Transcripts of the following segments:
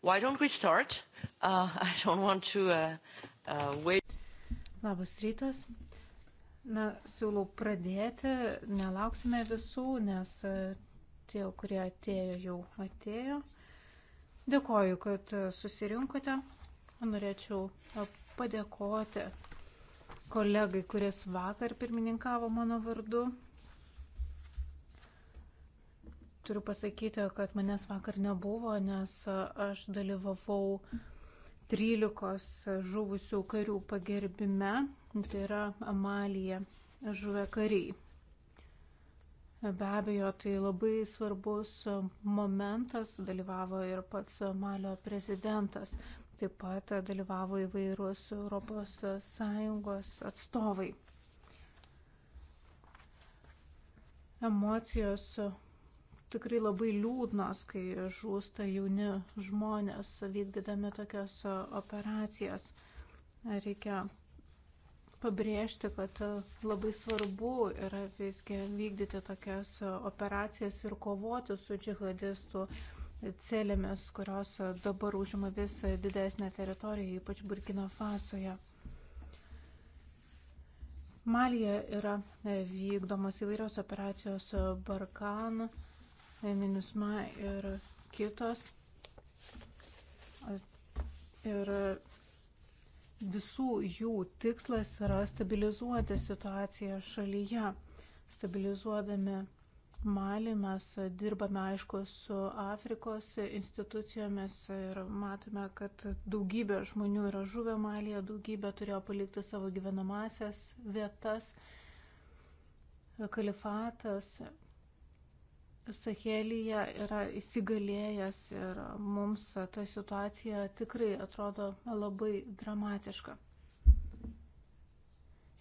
Why don't we start? Uh, I don't want to uh, uh, wait. Labas rytas. Na, siūlau pradėti, nelauksime visų, nes uh, tie, kurie atėjo, jau atėjo. Dėkoju, kad uh, susirinkote. Norėčiau uh, padėkoti kolegai, kuris vakar pirmininkavo mano vardu, Turiu pasakyti, kad manęs vakar nebuvo, nes aš dalyvavau 13 žuvusių karių pagerbime, tai yra Amalija žuvę kariai. Be abejo, tai labai svarbus momentas, dalyvavo ir pats Malio prezidentas, taip pat dalyvavo įvairūs ES atstovai. Emocijos tikrai labai liūdnos, kai žūsta jauni žmonės vykdydami tokias operacijas. Reikia pabrėžti, kad labai svarbu yra visgi vykdyti tokias operacijas ir kovoti su džihadistų celėmis, kurios dabar užima vis didesnę teritoriją, ypač Burkino Fasoje. Malija yra vykdomos įvairios operacijos Barkan MINUSMA ir kitos. Ir visų jų tikslas yra stabilizuoti situaciją šalyje. Stabilizuodami Malį mes dirbame, aišku, su Afrikos institucijomis ir matome, kad daugybė žmonių yra žuvę Malyje, daugybė turėjo palikti savo gyvenamasias vietas. Kalifatas Sahelyje yra įsigalėjęs ir mums ta situacija tikrai atrodo labai dramatiška.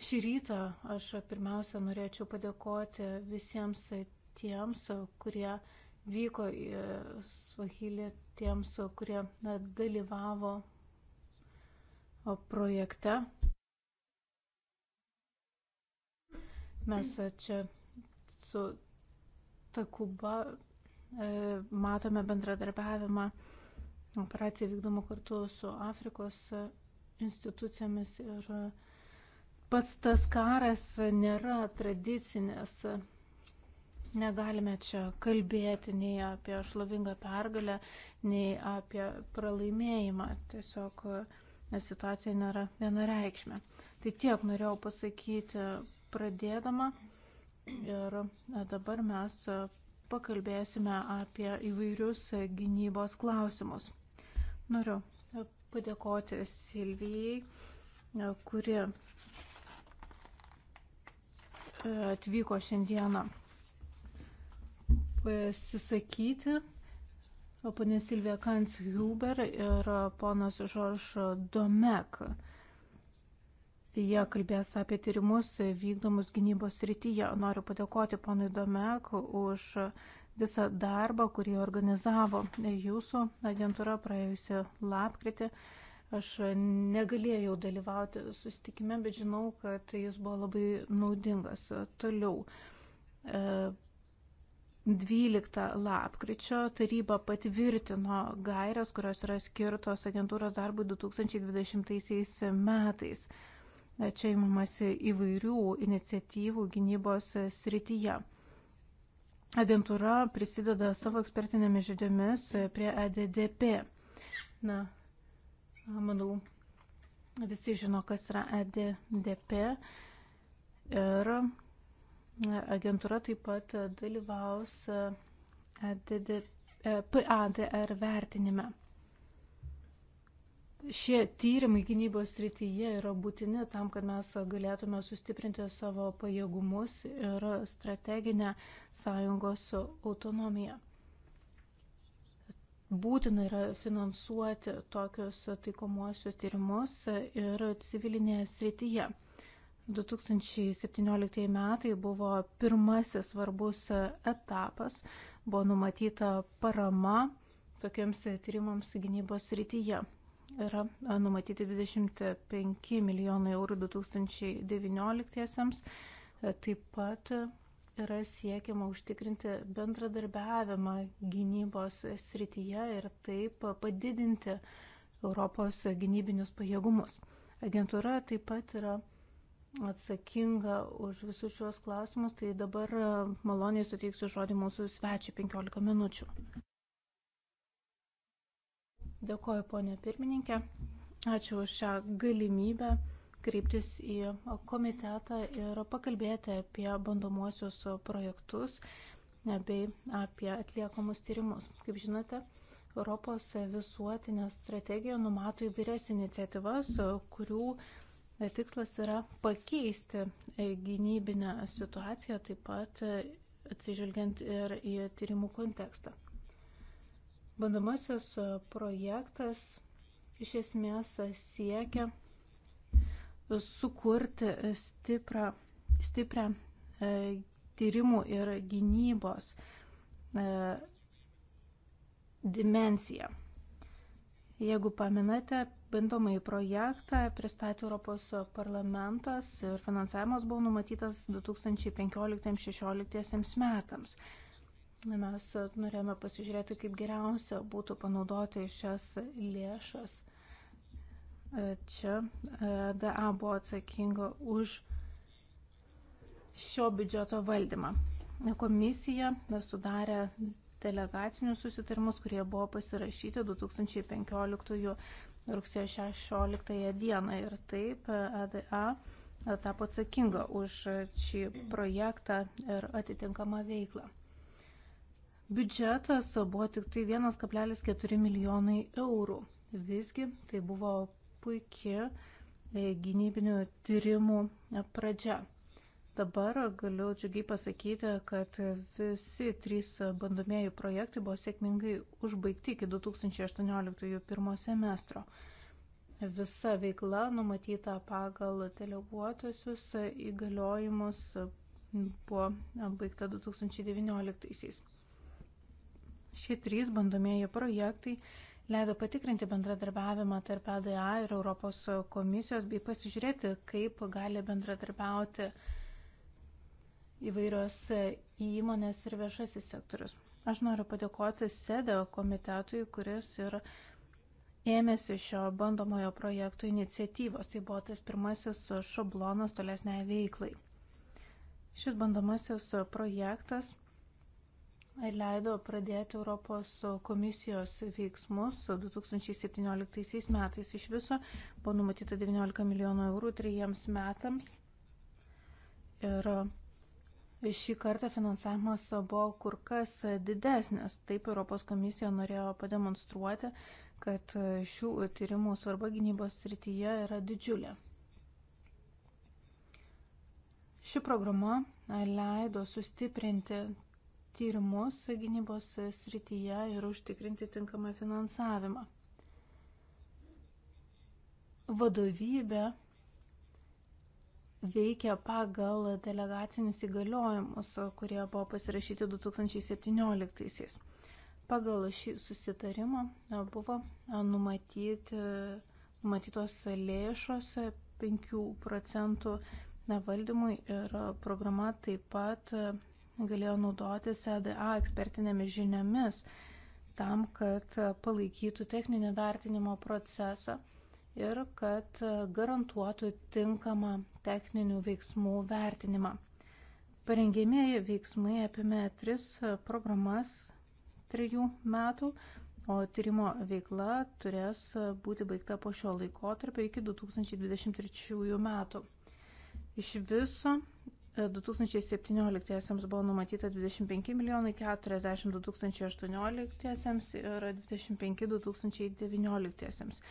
Šį rytą aš pirmiausia norėčiau padėkoti visiems tiems, kurie vyko į Sahelyje, tiems, kurie dalyvavo projekte. Mes čia su ta Kuba e, matome bendradarbiavimą operaciją vykdomą kartu su Afrikos institucijomis ir pats tas karas nėra tradicinės. Negalime čia kalbėti nei apie šlovingą pergalę, nei apie pralaimėjimą. Tiesiog e, situacija nėra vienareikšmė. Tai tiek norėjau pasakyti pradėdama. Ir e, dabar mes e, pakalbėsime apie įvairius e, gynybos klausimus. Noriu padėkoti Silvijai, kuri atvyko šiandieną pasisakyti. Pane Silvija Kans Huber ir ponas Žorž Domek. Jie kalbės apie tyrimus vykdomus gynybos srityje. Noriu padėkoti ponui Domek už visą darbą, kurį organizavo jūsų agentūra praėjusią lapkritį. Aš negalėjau dalyvauti susitikime, bet žinau, kad jis buvo labai naudingas. Toliau. 12 e, lapkričio taryba patvirtino gairias, kurios yra skirtos agentūros darbui 2020 metais. Čia įmamasi įvairių iniciatyvų gynybos srityje. Agentūra prisideda savo ekspertinėmis žydėmis prie EDDP. Na, manau, visi žino, kas yra EDDP. Ir agentūra taip pat dalyvaus EDDP, PADR vertinime. Šie tyrimai gynybos srityje yra būtini tam, kad mes galėtume sustiprinti savo pajėgumus ir strateginę sąjungos autonomiją. Būtina yra finansuoti tokius taikomuosius tyrimus ir civilinėje srityje. 2017 metai buvo pirmasis svarbus etapas, buvo numatyta parama tokiems tyrimams gynybos srityje yra numatyti 25 milijonai eurų 2019-iesiams. E, taip pat yra siekiama užtikrinti bendradarbiavimą gynybos srityje ir taip padidinti Europos gynybinius pajėgumus. Agentūra taip pat yra atsakinga už visus šios klausimus, tai dabar maloniai suteiksiu žodį mūsų svečiui 15 minučių. Dėkoju, ponė pirmininkė. Ačiū už šią galimybę kreiptis į komitetą ir pakalbėti apie bandomuosius projektus bei apie atliekamus tyrimus. Kaip žinote, Europos visuotinė strategija numato įvairias iniciatyvas, kurių tikslas yra pakeisti gynybinę situaciją, taip pat atsižvelgiant ir į tyrimų kontekstą. Bandomasis e, projektas iš esmės e, siekia e, sukurti stiprą, stiprią tyrimų ir gynybos dimensiją. Jeigu paminate, bandomąjį projektą pristatė Europos parlamentas ir finansavimas buvo numatytas 2015-2016 metams. Mes norėjome pasižiūrėti, kaip geriausia būtų panaudoti šias lėšas. E, čia e, DA buvo atsakinga už šio biudžeto valdymą. Komisija sudarė delegacinius susitarimus, kurie buvo pasirašyti 2015 rugsėjo 16 dieną. Ir taip EDA e, tapo atsakinga už šį projektą ir atitinkamą veiklą. Biudžetas buvo tik tai 1,4 milijonai eurų. Visgi tai buvo puikia e, gynybinių tyrimų e, pradžia. Dabar galiu džiugiai pasakyti, kad visi trys bandomieji projektai buvo sėkmingai užbaigti iki 2018 pirmo semestro. Visa veikla numatyta pagal deleguotusius įgaliojimus buvo baigta 2019. -aisiais. Šie trys bandomieji projektai leido patikrinti bendradarbiavimą tarp EDA ir Europos komisijos bei pasižiūrėti, kaip gali bendradarbiauti įvairios įmonės ir viešasis sektorius. Aš noriu padėkoti SEDE e komitetui, kuris ir ėmėsi šio bandomojo projekto iniciatyvos. Tai buvo tas pirmasis šablonas tolesniai veiklai. Šis bandomasis projektas leido pradėti Europos komisijos veiksmus 2017 metais. Iš viso buvo numatyta 19 milijonų eurų trejiems metams. Ir šį kartą finansavimas buvo kur kas didesnis. Taip Europos komisija norėjo pademonstruoti, kad šių tyrimų svarba gynybos srityje yra didžiulė. Ši programa leido sustiprinti tyrimus gynybos srityje ir užtikrinti tinkamą finansavimą. Vadovybė veikia pagal delegacinius įgaliojimus, kurie buvo pasirašyti 2017-aisiais. Pagal šį susitarimą buvo numatyti, numatytos lėšos 5 procentų valdymui ir programa taip pat galėjo naudotis EDA ekspertinėmis žiniomis tam, kad palaikytų techninio vertinimo procesą ir kad garantuotų tinkamą techninių veiksmų vertinimą. Parengėmėjai veiksmai apimė tris programas trijų metų, o tyrimo veikla turės būti baigta po šio laikotarpio iki 2023 metų. Iš viso 2017 buvo numatyta 25 milijonai 40 2018 ir 25 2019.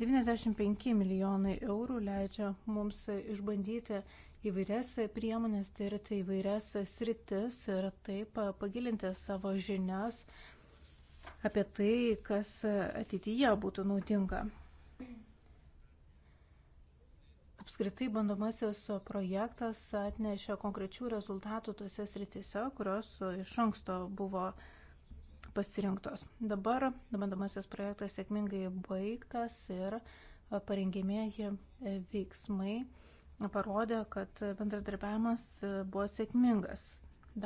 95 milijonai eurų leidžia mums išbandyti įvairias priemonės, tirti tai įvairias sritis ir taip pagilinti savo žinias apie tai, kas ateityje būtų naudinga. Apskritai bandomasis projektas atnešė konkrečių rezultatų tose sritise, kurios iš anksto buvo pasirinktos. Dabar bandomasis projektas sėkmingai baigtas ir parengėmėji veiksmai parodė, kad bendradarbiavimas buvo sėkmingas.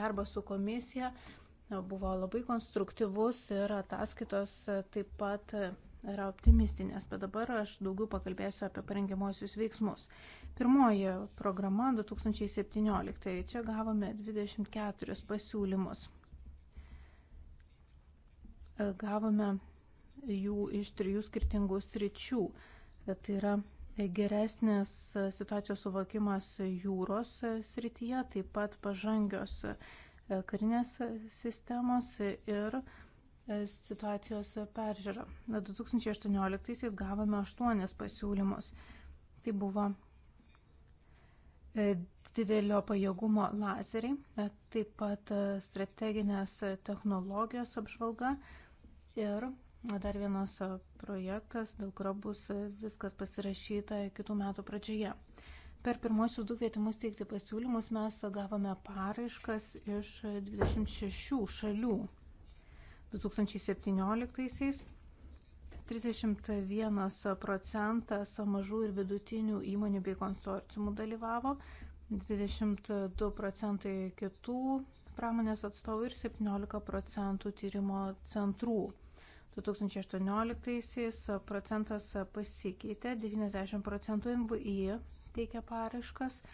Darbas su komisija buvo labai konstruktyvus ir ataskaitos taip pat yra optimistinės, bet dabar aš daugiau pakalbėsiu apie parengiamuosius veiksmus. Pirmoji programa 2017. Čia gavome 24 pasiūlymus. Gavome jų iš trijų skirtingų sričių. Tai yra geresnis situacijos suvokimas jūros srityje, taip pat pažangios karinės sistemos ir E, situacijos peržiūrą. 2018-aisiais gavome aštuonis pasiūlymus. Tai buvo e, didelio pajėgumo lazeriai, e, taip pat strateginės technologijos apžvalga ir dar vienas projektas, dėl kurio bus viskas pasirašyta kitų metų pradžioje. Per pirmosius du kvietimus teikti pasiūlymus mes gavome paraiškas iš 26 šalių. 2017-aisiais 31 procentas mažų ir vidutinių įmonių bei konsorciumų dalyvavo, 22 procentai kitų pramonės atstovų ir 17 procentų tyrimo centrų. 2018-aisiais procentas pasikeitė, 90 procentų MVI teikia paraiškas,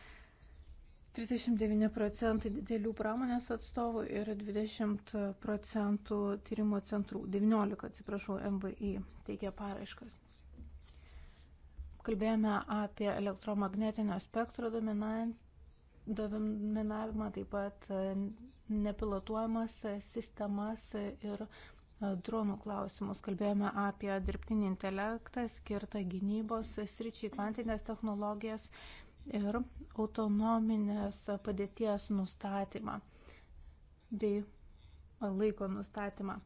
39 procentai didelių pramonės atstovų ir 20 procentų tyrimo centrų, 19 atsiprašau, MVI teikia paraiškas. Kalbėjome apie elektromagnetinio spektro dominavimą, taip pat nepilotuojamas sistemas ir e, dronų klausimus. Kalbėjome apie dirbtinį intelektą skirtą gynybos sričiai, kvantinės technologijas ir autonominės padėties nustatymą bei laiko nustatymą.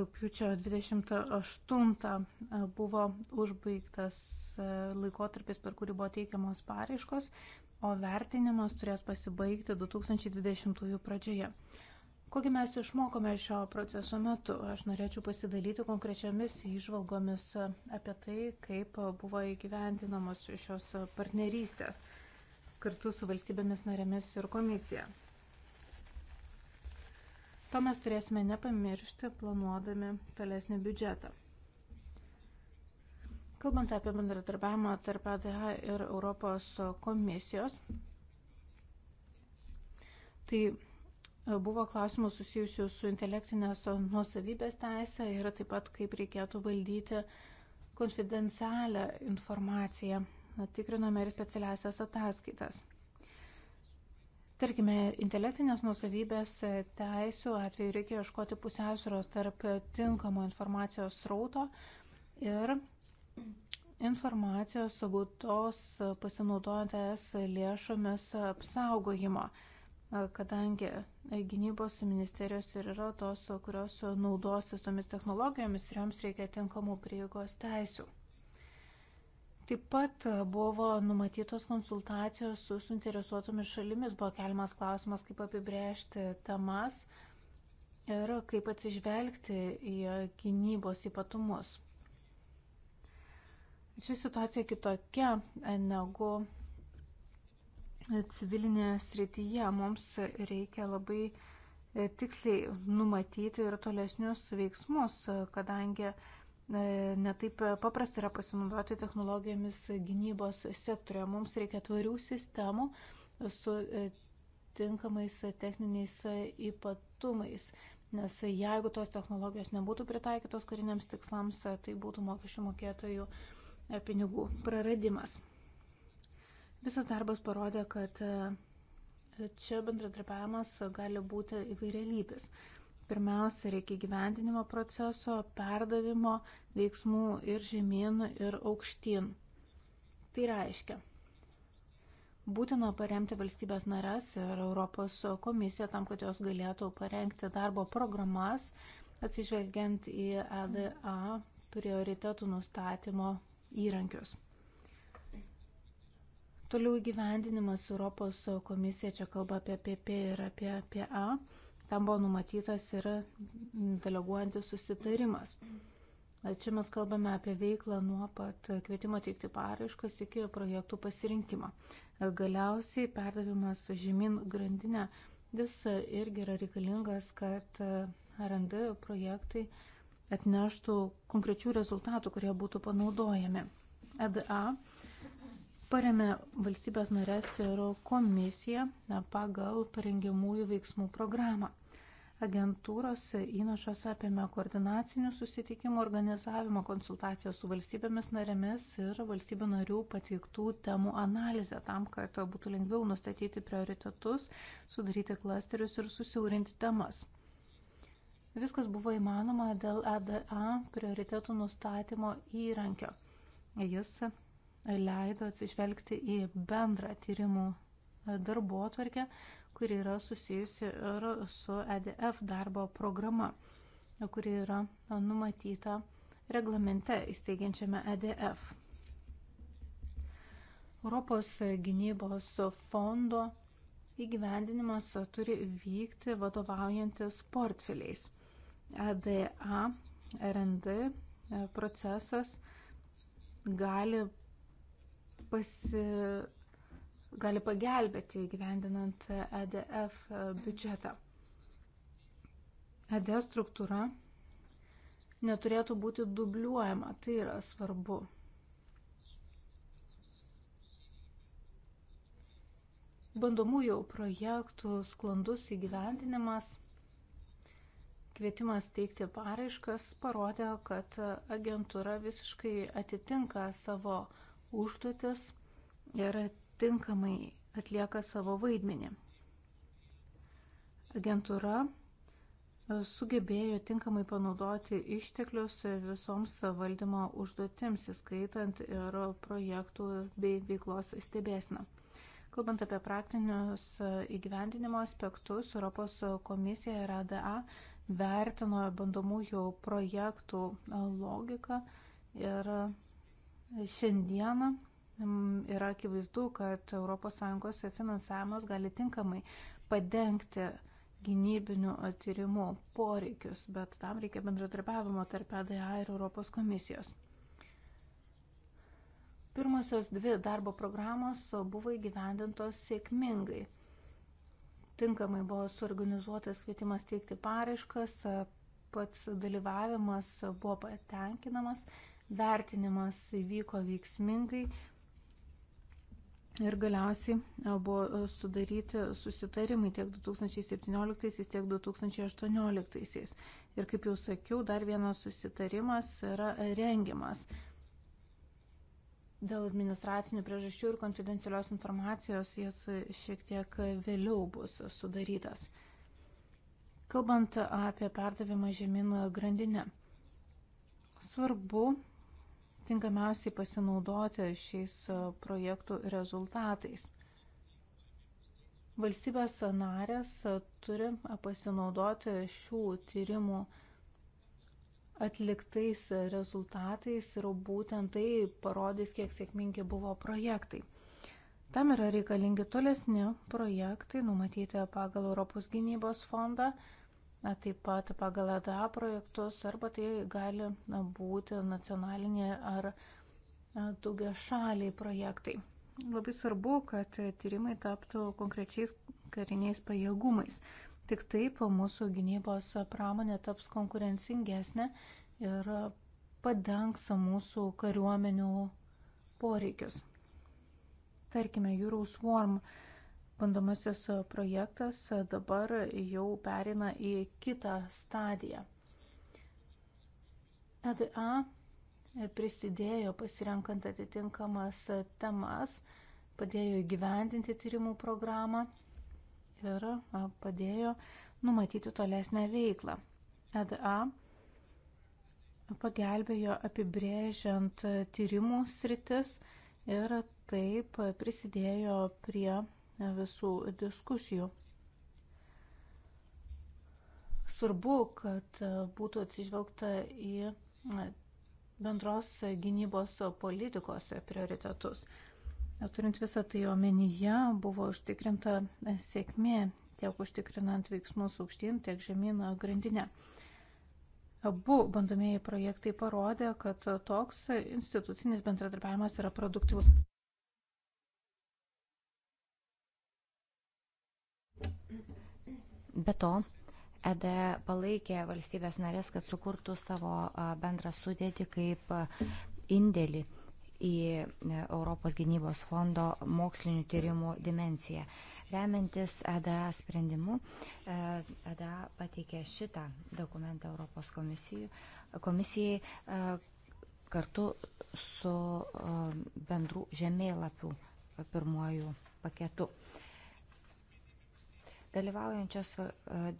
Rūpiučio 28 buvo užbaigtas laikotarpis, per kurį buvo teikiamos pareiškos, o vertinimas turės pasibaigti 2020 pradžioje. Kogi mes išmokome šio proceso metu? Aš norėčiau pasidalyti konkrečiamis išvalgomis apie tai, kaip buvo įgyvendinamos šios partnerystės kartu su valstybėmis narėmis ir komisija. To mes turėsime nepamiršti, planuodami tolesnį biudžetą. Kalbant apie bendradarbiavimą tarp ADH ir Europos komisijos, tai Buvo klausimų susijusių su intelektinės nuosavybės teisė ir taip pat kaip reikėtų valdyti konfidencialią informaciją. Na, tikrinome ir specialiasias ataskaitas. Tarkime, intelektinės nusavybės teisų atveju reikia ieškoti pusiausvėros tarp tinkamo informacijos srauto ir informacijos gautos pasinaudojant es lėšomis apsaugojimo kadangi e, gynybos ministerijos ir yra tos, kurios naudosis tomis technologijomis ir joms reikia tinkamų prieigos teisių. Taip pat e, buvo numatytos konsultacijos su suinteresuotomis šalimis, buvo keliamas klausimas, kaip apibrėžti temas ir kaip atsižvelgti į e, gynybos ypatumus. Ši situacija kitokia negu civilinėje srityje mums reikia labai e, tiksliai numatyti ir tolesnius veiksmus, kadangi e, netaip paprasta yra pasinaudoti technologijomis gynybos sektorioje. Mums reikia tvarių sistemų su e, tinkamais techniniais ypatumais, nes jeigu tos technologijos nebūtų pritaikytos kariniams tikslams, tai būtų mokesčių mokėtojų pinigų praradimas. Visas darbas parodė, kad e, čia bendradarbiavimas gali būti įvairialybės. Pirmiausia, reikia gyvendinimo proceso, perdavimo veiksmų ir žemyn ir aukštyn. Tai reiškia, būtina paremti valstybės nares ir Europos komisiją tam, kad jos galėtų parengti darbo programas, atsižvelgiant į EDA prioritetų nustatymo įrankius. Toliau įgyvendinimas Europos komisija čia kalba apie PP ir apie PA. Tam buvo numatytas ir deleguojantis susitarimas. Čia mes kalbame apie veiklą nuo pat kvietimo teikti paraiškas iki projektų pasirinkimo. Galiausiai perdavimas žemyn grandinę vis irgi yra reikalingas, kad RND projektai atneštų konkrečių rezultatų, kurie būtų panaudojami. EDA paremė valstybės narės ir komisiją pagal parengiamųjų veiksmų programą. Agentūros įnašas apėmė koordinacinių susitikimų organizavimą, konsultaciją su valstybėmis narėmis ir valstybių narių pateiktų temų analizę tam, kad būtų lengviau nustatyti prioritetus, sudaryti klasterius ir susiaurinti temas. Viskas buvo įmanoma dėl EDA prioritetų nustatymo įrankio. Jis leido atsižvelgti į bendrą tyrimų darbo atvarkę, kuri yra susijusi ir su EDF darbo programa, kuri yra numatyta reglamente įsteigiančiame EDF. Europos gynybos fondo įgyvendinimas turi vykti vadovaujantis portfeliais. EDA, RND procesas gali pasi, gali pagelbėti gyvendinant EDF biudžetą. EDF struktūra neturėtų būti dubliuojama, tai yra svarbu. Bandomųjų projektų sklandus įgyvendinimas kvietimas teikti paraiškas parodė, kad agentūra visiškai atitinka savo užduotis ir tinkamai atlieka savo vaidmenį. Agentūra e, sugebėjo tinkamai panaudoti išteklius visoms valdymo užduotims, įskaitant ir projektų bei veiklos stebėsną. Kalbant apie praktinius e, įgyvendinimo aspektus, Europos komisija ir ADA vertino bandomųjų projektų logiką ir Šiandieną yra akivaizdu, kad ES finansavimas gali tinkamai padengti gynybinių tyrimų poreikius, bet tam reikia bendradarbiavimo tarp EDA ir Europos komisijos. Pirmosios dvi darbo programos buvo įgyvendintos sėkmingai. Tinkamai buvo suorganizuotas kvietimas teikti paraiškas, pats dalyvavimas buvo patenkinamas vertinimas įvyko veiksmingai ir galiausiai e, buvo e, sudaryti susitarimai tiek 2017, tiek 2018. Ir kaip jau sakiau, dar vienas susitarimas yra rengiamas dėl administracinių priežasčių ir konfidencialios informacijos jas šiek tiek vėliau bus sudarytas. Kalbant apie perdavimą žemyn grandinę, svarbu tinkamiausiai pasinaudoti šiais e, projektų rezultatais. Valstybės narės e, turi e, pasinaudoti šių tyrimų atliktais rezultatais ir būtent tai parodys, kiek sėkmingi buvo projektai. Tam yra reikalingi tolesni projektai numatyti pagal Europos gynybos fondą, na, taip pat pagal EDA projektus, arba tai gali na, būti nacionaliniai ar e, daugia šaliai projektai. Labai svarbu, kad tyrimai taptų konkrečiais kariniais pajėgumais. Tik taip mūsų gynybos pramonė taps konkurencingesnė ir padengs mūsų kariuomenių poreikius. Tarkime, Jūrų swarm uh, Bandomasis projektas dabar jau perina į kitą stadiją. EDA prisidėjo pasirenkant atitinkamas temas, padėjo įgyvendinti tyrimų programą ir padėjo numatyti tolesnę veiklą. EDA pagelbėjo apibrėžiant tyrimų sritis ir taip prisidėjo prie visų diskusijų. Svarbu, kad būtų atsižvelgta į bendros gynybos politikos prioritetus. Turint visą tai omenyje, buvo užtikrinta sėkmė tiek užtikrinant veiksmus aukštyn, tiek žemyn grandinę. Abu bandomieji projektai parodė, kad toks institucinis bendradarbiavimas yra produktyvus. Be to, ED palaikė valstybės narės, kad sukurtų savo bendrą sudėtį kaip indėlį į e, Europos gynybos fondo mokslinių tyrimų dimenciją. Remiantis EDA sprendimu, EDA e pateikė šitą dokumentą Europos komisijai, komisijai e, kartu su bendrų žemėlapių pirmojų paketu. E,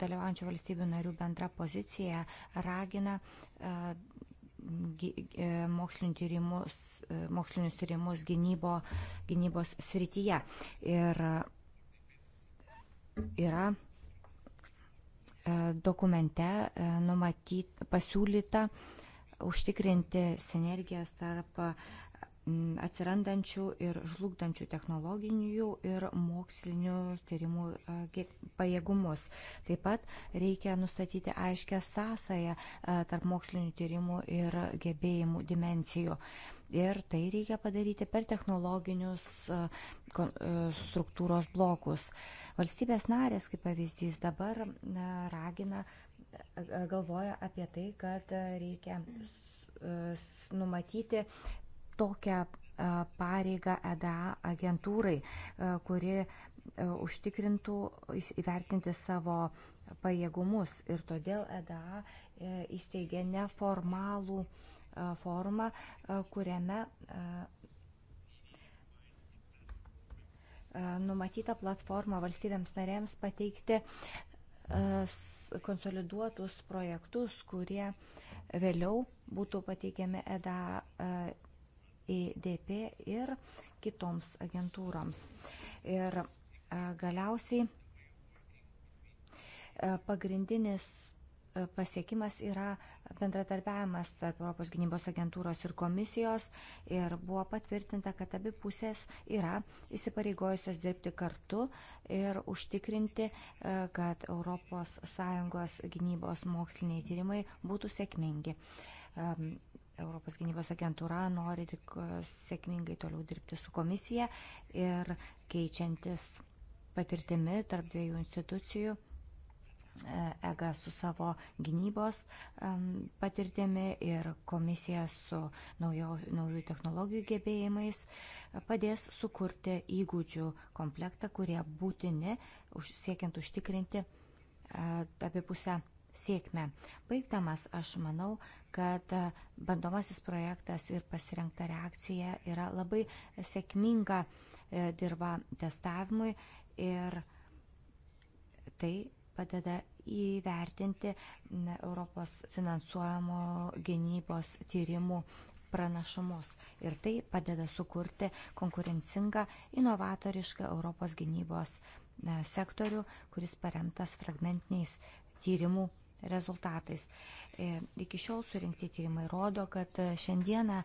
dalyvaujančių valstybių narių bendra pozicija ragina e, e, tyrimus, mokslinius tyrimus gynybo, gynybos srityje. Ir yra dokumente numatyt, pasiūlyta užtikrinti sinergijas tarp uh, atsirandančių ir žlugdančių technologinių ir mokslinių tyrimų pajėgumus. Taip pat reikia nustatyti aiškę sąsąją tarp mokslinių tyrimų ir gebėjimų dimencijų. Ir tai reikia padaryti per technologinius struktūros blokus. Valstybės narės, kaip pavyzdys, dabar ragina, galvoja apie tai, kad reikia numatyti tokią pareigą EDA agentūrai, kuri užtikrintų įvertinti savo pajėgumus. Ir todėl EDA e, įsteigė neformalų forumą, kuriame numatyta platforma valstybėms narėms pateikti konsoliduotus projektus, kurie vėliau būtų pateikiami EDA EIDP ir kitoms agentūroms. Ir e, galiausiai e, pagrindinis e, pasiekimas yra bendradarbiavimas tarp Europos gynybos agentūros ir komisijos ir buvo patvirtinta, kad abi pusės yra įsipareigojusios dirbti kartu ir užtikrinti, kad ES gynybos moksliniai tyrimai būtų sėkmingi. Europos gynybos agentūra nori tik e, sėkmingai toliau dirbti su komisija ir keičiantis patirtimi tarp dviejų institucijų. E, EGA su savo gynybos patirtimi ir komisija su naujo, naujų technologijų gebėjimais e, padės sukurti įgūdžių komplektą, kurie būtini siekiant užtikrinti abipusę sėkmę. Baigdamas, aš manau, kad e, bandomasis projektas ir pasirinkta reakcija yra labai sėkminga e, dirba testavimui ir tai padeda įvertinti Europos finansuojamo gynybos tyrimų pranašumus. Ir tai padeda sukurti konkurencingą, inovatorišką Europos gynybos e, sektorių, kuris paremtas fragmentiniais tyrimų rezultatais. E, iki šiol surinkti tyrimai rodo, kad e, šiandieną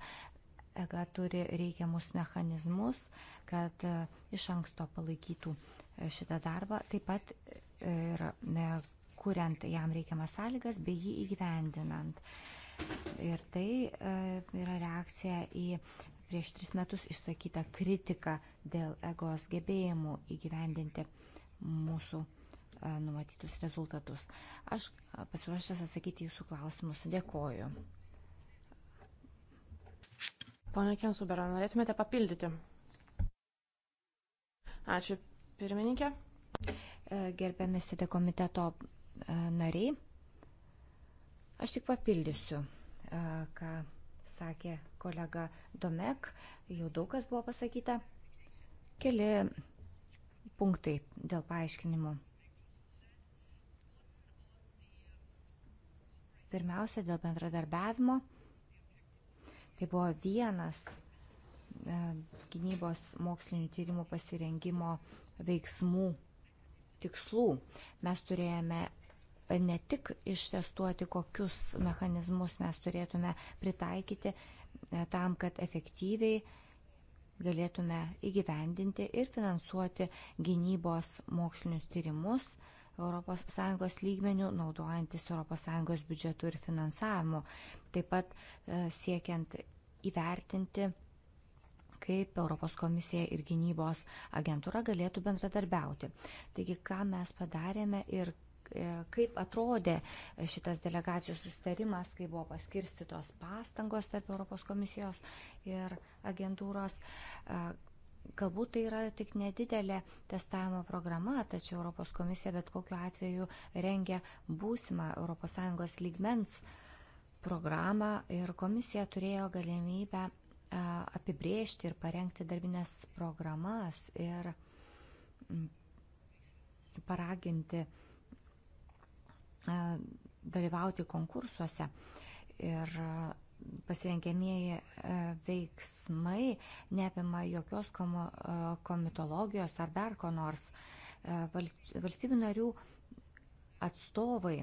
EGA turi reikiamus mechanizmus, kad e, iš anksto palaikytų šitą darbą, taip pat ir kuriant jam reikiamas sąlygas bei jį įgyvendinant. Ir tai yra reakcija į prieš tris metus išsakytą kritiką dėl egos gebėjimų įgyvendinti mūsų numatytus rezultatus. Aš pasiruošęs atsakyti jūsų klausimus. Dėkoju. Pone Kensuberą, norėtumėte papildyti? Ačiū, pirmininkė. E, gerbiami sėdė komiteto e, nariai. Aš tik papildysiu, e, ką sakė kolega Domek, jau daug kas buvo pasakyta. Keli punktai dėl paaiškinimų. Pirmiausia, dėl bendradarbiavimo. Tai buvo vienas e, gynybos mokslinių tyrimų pasirengimo veiksmų tikslų. Mes turėjome ne tik ištestuoti, kokius mechanizmus mes turėtume pritaikyti e, tam, kad efektyviai galėtume įgyvendinti ir finansuoti gynybos mokslinius tyrimus, uh, ES lygmenių, naudojantis ES biudžetu ir finansavimu. Taip pat e, siekiant įvertinti, kaip Europos komisija ir gynybos agentūra galėtų bendradarbiauti. Taigi, ką mes padarėme ir e, kaip atrodė šitas delegacijų sustarimas, kai buvo paskirstytos pastangos tarp Europos komisijos ir agentūros, e, Galbūt tai yra tik nedidelė testavimo programa, tačiau Europos komisija bet kokiu atveju rengia būsimą ES lygmens programą ir komisija turėjo galimybę apibriežti ir parengti darbinės programas ir paraginti dalyvauti konkursuose. Ir pasirengiamieji e, veiksmai neapima jokios e, komitologijos ar dar ko nors. E, valstybių narių atstovai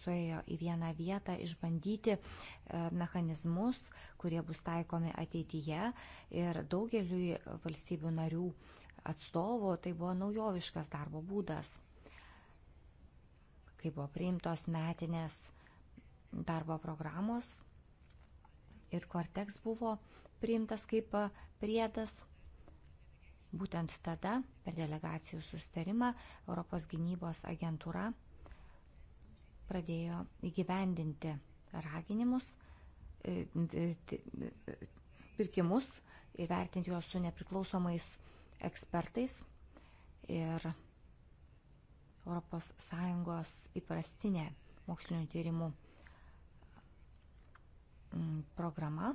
suėjo į vieną vietą išbandyti mechanizmus, kurie bus taikomi ateityje ir daugeliui valstybių narių atstovų tai buvo naujoviškas darbo būdas, kai buvo priimtos metinės darbo programos ir Cortex buvo priimtas kaip priedas. Būtent tada, per delegacijų sustarimą, Europos gynybos agentūra pradėjo įgyvendinti raginimus, e, pirkimus ir vertinti juos su nepriklausomais ekspertais ir ES įprastinė mokslinių tyrimų Mm, programa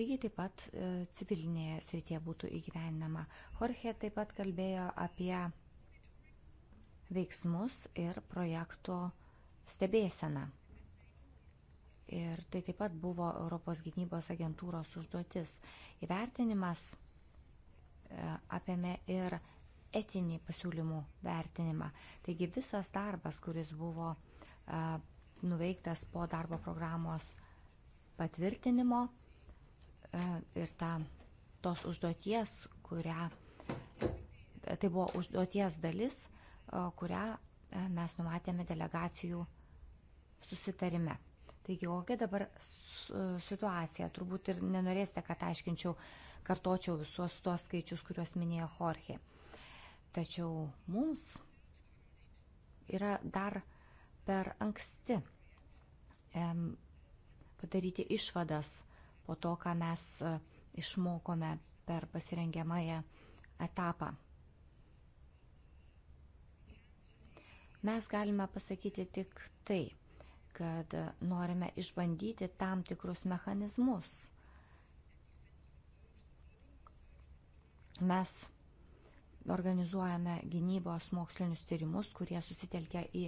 lygiai taip pat e, civilinėje srityje būtų įgyvendinama. Jorge taip pat kalbėjo apie veiksmus ir projektų stebėseną. Ir tai taip pat buvo Europos gynybos agentūros užduotis. Įvertinimas e, apėmė ir etinį pasiūlymų vertinimą. Taigi visas darbas, kuris buvo e, nuveiktas po darbo programos patvirtinimo e, ir ta, tos užduoties, kurią, tai buvo užduoties dalis, e, kurią e, mes numatėme delegacijų susitarime. Taigi, kokia dabar situacija? Turbūt ir nenorėsite, kad aiškinčiau, kartočiau visus tuos skaičius, kuriuos minėjo Jorge. Tačiau mums yra dar per anksti padaryti išvadas po to, ką mes e, išmokome per pasirengiamąją etapą. Mes galime pasakyti tik tai, kad norime išbandyti tam tikrus mechanizmus. Mes organizuojame gynybos mokslinius tyrimus, kurie susitelkia į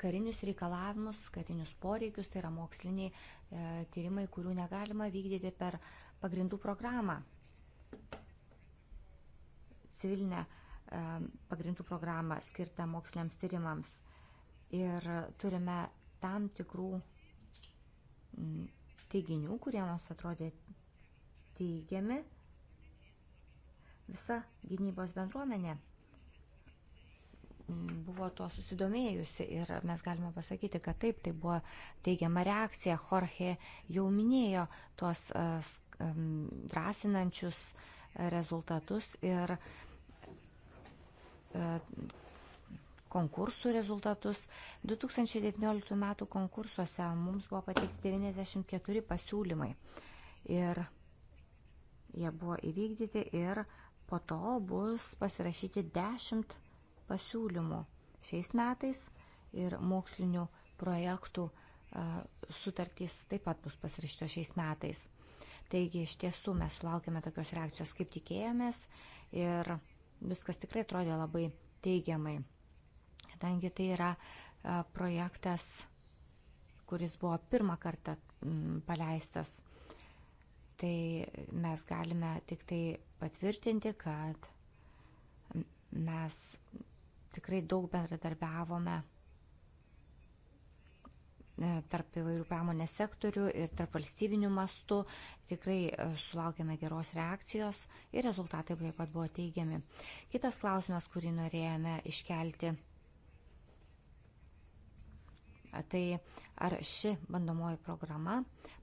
karinius reikalavimus, karinius poreikius, tai yra moksliniai e, tyrimai, kurių negalima vykdyti per pagrindų programą. Civilinę e, pagrindų programą skirtą moksliniams tyrimams. Ir turime tam tikrų teiginių, kurie mums atrodė teigiami Visa gynybos bendruomenė mm, buvo tuo susidomėjusi ir mes galime pasakyti, kad taip, tai buvo teigiama reakcija. Jorge jau minėjo tuos drąsinančius e, rezultatus ir e, konkursų rezultatus. 2019 m. konkursuose mums buvo pateikti 94 pasiūlymai ir jie buvo įvykdyti ir uh, Po to bus pasirašyti 10 pasiūlymų šiais metais ir mokslinių projektų e, sutartys taip pat bus pasirašytos šiais metais. Taigi iš tiesų mes sulaukėme tokios reakcijos, kaip tikėjomės ir viskas tikrai atrodė labai teigiamai, kadangi tai yra e, projektas, kuris buvo pirmą kartą paleistas. Tai mes galime tik tai patvirtinti, kad mes tikrai daug bendradarbiavome e, tarp įvairių pramonės sektorių ir tarp valstybinių mastų. Tikrai e, sulaukėme geros reakcijos ir rezultatai taip pat buvo teigiami. Kitas klausimas, kurį norėjome iškelti Tai ar ši bandomoji programa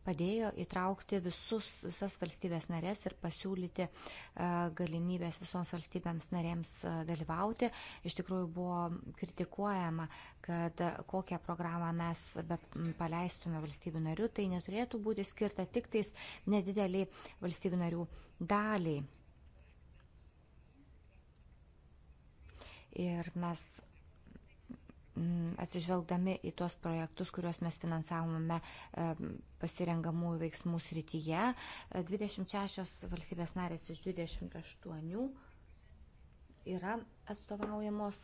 padėjo įtraukti visus, visas valstybės narės ir pasiūlyti e, galimybės visoms valstybėms narėms e, dalyvauti. Iš tikrųjų buvo kritikuojama, kad kokią programą mes paleistume valstybių narių, tai neturėtų būti skirta tik tais nedideliai valstybių narių daliai. Ir mes Mm, atsižvelgdami į tuos projektus, kuriuos mes finansavome e, pasirengamųjų veiksmų srityje, 26 e, valstybės narės iš 28 yra atstovaujamos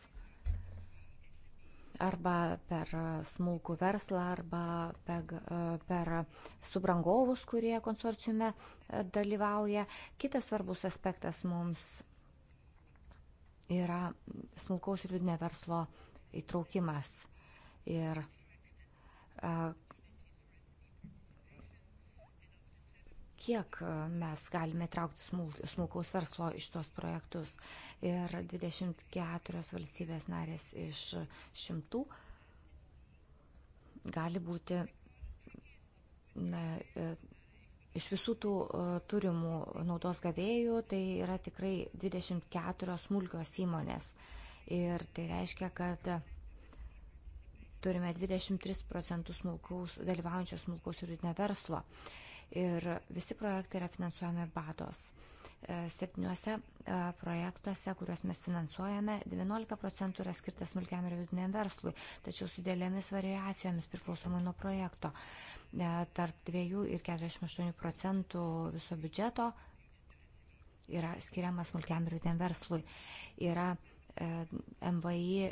arba per smulkų verslą, arba per, e, per subrangovus, kurie konsorciume dalyvauja. Kitas svarbus aspektas mums yra smulkaus ir vidinio verslo uh, įtraukimas. Ir kiek mes galime traukti smulkaus verslo iš tos projektus. Ir 24 valstybės narės iš šimtų gali būti na, e, iš visų tų e, turimų naudos gavėjų, tai yra tikrai 24 smulkios įmonės. Uh, ir tai reiškia, kad turime 23 procentus smulkaus, dalyvaujančio smulkaus ir judinio verslo. Ir visi projektai yra finansuojami bados. E, septyniuose e, projektuose, kuriuos mes finansuojame, 11 procentų yra skirtas smulkiam ir vidutiniam verslui, tačiau su dėlėmis variacijomis priklausomai nuo projekto. E, tarp 2 ir 48 procentų viso biudžeto yra skiriamas smulkiam ir vidutiniam verslui. Yra E, MVI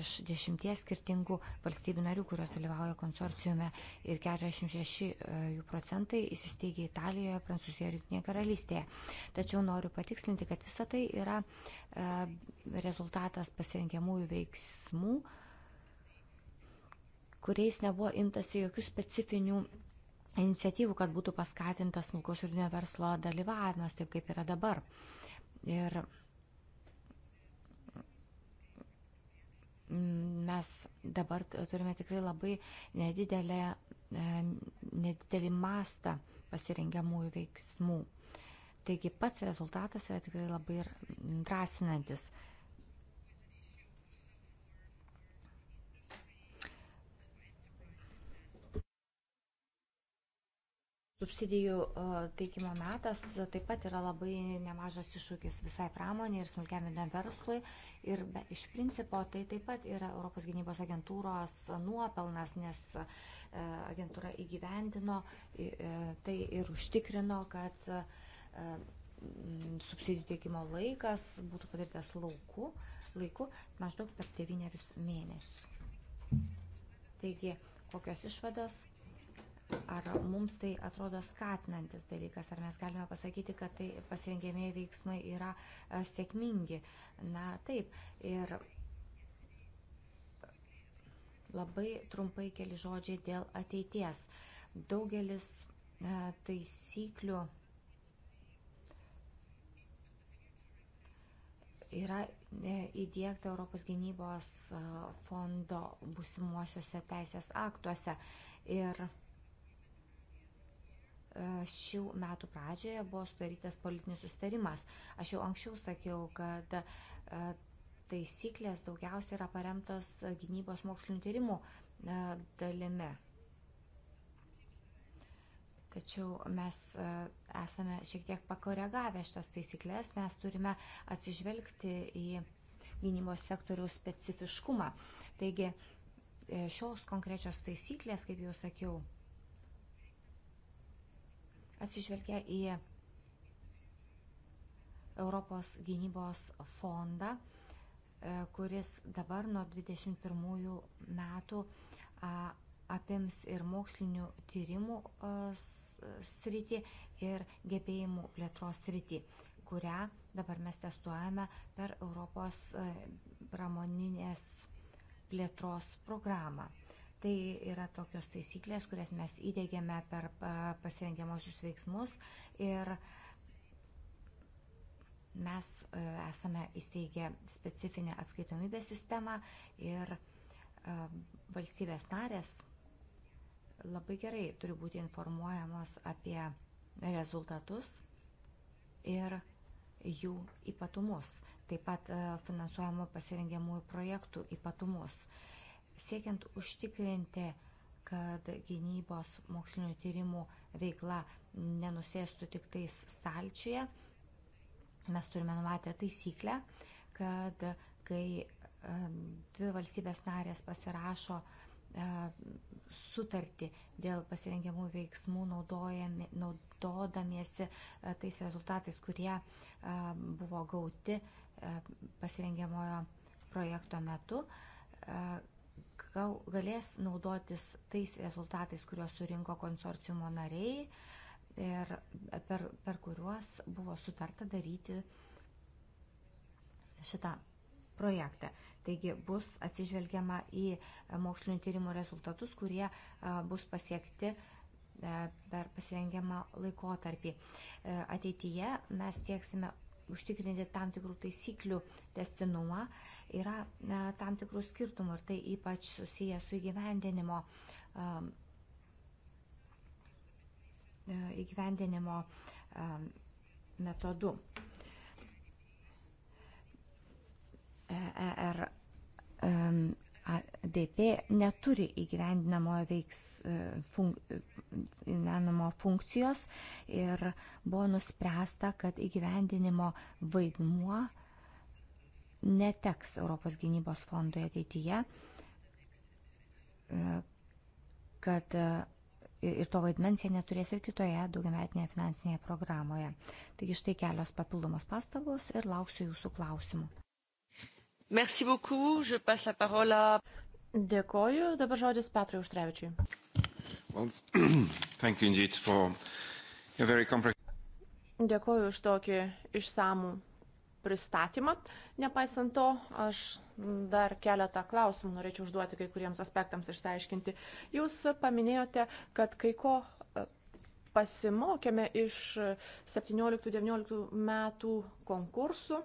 iš dešimties skirtingų valstybių narių, kurios dalyvauja konsorciume ir 46 e, jų procentai įsisteigia Italijoje, Prancūzijoje ir Junktinėje karalystėje. Tačiau noriu patikslinti, kad visa tai yra e, rezultatas pasirinkiamųjų veiksmų, kuriais nebuvo imtasi jokių specifinių iniciatyvų, kad būtų paskatintas smulkos ir verslo dalyvavimas, taip kaip yra dabar. Ir mes dabar turime tikrai labai nedidelę, e, nedidelį mastą pasirengiamųjų veiksmų. Taigi pats rezultatas yra tikrai labai drąsinantis. Subsidijų teikimo metas taip pat yra labai nemažas iššūkis visai pramonė ir smulkiam vidiniam verslui. Ir be, iš principo tai taip pat yra Europos gynybos agentūros nuopelnas, nes agentūra įgyvendino e, tai ir užtikrino, kad subsidijų teikimo laikas būtų padarytas lauku, laiku maždaug per devynerius mėnesius. Taigi, kokios išvados? Ar mums tai atrodo skatinantis dalykas, ar mes galime pasakyti, kad tai pasirengėmėjai veiksmai yra e, sėkmingi? Na taip. Ir labai trumpai keli žodžiai dėl ateities. Daugelis e, taisyklių yra e, įdėkta Europos gynybos fondo būsimuosiuose teisės aktuose. Ir šių metų pradžioje buvo sudarytas politinis sustarimas. Aš jau anksčiau sakiau, kad e, taisyklės daugiausia yra paremtos gynybos mokslinių tyrimų e, dalimi. Tačiau mes e, esame šiek tiek pakoregavę šitas taisyklės, mes turime atsižvelgti į gynybos sektorių specifiškumą. Taigi šios konkrečios taisyklės, kaip jau sakiau, atsižvelgia į Europos gynybos fondą, e, kuris dabar nuo 21 metų apims ir mokslinių tyrimų sritį ir gebėjimų plėtros sritį, kurią dabar mes testuojame per Europos e, pramoninės plėtros programą. Tai yra tokios taisyklės, kurias mes įdėgėme per pasirengiamosius veiksmus ir mes esame įsteigę specifinę atskaitomybės sistemą ir valstybės narės labai gerai turi būti informuojamos apie rezultatus ir jų ypatumus, taip pat finansuojamų pasirengiamųjų projektų ypatumus siekiant užtikrinti, kad gynybos mokslinio tyrimų veikla nenusėstų tik tais stalčiuje, mes turime numatę taisyklę, kad kai dvi valstybės narės pasirašo sutartį dėl pasirengiamų veiksmų naudodamiesi e, tais rezultatais, kurie buvo gauti pasirengiamojo projekto metu, e, gal galės naudotis tais rezultatais, kuriuos surinko konsorciumo nariai ir per, per kuriuos buvo sutarta daryti šitą projektą. Taigi bus atsižvelgiama į mokslinio tyrimo rezultatus, kurie bus pasiekti per pasirengiamą laikotarpį. Ateityje mes tieksime užtikrinti tam tikrų taisyklių testinumą, yra tam tikrų skirtumų ir tai ypač susiję su įgyvendinimo, e, įgyvendinimo metodu. ER ADP neturi e, įgyvendinamo veiks funk, funkcijos ir buvo nuspręsta, kad įgyvendinimo vaidmuo neteks Europos gynybos fondui ateityje, e, kad e, ir to vaidmens jie neturės ir kitoje daugiametinėje finansinėje programoje. Taigi štai kelios papildomos pastabos ir lauksiu jūsų klausimų. Merci beaucoup, je passe la parole à. Dėkoju, dabar žodis Petrui Užtrevičiui. Well, thank you indeed for a very comprehensive. Dėkoju už tokį išsamų pristatymą. Nepaisant to, aš dar keletą klausimų norėčiau užduoti kai kuriems aspektams išsiaiškinti. Jūs paminėjote, kad kai ko e, pasimokėme iš 17-19 metų konkursų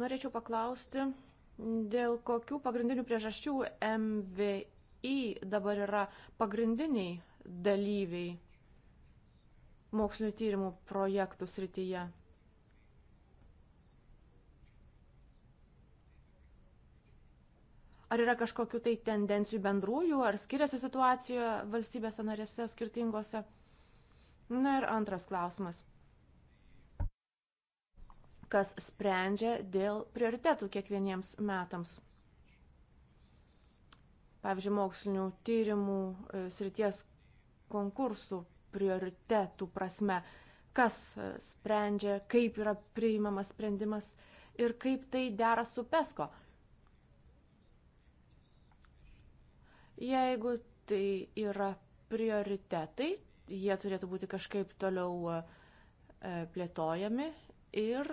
Norėčiau paklausti, dėl kokių pagrindinių priežasčių MVI dabar yra pagrindiniai dalyviai mokslinio tyrimų projektų srityje. Ar yra kažkokių tai tendencijų bendrųjų, ar skiriasi situacija valstybėse narėse skirtingose? Na ir antras klausimas kas sprendžia dėl prioritetų kiekvieniems metams. Pavyzdžiui, mokslinių tyrimų e, srities konkursų prioritetų prasme, kas e, sprendžia, kaip yra priimamas sprendimas ir kaip tai dera su PESCO. Jeigu tai yra prioritetai, jie turėtų būti kažkaip toliau e, plėtojami ir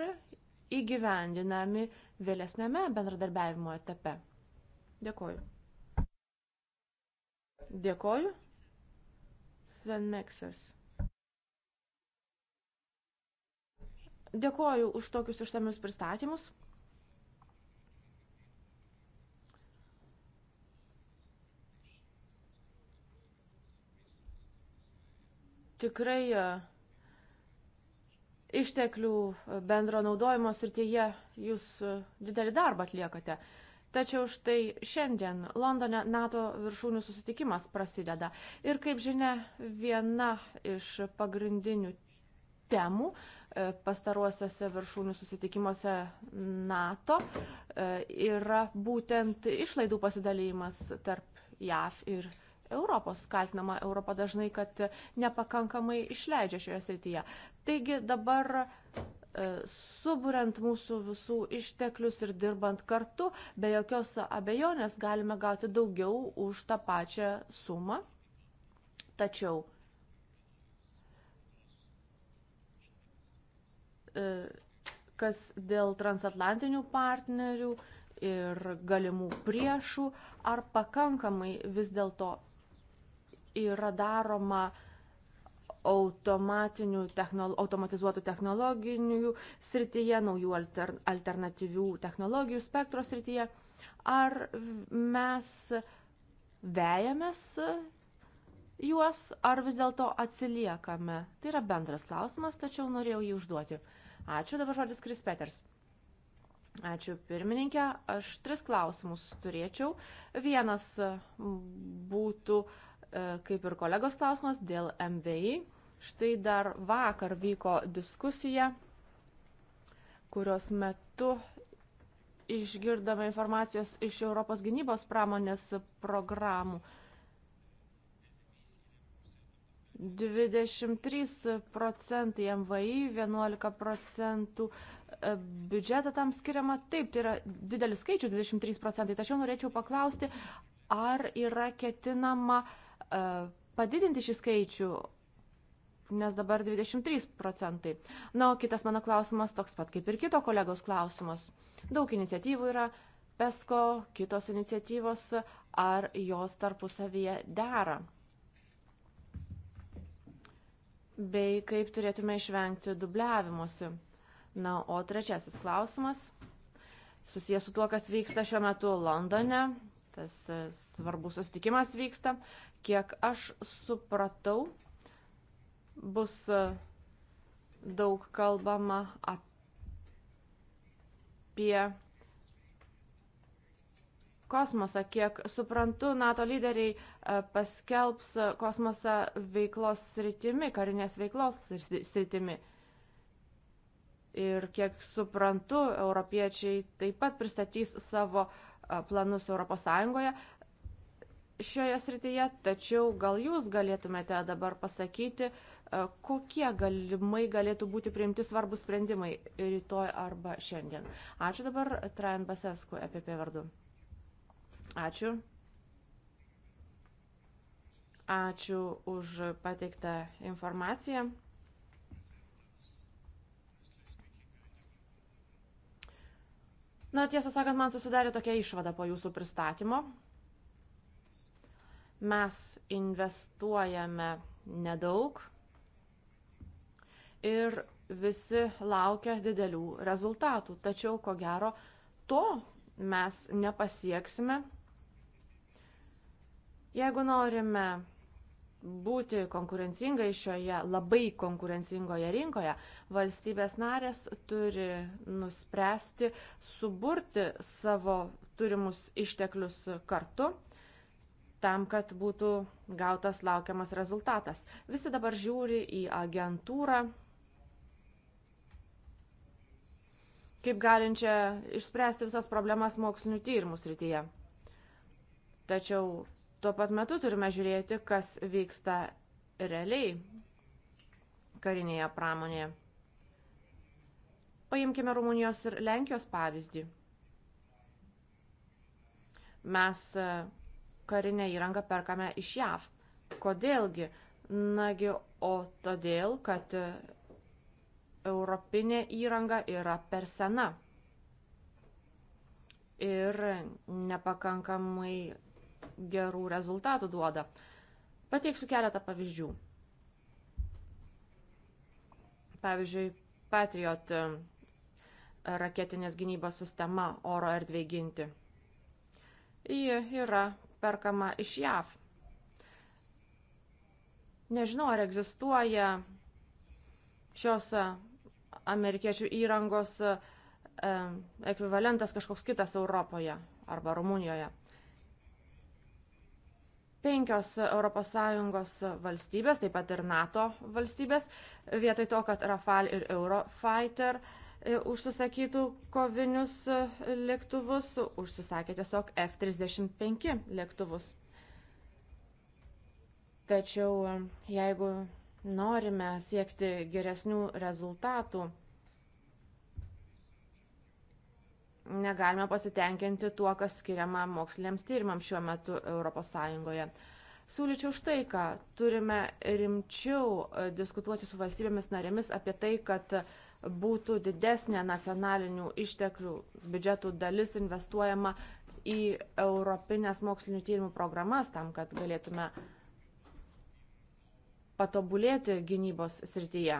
įgyvendinami vėlesnėme bendradarbiavimo etape. Dėkoju. Dėkoju. Sven Meksers. Dėkoju už tokius išsamius pristatymus. Tikrai išteklių e, bendro naudojimo srityje jūs e, didelį darbą atliekate. Tačiau štai šiandien Londone NATO viršūnių susitikimas prasideda. Ir kaip žinia, viena iš pagrindinių temų e, pastaruosiuose viršūnių susitikimuose NATO yra būtent išlaidų pasidalymas tarp JAV ir ES. Europos. Kaltinama Europa dažnai, kad nepakankamai išleidžia šioje srityje. Taigi dabar e, suburiant mūsų visų išteklius ir dirbant kartu, be jokios abejonės galime gauti daugiau už tą pačią sumą. Tačiau e, kas dėl transatlantinių partnerių ir galimų priešų, ar pakankamai vis dėlto yra daroma automatinių, technolo, automatizuotų technologijų srityje, naujų alter, alternatyvių technologijų spektro srityje. Ar mes vejamės juos, ar vis dėlto atsiliekame? Tai yra bendras klausimas, tačiau norėjau jį užduoti. Ačiū, dabar žodis Kris Peters. Ačiū pirmininkė. Aš tris klausimus turėčiau. Vienas būtų uh, E, kaip ir kolegos klausimas, dėl MVI. Štai dar vakar vyko diskusija, kurios metu išgirdome informacijos iš Europos gynybos pramonės programų. 23 procentai MVI, 11 procentų e, biudžeto tam skiriama. Taip, tai yra didelis skaičius 23 procentai. Tačiau norėčiau paklausti, ar yra ketinama uh, E, padidinti šį skaičių, nes dabar 23 procentai. Na, o kitas mano klausimas toks pat kaip ir kito kolegos klausimas. Daug iniciatyvų yra, PESCO, kitos iniciatyvos, ar jos tarpusavyje dera. Bei kaip turėtume išvengti dubliavimuose. Na, o trečiasis klausimas susijęs su tuo, kas vyksta šiuo metu Londone. Tas e, svarbus susitikimas vyksta. Kiek aš supratau, bus e, daug kalbama apie kosmosą. Kiek suprantu, NATO lyderiai e, paskelbs kosmosą veiklos sritimi, karinės veiklos sritimi. Ir kiek suprantu, europiečiai taip pat pristatys savo e, planus ES, šioje srityje, tačiau gal jūs galėtumėte dabar pasakyti, e, kokie galimai galėtų būti priimti svarbus sprendimai rytoj arba šiandien. Ačiū dabar Trajan Basesku EPP vardu. Ačiū. Ačiū už pateiktą informaciją. Na, tiesą sakant, man susidarė tokia išvada po jūsų pristatymo, Mes investuojame nedaug ir visi laukia didelių rezultatų. Tačiau, ko gero, to mes nepasieksime. Jeigu norime būti konkurencingai šioje labai konkurencingoje rinkoje, valstybės narės turi nuspręsti suburti savo turimus išteklius kartu tam, kad būtų gautas laukiamas rezultatas. Visi dabar žiūri į agentūrą, kaip galinčią išspręsti visas problemas mokslinių tyrimų srityje. Tačiau tuo pat metu turime žiūrėti, kas vyksta realiai karinėje pramonėje. Paimkime Rumunijos ir Lenkijos pavyzdį. Mes karinę įrangą perkame iš JAV. Kodėlgi? Nagi, o todėl, kad europinė įranga yra per sena ir nepakankamai gerų rezultatų duoda. Pateiksiu keletą pavyzdžių. Pavyzdžiui, Patriot e, raketinės gynybos sistema oro erdvėj ginti. Ji yra perkama iš JAV. Nežinau, ar egzistuoja šios amerikiečių įrangos ekvivalentas kažkoks kitas Europoje arba Rumunijoje. Penkios ES valstybės, taip pat ir NATO valstybės, vietoj to, kad Rafal ir Eurofighter uh, E, užsisakytų kovinius e, lėktuvus, užsisakė tiesiog F-35 lėktuvus. Tačiau e, jeigu norime siekti geresnių rezultatų, negalime pasitenkinti tuo, kas skiriama moksliniams tyrimams šiuo metu ES. Sūlyčiau štai ką, turime rimčiau diskutuoti su valstybėmis narėmis apie tai, kad uh, būtų didesnė nacionalinių išteklių biudžetų dalis investuojama į europinės mokslinių tyrimų programas tam, kad galėtume patobulėti gynybos srityje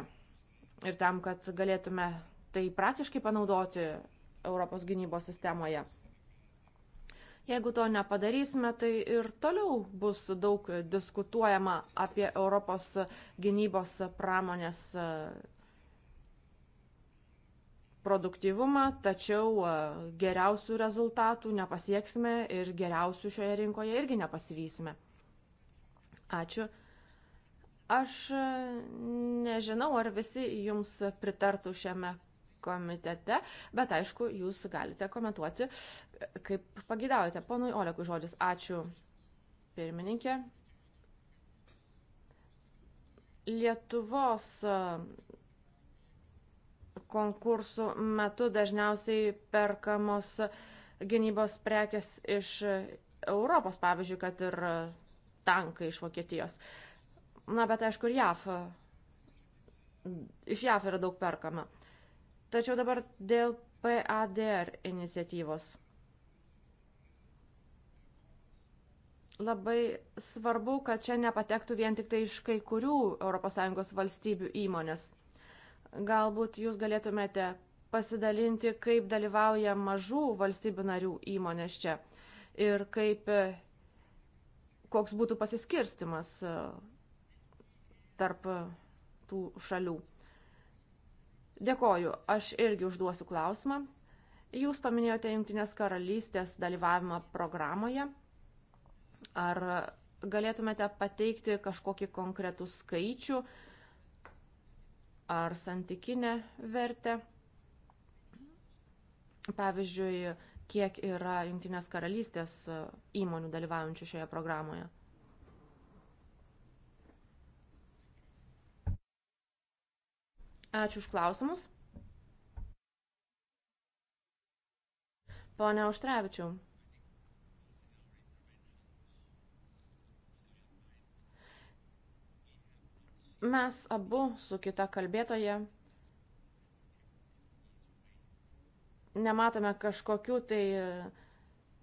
ir tam, kad galėtume tai praktiškai panaudoti Europos gynybos sistemoje. Jeigu to nepadarysime, tai ir toliau bus daug diskutuojama apie Europos gynybos pramonės produktyvumą, tačiau e, geriausių rezultatų nepasieksime ir geriausių šioje rinkoje irgi nepasivysime. Ačiū. Aš e, nežinau, ar visi jums pritartų šiame komitete, bet aišku, jūs galite komentuoti, kaip pagidaujate. Ponui Olekui žodis. Ačiū, pirmininkė. Lietuvos e, konkursų metu dažniausiai perkamos gynybos prekes iš Europos, pavyzdžiui, kad ir tankai iš Vokietijos. Na, bet aišku, ir JAF. Iš JAF yra daug perkama. Tačiau dabar dėl PADR iniciatyvos. Labai svarbu, kad čia nepatektų vien tik tai iš kai kurių ES valstybių įmonės. Galbūt jūs galėtumėte pasidalinti, kaip dalyvauja mažų valstybių narių įmonės čia ir kaip, e, koks būtų pasiskirstimas e, tarp e, tų šalių. Dėkoju, aš irgi užduosiu klausimą. Jūs paminėjote Junktinės karalystės dalyvavimą programoje. Ar galėtumėte pateikti kažkokį konkretų skaičių, uh, ar santykinę vertę. Pavyzdžiui, kiek yra Junktinės karalystės e, įmonių dalyvaujančių šioje programoje. Ačiū už klausimus. Pone Auštrevičiau. Mes abu su kita kalbėtoje nematome kažkokių tai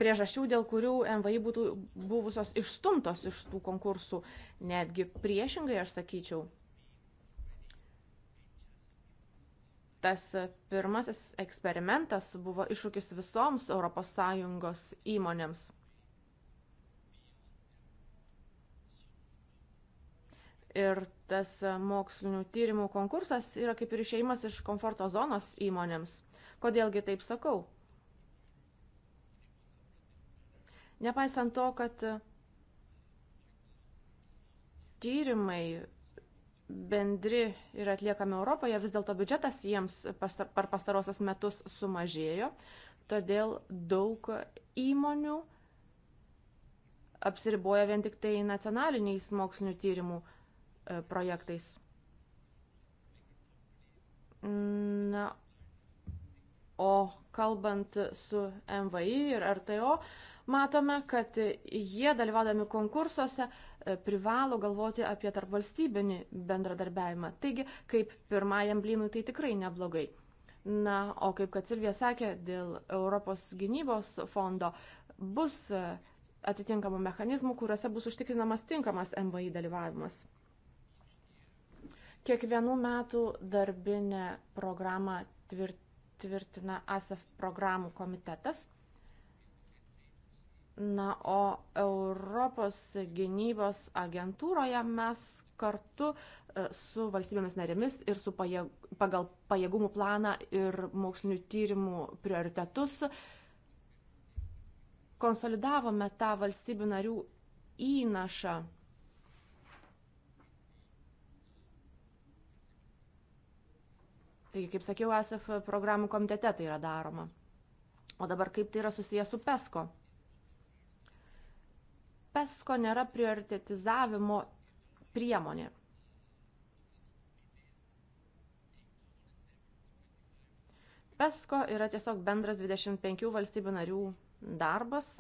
priežasčių, dėl kurių MVI būtų buvusios išstumtos iš tų konkursų. Netgi priešingai, aš sakyčiau, tas pirmasis eksperimentas buvo iššūkis visoms ES įmonėms. Ir tas e, mokslinių tyrimų konkursas yra kaip ir išeimas iš komforto zonos įmonėms. Kodėlgi taip sakau? Nepaisant to, kad e, tyrimai bendri ir atliekami Europoje, vis dėlto biudžetas jiems pastar, per pastarosios metus sumažėjo, todėl daug įmonių apsiriboja vien tik tai nacionaliniais mokslinių tyrimų E, projektais. Na, o kalbant su MVI ir RTO, matome, kad jie dalyvaudami konkursuose e, privalo galvoti apie tarpvalstybinį bendradarbiavimą. Taigi, kaip pirmajam blynui, tai tikrai neblogai. Na, o kaip kad Silvija sakė, dėl Europos gynybos fondo bus e, atitinkamų mechanizmų, kuriuose bus užtikrinamas tinkamas MVI dalyvavimas. Kiekvienų metų darbinę programą tvirtina ASEF programų komitetas. Na, o Europos gynybos agentūroje mes kartu e, su valstybėmis narėmis ir su pajėg, pagal pajėgumų planą ir mokslinių tyrimų prioritetus konsolidavome tą valstybių narių įnašą Taigi, kaip sakiau, ESF programų komitete tai yra daroma. O dabar kaip tai yra susijęs su PESCO? PESCO nėra prioritetizavimo priemonė. PESCO yra tiesiog bendras 25 valstybių narių darbas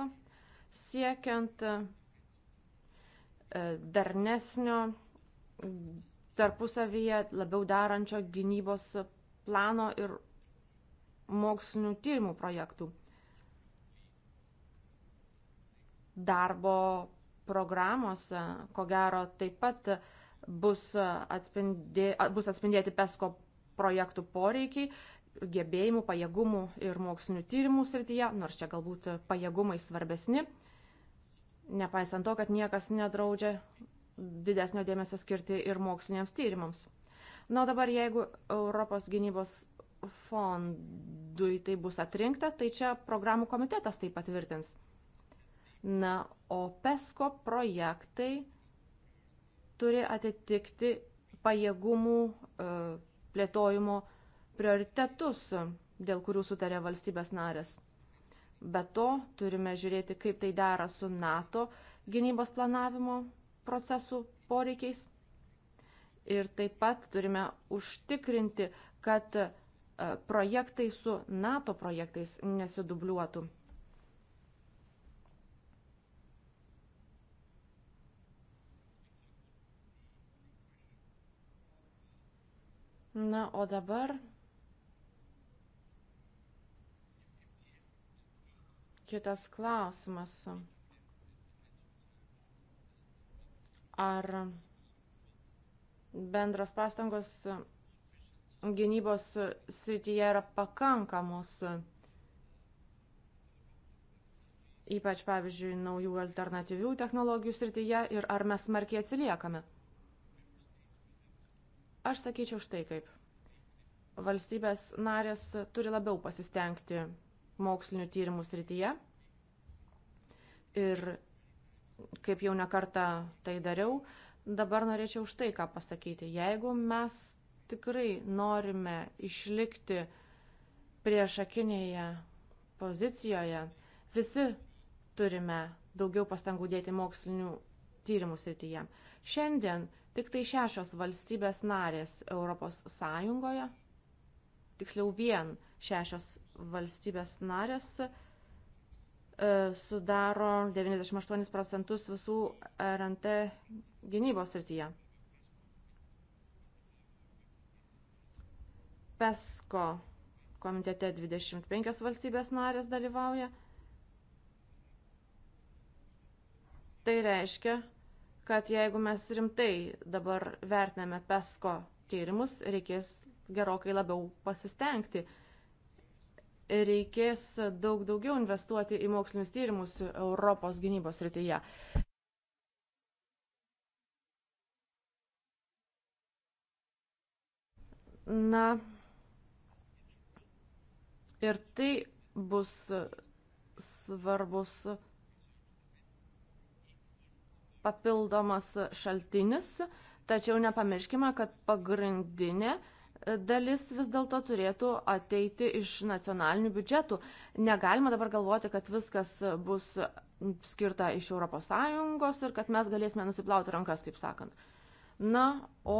siekiant e, darnesnio tarpusavyje labiau darančio gynybos plano ir mokslinių tyrimų projektų. Darbo programuose, ko gero, taip pat bus, atspindė, bus atspindėti PESCO projektų poreikiai, gebėjimų, pajėgumų ir mokslinių tyrimų srityje, nors čia galbūt pajėgumai svarbesni, nepaisant to, kad niekas nedraudžia didesnio dėmesio skirti ir moksliniams tyrimams. Na, nu, dabar jeigu Europos gynybos fondui tai bus atrinkta, tai čia programų komitetas tai patvirtins. Na, o PESCO projektai turi atitikti pajėgumų e, plėtojimo prioritetus, dėl kurių sutarė valstybės narės. Be to, turime žiūrėti, kaip tai dera su NATO gynybos planavimo procesų poreikiais. Ir taip pat turime užtikrinti, kad e, projektai su NATO projektais nesidubliuotų. Na, o dabar kitas klausimas. Ar bendros pastangos gynybos srityje yra pakankamos, ypač, pavyzdžiui, naujų alternatyvių technologijų srityje ir ar mes smarkiai atsiliekame. Aš sakyčiau štai kaip. Valstybės narės turi labiau pasistengti mokslinių tyrimų srityje ir, kaip jau nekarta tai dariau, Dabar norėčiau už tai ką pasakyti. Jeigu mes tikrai norime išlikti priešakinėje pozicijoje, visi turime daugiau pastangų dėti mokslinių tyrimų srityje. Šiandien tik tai šešios valstybės narės ES, tiksliau vien šešios valstybės narės E, sudaro 98 procentus visų RNT gynybos srityje. PESCO komitete 25 valstybės narės dalyvauja. Tai reiškia, kad jeigu mes rimtai dabar vertiname PESCO tyrimus, reikės gerokai labiau pasistengti reikės daug daugiau investuoti į mokslinius tyrimus Europos gynybos rytyje. Na, ir tai bus svarbus papildomas šaltinis, tačiau nepamirškime, kad pagrindinė uh, dalis vis dėlto turėtų ateiti iš nacionalinių biudžetų. Negalima dabar galvoti, kad viskas bus skirta iš ES ir kad mes galėsime nusiplauti rankas, taip sakant. Na, o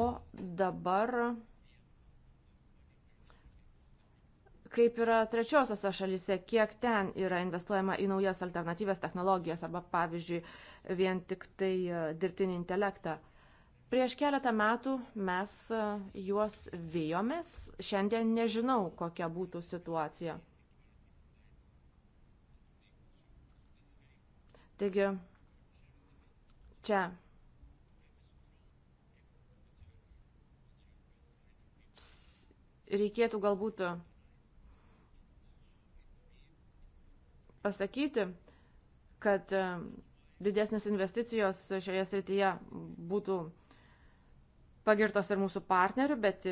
dabar, kaip yra trečiosiose šalise, kiek ten yra investuojama į naujas alternatyvės technologijas arba, pavyzdžiui, vien tik tai e, dirbtinį intelektą. Prieš keletą metų mes e, juos vijomės, šiandien nežinau, kokia būtų situacija. Taigi, čia reikėtų galbūt pasakyti, kad e, didesnės investicijos šioje srityje būtų pagirtos ir mūsų partnerių, bet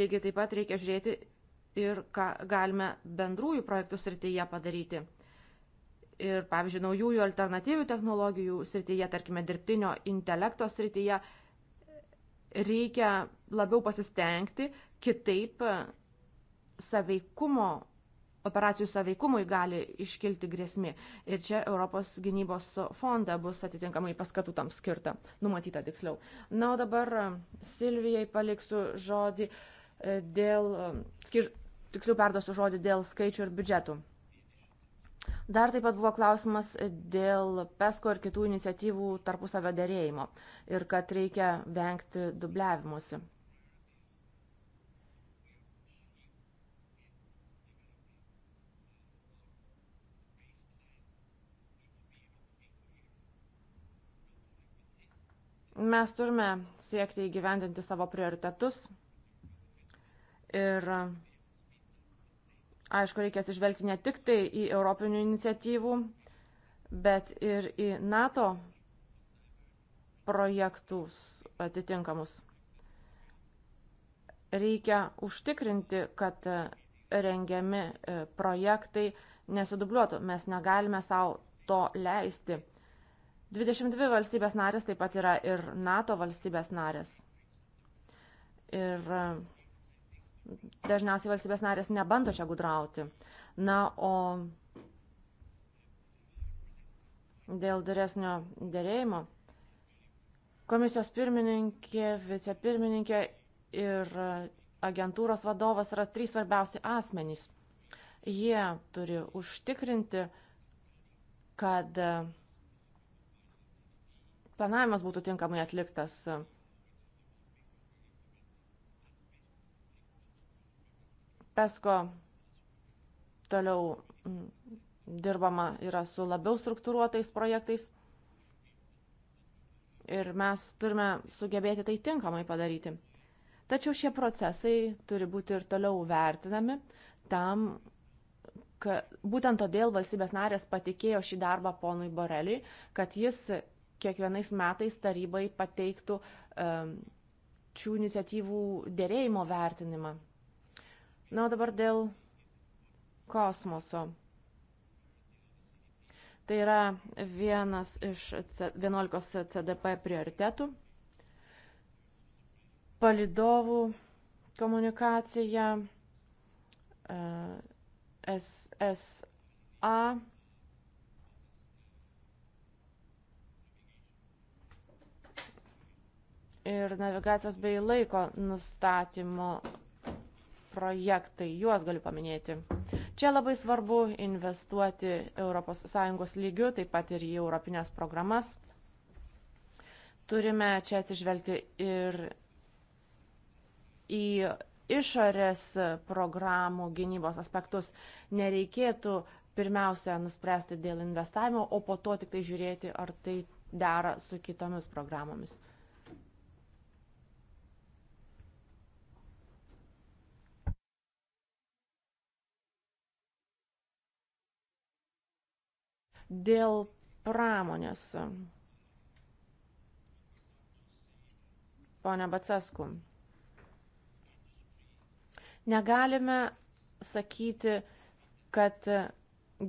lygiai taip pat reikia žiūrėti ir ką galime bendrųjų projektų srityje padaryti. Ir, pavyzdžiui, naujųjų alternatyvių technologijų srityje, tarkime, dirbtinio intelekto srityje, reikia labiau pasistengti, kitaip saveikumo operacijų saveikumui gali iškilti grėsmė. Ir čia Europos gynybos fonda bus atitinkamai paskatų tam skirta, numatyta tiksliau. Na, o dabar e, Silvijai paliksiu žodį e, dėl, e, skir, tiksliau perduosiu žodį dėl skaičių ir biudžetų. Dar taip pat buvo klausimas dėl PESCO ir kitų iniciatyvų tarpusavio dėrėjimo ir kad reikia vengti dubliavimuose. Mes turime siekti įgyvendinti savo prioritetus ir aišku, reikia atsižvelgti ne tik tai į europinių iniciatyvų, bet ir į NATO projektus atitinkamus. Reikia užtikrinti, kad rengiami e, projektai nesidubliuotų. Mes negalime savo to leisti. 22 valstybės narės taip pat yra ir NATO valstybės narės. Ir e, dažniausiai valstybės narės nebando čia gudrauti. Na, o dėl dėresnio dėrėjimo komisijos pirmininkė, vicepirmininkė ir e, agentūros vadovas yra trys svarbiausi asmenys. Jie turi užtikrinti, kad e, planavimas būtų tinkamai atliktas. PESCO toliau mm, dirbama yra su labiau struktūruotais projektais ir mes turime sugebėti tai tinkamai padaryti. Tačiau šie procesai turi būti ir toliau vertinami tam, kad būtent todėl valstybės narės patikėjo šį darbą ponui Boreliui, kad jis kiekvienais metais tarybai pateiktų šių iniciatyvų dėrėjimo vertinimą. Na, o dabar dėl kosmoso. Tai yra vienas iš 11 CDP prioritetų. Palidovų komunikacija, e, SSA ir navigacijos bei laiko nustatymo projektai, juos galiu paminėti. Čia labai svarbu investuoti ES lygių, taip pat ir į europinės programas. Turime čia atsižvelgti ir į išorės programų gynybos aspektus. Nereikėtų pirmiausia nuspręsti dėl investavimo, o po to tik tai žiūrėti, ar tai dera su kitomis programomis. Dėl pramonės. Pone Bacesku, negalime sakyti, kad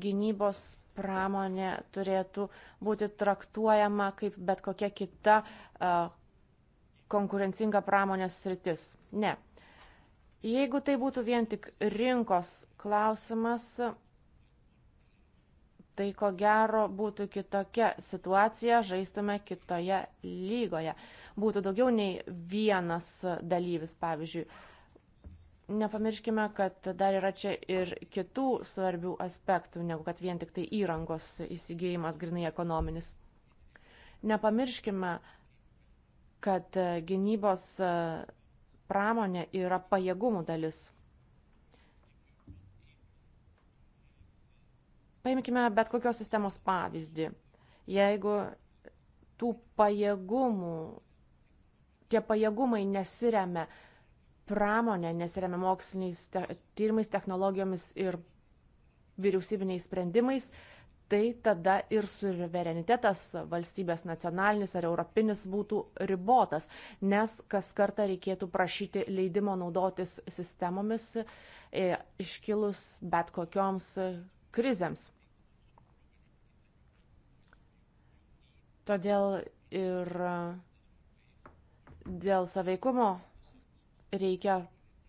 gynybos pramonė turėtų būti traktuojama kaip bet kokia kita konkurencinga pramonės sritis. Ne. Jeigu tai būtų vien tik rinkos klausimas, tai ko gero būtų kitokia situacija, žaistume kitoje lygoje. Būtų daugiau nei vienas dalyvis, pavyzdžiui. Nepamirškime, kad dar yra čia ir kitų svarbių aspektų, negu kad vien tik tai įrangos įsigijimas grinai ekonominis. Nepamirškime, kad gynybos pramonė yra pajėgumų dalis. Paimkime bet kokios sistemos pavyzdį. Jeigu tų pajėgumų, tie pajėgumai nesiremia pramonė, nesiremia moksliniais te tyrimais, technologijomis ir vyriausybiniais sprendimais, tai tada ir suverenitetas valstybės nacionalinis ar europinis būtų ribotas, nes kas kartą reikėtų prašyti leidimo naudotis sistemomis e, iškilus bet kokioms krizėms. Todėl ir dėl saveikumo reikia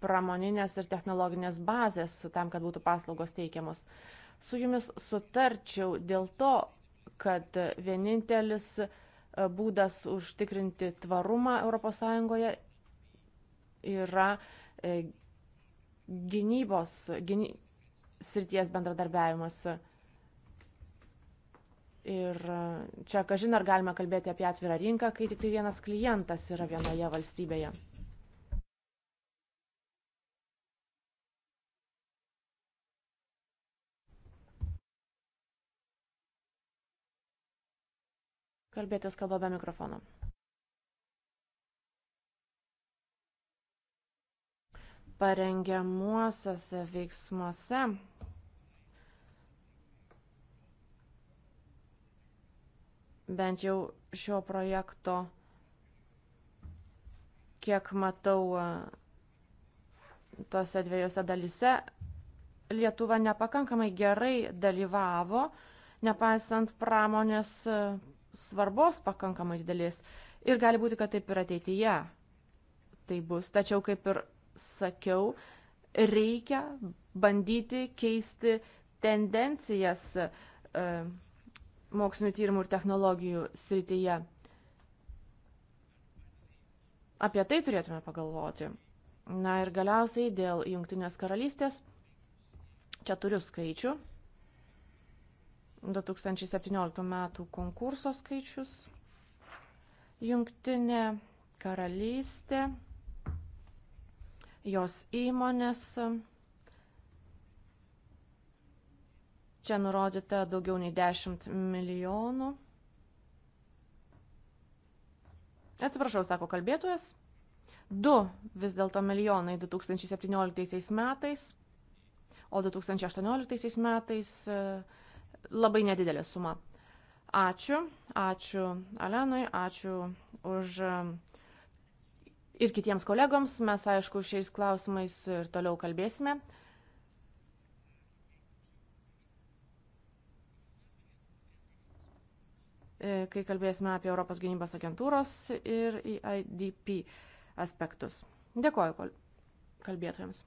pramoninės ir technologinės bazės tam, kad būtų paslaugos teikiamos. Su jumis sutarčiau dėl to, kad vienintelis e, būdas užtikrinti tvarumą ES yra e, gynybos, gyny, srities bendradarbiavimas. Ir čia, kažin, ar galime kalbėti apie atvirą rinką, kai tik tai vienas klientas yra vienoje valstybėje. Kalbėtis kalba be mikrofono. Parengiamuosiuose veiksmuose bent jau šio projekto, kiek matau, e, tose dviejose dalise Lietuva nepakankamai gerai dalyvavo, nepaisant pramonės e, svarbos pakankamai didelės. Ir gali būti, kad taip ir ateityje tai bus. Tačiau, kaip ir sakiau, reikia bandyti keisti tendencijas. Uh, mokslinio tyrimų ir technologijų srityje. Apie tai turėtume pagalvoti. Na ir galiausiai dėl Junktinės karalystės. Čia turiu skaičių. 2017 metų konkurso skaičius. Junktinė karalystė, jos įmonės Čia nurodyta daugiau nei 10 milijonų. Atsiprašau, sako kalbėtojas. 2 vis dėlto milijonai 2017 metais, o 2018 metais e, labai nedidelė suma. Ačiū, ačiū Alenui, ačiū už e, ir kitiems kolegoms. Mes, aišku, šiais klausimais ir toliau kalbėsime. E, kai kalbėsime apie Europos gynybos agentūros ir e IDP aspektus. Dėkoju kalbėtojams.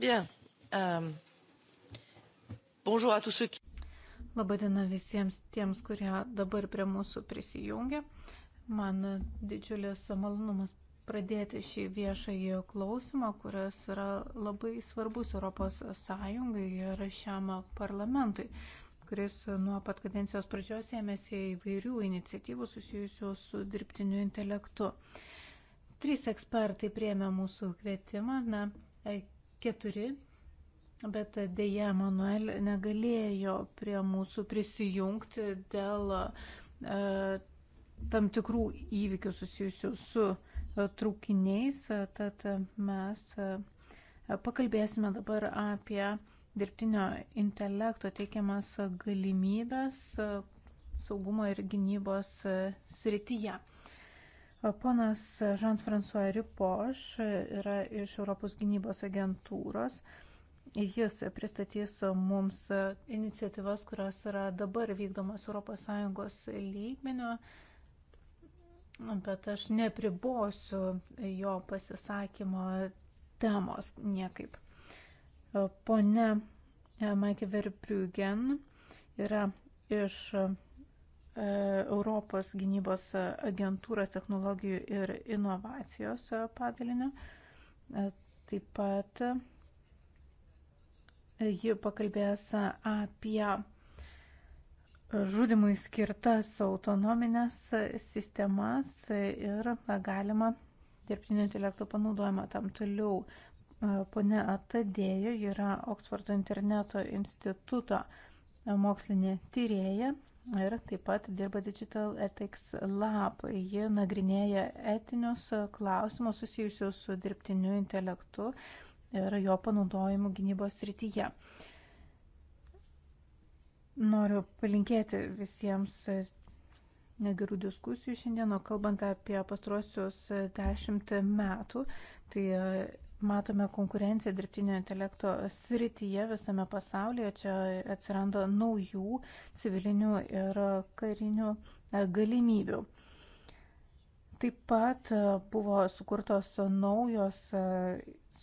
Bien. Um, bonjour à tous ceux qui. Labadiena visiems tiems, kurie dabar prie mūsų prisijungia. Man didžiulis malonumas pradėti šį viešąjį klausimą, kuris yra labai svarbus ES ir šiam parlamentui, kuris nuo pat kadencijos pradžios ėmėsi įvairių iniciatyvų susijusių su dirbtiniu intelektu. Trys ekspertai priemė mūsų kvietimą. Na, 4, bet dėja Manuel negalėjo prie mūsų prisijungti dėl e, tam tikrų įvykių susijusių su e, traukiniais, tad mes e, pakalbėsime dabar apie dirbtinio intelekto teikiamas galimybės e, saugumo ir gynybos e, srityje. E, Ponas Jean-François Ripoš yra iš Europos gynybos agentūros. Jis pristatys mums iniciatyvas, kurios yra dabar vykdomas ES lygmenio, bet aš nepribosiu jo pasisakymo temos niekaip. Pone Mike Verbriugen yra iš E, Europos gynybos agentūros technologijų ir inovacijos padalinio. E, taip pat e, ji pakalbės apie žudimui skirtas autonominės sistemas ir galima dirbtinio intelekto panaudojimą tam toliau. Pone Atadėjo yra Oksfordo interneto instituto mokslinė tyrėja, ir taip pat dirba Digital Ethics Lab. Ji nagrinėja etinius klausimus susijusius su dirbtiniu intelektu ir jo panaudojimu gynybos rytyje. Noriu palinkėti visiems gerų diskusijų šiandien, o kalbant apie pastrosius dešimt metų, tai Matome konkurenciją dirbtinio intelekto srityje visame pasaulyje. Čia atsiranda naujų civilinių ir karinių e, galimybių. Taip pat e, buvo sukurtos naujos e,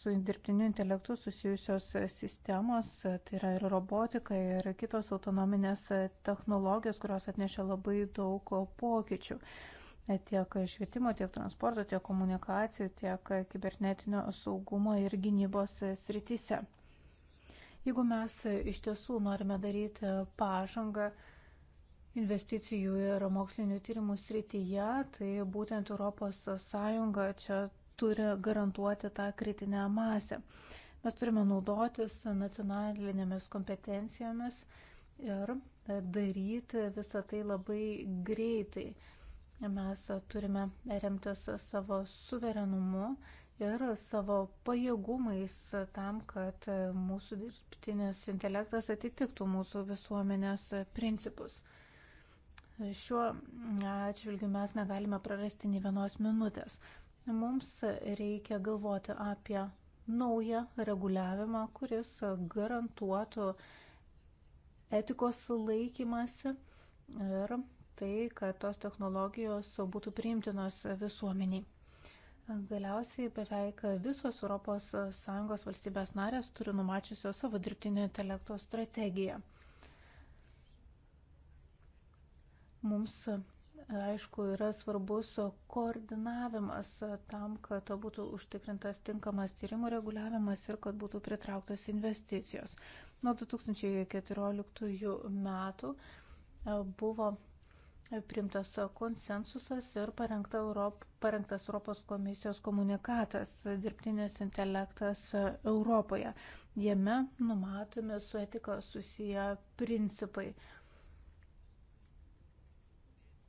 su dirbtiniu intelektu susijusios sistemos, tai yra ir robotika, ir kitos autonominės technologijos, kurios atnešė labai daug pokyčių. E, tiek švietimo, tiek transporto, tiek komunikacijų, tiek kibernetinio saugumo ir gynybos srityse. Jeigu mes iš tiesų norime daryti pažangą investicijų ir mokslinių tyrimų srityje, tai būtent ES čia turi garantuoti tą kritinę masę. Mes turime naudotis nacionalinėmis kompetencijomis ir daryti visą tai labai greitai Mes turime remtis savo suverenumu ir savo pajėgumais tam, kad mūsų dirbtinis intelektas atitiktų mūsų visuomenės principus. Šiuo atžvilgiu mes negalime prarasti nei vienos minutės. Mums reikia galvoti apie naują reguliavimą, kuris garantuotų etikos laikymasi ir tai, kad tos technologijos būtų priimtinos visuomeniai. Galiausiai beveik visos ES valstybės narės turi numačiusios savo dirbtinio intelekto strategiją. Mums, aišku, yra svarbus koordinavimas tam, kad būtų užtikrintas tinkamas tyrimų reguliavimas ir kad būtų pritrauktas investicijos. Nuo 2014 metų buvo primtas konsensusas ir parengta Europ, parengtas Europos komisijos komunikatas dirbtinis intelektas Europoje. Jame numatomi su etika susiję principai.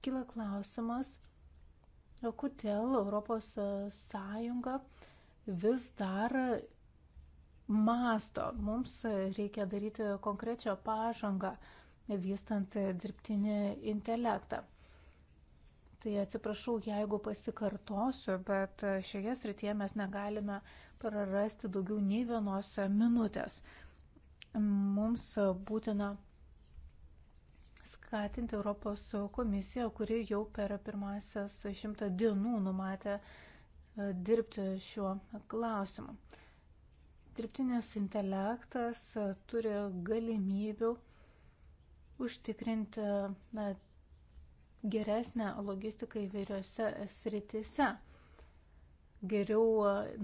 Kila klausimas, kodėl Europos Sąjunga vis dar masto. Mums reikia daryti konkrečią pažangą vystant e, dirbtinį intelektą. Tai atsiprašau, jeigu pasikartosiu, bet e, šioje srityje mes negalime prarasti daugiau nei vienos minutės. Mums būtina skatinti Europos komisiją, kuri jau per pirmasias šimtą dienų numatė e, dirbti šiuo klausimu. Dirbtinis intelektas turi galimybių užtikrinti na, geresnę logistiką įvairiose sritise, geriau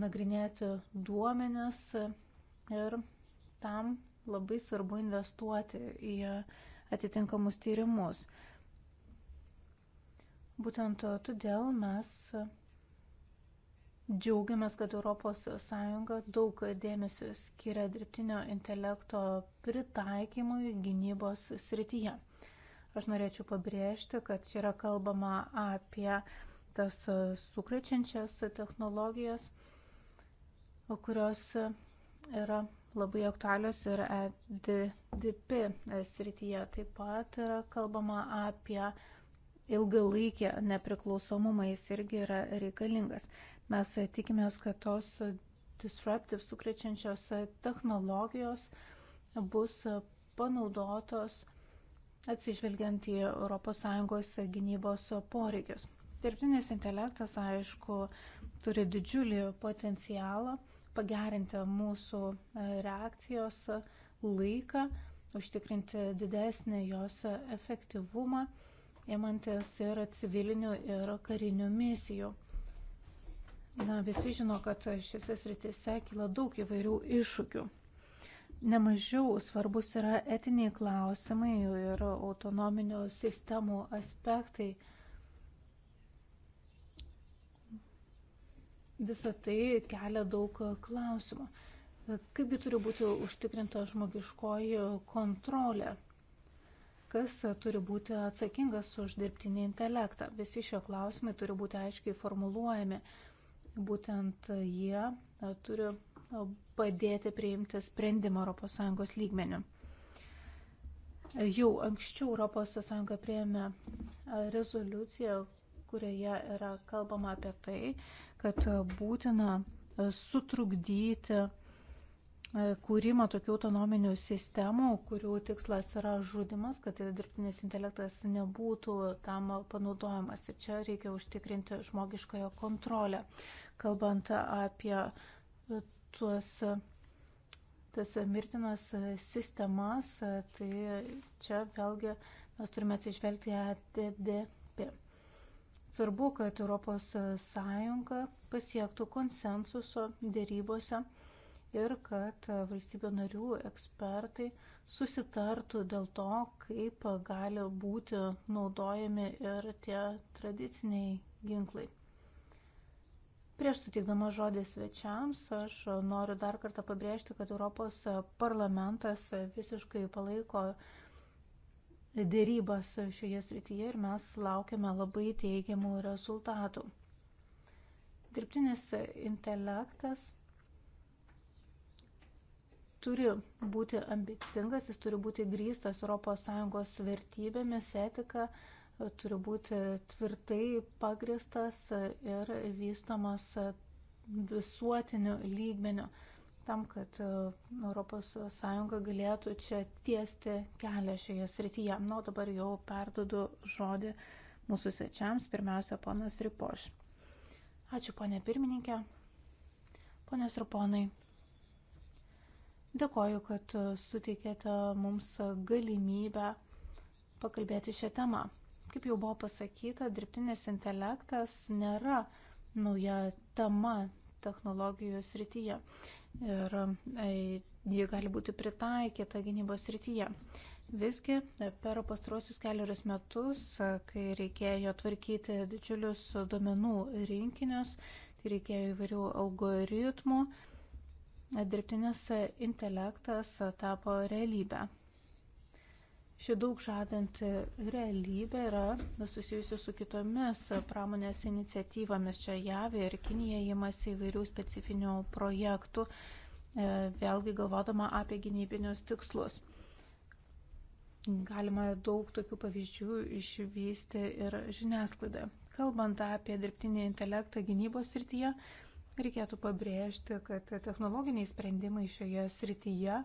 nagrinėti duomenis ir tam labai svarbu investuoti į atitinkamus tyrimus. Būtent todėl mes Džiaugiamės, kad ES daug dėmesio skiria dirbtinio intelekto pritaikymui gynybos srityje. Aš norėčiau pabrėžti, kad čia yra kalbama apie tas sukrečiančias technologijas, kurios yra labai aktualios ir EDDP srityje. Taip pat yra kalbama apie ilgalaikį nepriklausomumą, jis irgi yra reikalingas. Mes e, tikimės, kad tos e, disruptive sukrečiančios e, technologijos bus panaudotos atsižvelgiant į ES gynybos poreikius. Dirbtinis intelektas, aišku, turi didžiulį potencialą pagerinti mūsų reakcijos laiką, užtikrinti didesnį jos efektyvumą, įmantis ir civilinių, ir karinių misijų. Na, visi žino, kad šiuose sritise kyla daug įvairių iššūkių. Nemažiau svarbus yra etiniai klausimai ir autonominių sistemų aspektai. Visą tai kelia daug klausimų. Kaipgi turi būti užtikrinta žmogiškoji kontrolė? Kas turi būti atsakingas už dirbtinį intelektą? Visi šio klausimai turi būti aiškiai formuluojami Būtent jie e, turi e, padėti priimti sprendimą ES lygmeniu. E, jau anksčiau ES priėmė rezoliuciją, kurioje yra kalbama apie tai, kad būtina sutrukdyti E, kūrimą tokių autonominių sistemų, kurių tikslas yra žudimas, kad tai dirbtinis intelektas nebūtų tam panaudojamas. Ir čia reikia užtikrinti žmogiškojo kontrolę. Kalbant apie tuos, tas mirtinas sistemas, tai čia vėlgi mes turime atsižvelgti ATDP. Svarbu, kad ES pasiektų konsensuso dėrybose ir kad valstybių narių ekspertai susitartų dėl to, kaip gali būti naudojami ir tie tradiciniai ginklai. Prieš sutikdama žodį svečiams, aš noriu dar kartą pabrėžti, kad Europos parlamentas visiškai palaiko dėrybas šioje srityje ir mes laukiame labai teigiamų rezultatų. Dirbtinis intelektas turi būti ambicingas, jis turi būti grįstas ES vertybėmis, etika, turi būti tvirtai pagristas ir vystomas visuotiniu lygmeniu, tam, kad ES galėtų čia tiesti kelią šioje srityje. Na, o dabar jau perdodu žodį mūsų svečiams, pirmiausia, ponas Ripoš. Ačiū, ponė pirmininkė. Ponės ir ponai, Dėkoju, kad e, suteikėte mums galimybę pakalbėti šią temą. Kaip jau buvo pasakyta, dirbtinis intelektas nėra nauja tema technologijų srityje ir e, ji gali būti pritaikyta gynybos srityje. Visgi e, per pastrosius keliarius metus, kai reikėjo tvarkyti didžiulius duomenų rinkinius, kai reikėjo įvairių algoritmų, dirbtinis intelektas tapo realybę. Ši daug žadanti realybė yra susijusi su kitomis pramonės iniciatyvomis. Čia JAV ir Kinija įmasi įvairių specifinių projektų, e, vėlgi galvodama apie gynybinius tikslus. Galima daug tokių pavyzdžių išvysti ir žiniasklaidoje. Kalbant apie dirbtinį intelektą gynybos srityje, Reikėtų pabrėžti, kad technologiniai sprendimai šioje srityje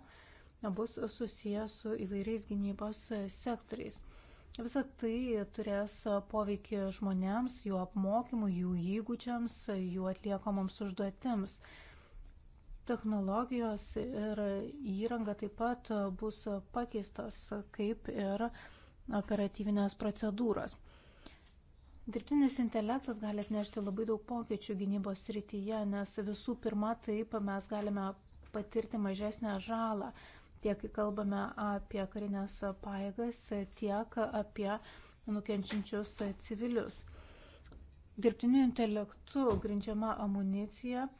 bus susijęs su įvairiais gynybos sektoriais. Visą tai turės poveikį žmonėms, jų apmokymui, jų įgūdžiams, jų atliekomoms užduotims. Technologijos ir įranga taip pat bus pakeistos kaip ir operatyvinės procedūros. Dirbtinis intelektas gali atnešti labai daug pokyčių gynybos srityje, nes visų pirma taip mes galime patirti mažesnę žalą, tiek kai kalbame apie karinės paėgas, tiek apie nukenčiančius civilius. Dirbtiniu intelektu grindžiama amunicija e,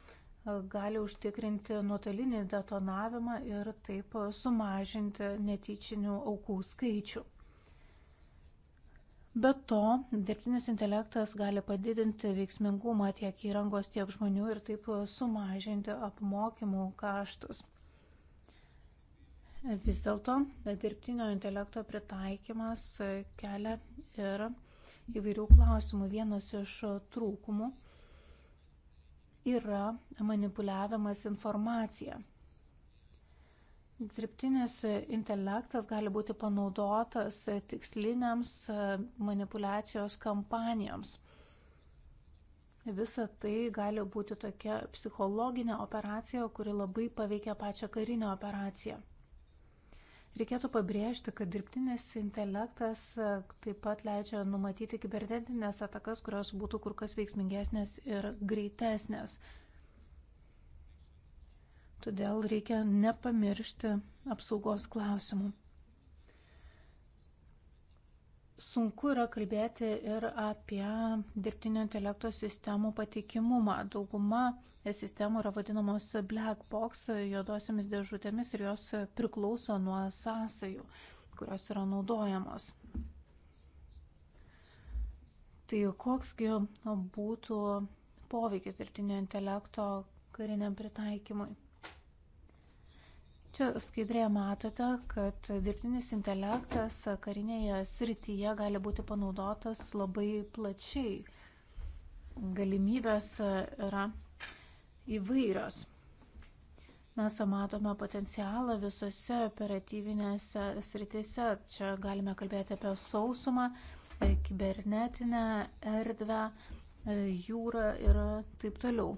gali užtikrinti nuotolinį detonavimą ir taip sumažinti netyčinių aukų skaičių. Be to, dirbtinis intelektas gali padidinti veiksmingumą tiek įrangos, tiek žmonių ir taip sumažinti apmokymų kaštus. Vis dėlto, dirbtinio intelekto pritaikymas kelia ir įvairių klausimų. Vienas iš trūkumų yra manipuliavimas informacija. Dirbtinis intelektas gali būti panaudotas tiksliniams e, manipulacijos kampanijoms. Visa tai gali būti tokia psichologinė operacija, kuri labai paveikia pačią karinę operaciją. Reikėtų pabrėžti, kad dirbtinis intelektas e, taip pat leidžia numatyti kibernetinės atakas, kurios būtų kur kas veiksmingesnės ir greitesnės todėl reikia nepamiršti apsaugos klausimų. Sunku yra kalbėti ir apie dirbtinio intelekto sistemų patikimumą. Dauguma sistemų yra vadinamos black box juodosiamis dėžutėmis ir jos priklauso nuo sąsajų, kurios yra naudojamos. Tai koksgi būtų poveikis dirbtinio intelekto kariniam pritaikymui? Čia skaidrėje matote, kad dirbtinis intelektas karinėje srityje gali būti panaudotas labai plačiai. Galimybės yra įvairios. Mes matome potencialą visose operatyvinėse sritise. Čia galime kalbėti apie sausumą, kibernetinę erdvę, jūrą ir taip toliau.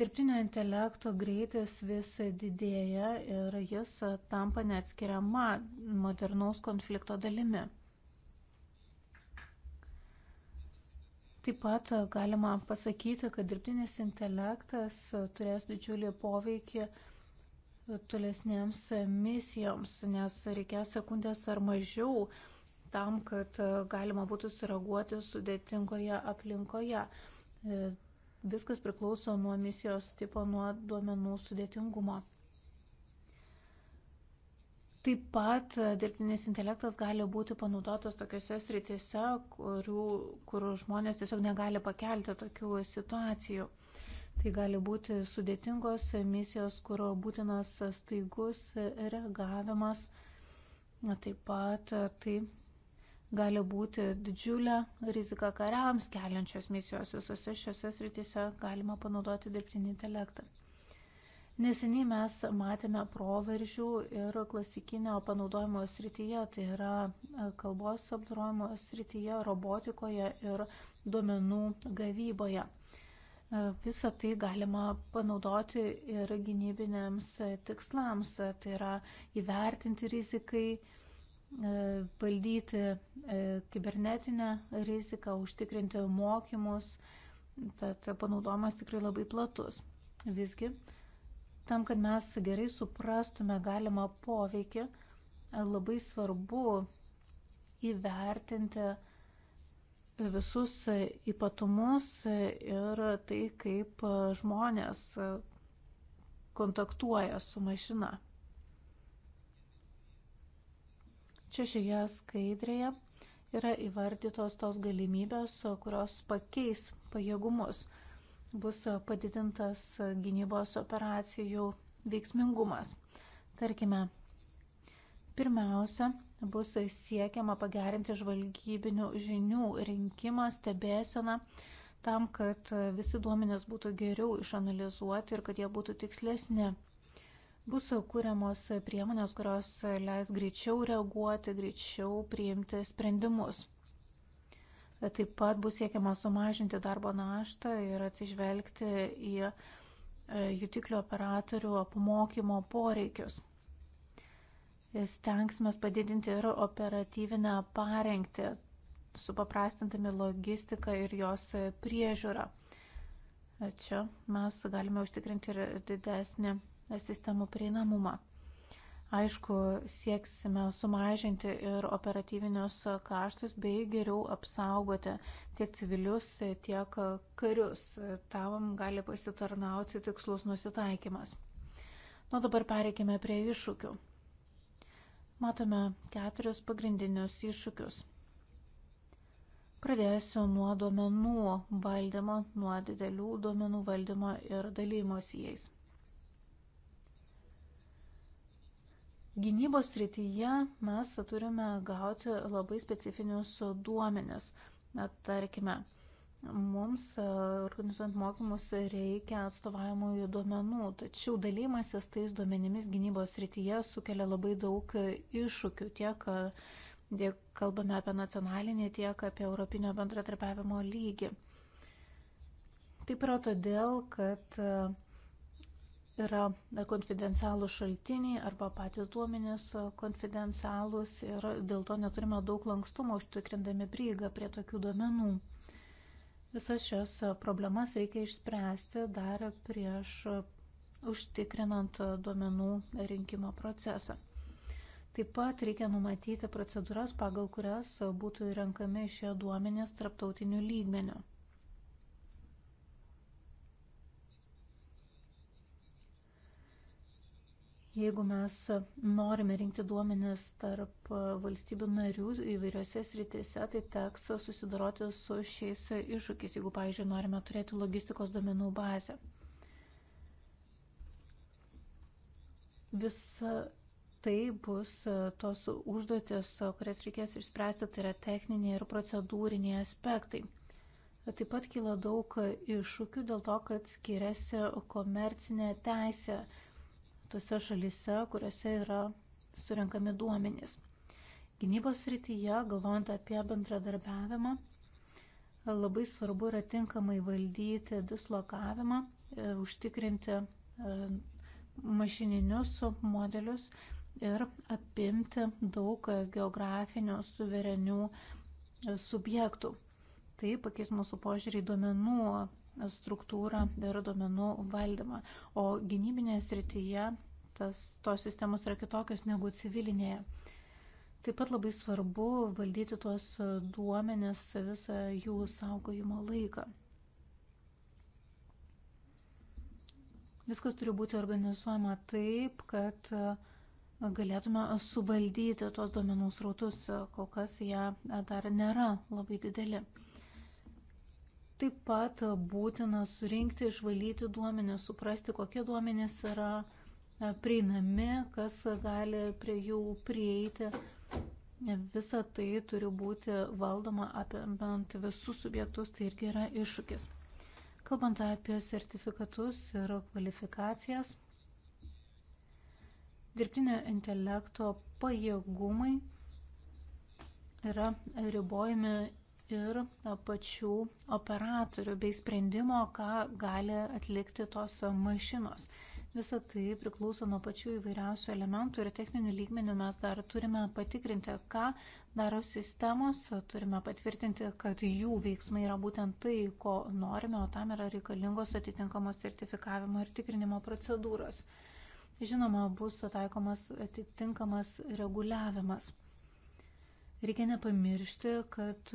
Dirbtinio intelekto greitis vis didėja ir jis tampa neatskiriama modernaus konflikto dalimi. Taip pat galima pasakyti, kad dirbtinis intelektas turės didžiulį poveikį tolesnėms misijoms, nes reikės sekundės ar mažiau tam, kad galima būtų sureaguoti sudėtingoje aplinkoje Viskas priklauso nuo misijos tipo, nuo duomenų sudėtingumo. Taip pat e, dirbtinis intelektas gali būti panaudotas tokiuose sritise, kurių, kur žmonės tiesiog negali pakelti tokių situacijų. Tai gali būti sudėtingos misijos, kurio būtinas staigus reagavimas. Taip pat e, tai gali būti didžiulė rizika kariams keliančios misijos. Visose šiose srityse galima panaudoti dirbtinį intelektą. Neseniai mes matėme proveržių ir klasikinio panaudojimo srityje, tai yra e, kalbos apdorojimo srityje, robotikoje ir duomenų gavyboje. E, Visą tai galima panaudoti ir gynybinėms tikslams, tai yra įvertinti rizikai, valdyti e, e, kibernetinę riziką, užtikrinti mokymus, tad panaudojimas tikrai labai platus. Visgi, tam, kad mes gerai suprastume galimą poveikį, labai svarbu įvertinti visus ypatumus ir tai, kaip žmonės kontaktuoja su mašina. Čia šioje skaidrėje yra įvardytos tos galimybės, kurios pakeis pajėgumus. Bus padidintas gynybos operacijų veiksmingumas. Tarkime, pirmiausia, bus siekiama pagerinti žvalgybinių žinių rinkimą, stebėseną, tam, kad visi duomenės būtų geriau išanalizuoti ir kad jie būtų tikslesni. Bus kūriamos priemonės, kurios leis greičiau reaguoti, greičiau priimti sprendimus. Taip pat bus siekiama sumažinti darbo naštą ir atsižvelgti į e, jutiklių operatorių apmokymo poreikius. Stengsime padidinti ir operatyvinę parengtį, supaprastintami logistiką ir jos priežiūrą. Čia mes galime užtikrinti ir didesnį sistemų prieinamumą. Aišku, sieksime sumažinti ir operatyvinius kaštus bei geriau apsaugoti tiek civilius, tiek karius. Tam gali pasitarnauti tikslus nusitaikymas. Nu dabar pereikime prie iššūkių. Matome keturis pagrindinius iššūkius. Pradėsiu nuo duomenų valdymo, nuo didelių duomenų valdymo ir dalymosi jais. Gynybos srityje mes turime gauti labai specifinius duomenis. Na, tarkime, mums e, organizuojant mokymus reikia atstovavimųjų duomenų, tačiau dalymasis tais duomenimis gynybos srityje sukelia labai daug iššūkių tiek e, tiek kalbame apie nacionalinį, tiek apie europinio bendratarpiavimo lygį. Taip yra todėl, kad e, yra konfidencialų šaltiniai arba patys duomenys konfidencialūs ir dėl to neturime daug lankstumo užtikrindami prieigą prie tokių duomenų. Visas šias problemas reikia išspręsti dar prieš užtikrinant duomenų rinkimo procesą. Taip pat reikia numatyti procedūras, pagal kurias būtų renkami šie duomenys tarptautiniu lygmeniu. Jeigu mes norime rinkti duomenis tarp valstybių narių įvairiose sritise, tai teks susidoroti su šiais iššūkiais, jeigu, pavyzdžiui, norime turėti logistikos duomenų bazę. Visa tai bus tos užduotis, kurias reikės išspręsti, tai yra techniniai ir procedūriniai aspektai. Taip pat kyla daug iššūkių dėl to, kad skiriasi komercinė teisė tose šalise, kuriuose yra surinkami duomenys. Gynybos rytyje, galvojant apie bendradarbiavimą, labai svarbu yra tinkamai valdyti dislokavimą, e, užtikrinti e, mašininius modelius ir apimti daug geografinių suverenių e, subjektų. Tai pakeis mūsų požiūrį į duomenų struktūrą ir duomenų valdymą. O gynybinėje srityje tas, tos sistemos yra kitokios negu civilinėje. Taip pat labai svarbu valdyti tuos duomenis visą jų saugojimo laiką. Viskas turi būti organizuojama taip, kad galėtume suvaldyti tuos duomenų srautus, kol kas jie dar nėra labai dideli. Taip pat būtina surinkti, išvalyti duomenis, suprasti, kokie duomenys yra e, prieinami, kas gali prie jų prieiti. Visa tai turi būti valdoma apimant visus subjektus, tai irgi yra iššūkis. Kalbant apie sertifikatus ir kvalifikacijas, dirbtinio intelekto pajėgumai yra ribojami ir pačių operatorių bei sprendimo, ką gali atlikti tos mašinos. Visą tai priklauso nuo pačių įvairiausių elementų ir techninių lygmenių mes dar turime patikrinti, ką daro sistemos, turime patvirtinti, kad jų veiksmai yra būtent tai, ko norime, o tam yra reikalingos atitinkamos sertifikavimo ir tikrinimo procedūros. Žinoma, bus taikomas atitinkamas reguliavimas. Reikia nepamiršti, kad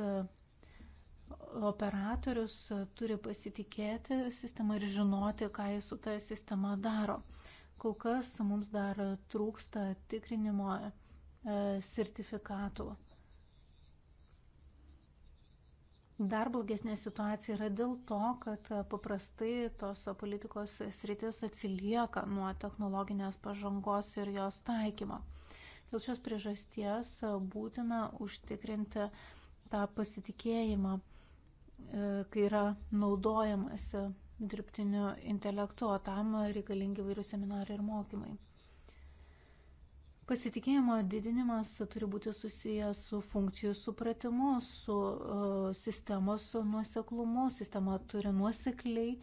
operatorius e, turi pasitikėti sistemą ir žinoti, ką jis su ta sistema daro. Kol kas mums dar trūksta tikrinimo e, sertifikatų. Dar blogesnė situacija yra dėl to, kad e, paprastai tos politikos sritis atsilieka nuo technologinės pažangos ir jos taikymo. Dėl šios priežasties būtina užtikrinti tą pasitikėjimą E, kai yra naudojamas dirbtiniu intelektu, o tam reikalingi vairių seminarai ir mokymai. Pasitikėjimo didinimas turi būti susijęs su funkcijų supratimu, su e, sistemos nuoseklumu. Sistema turi nuosekliai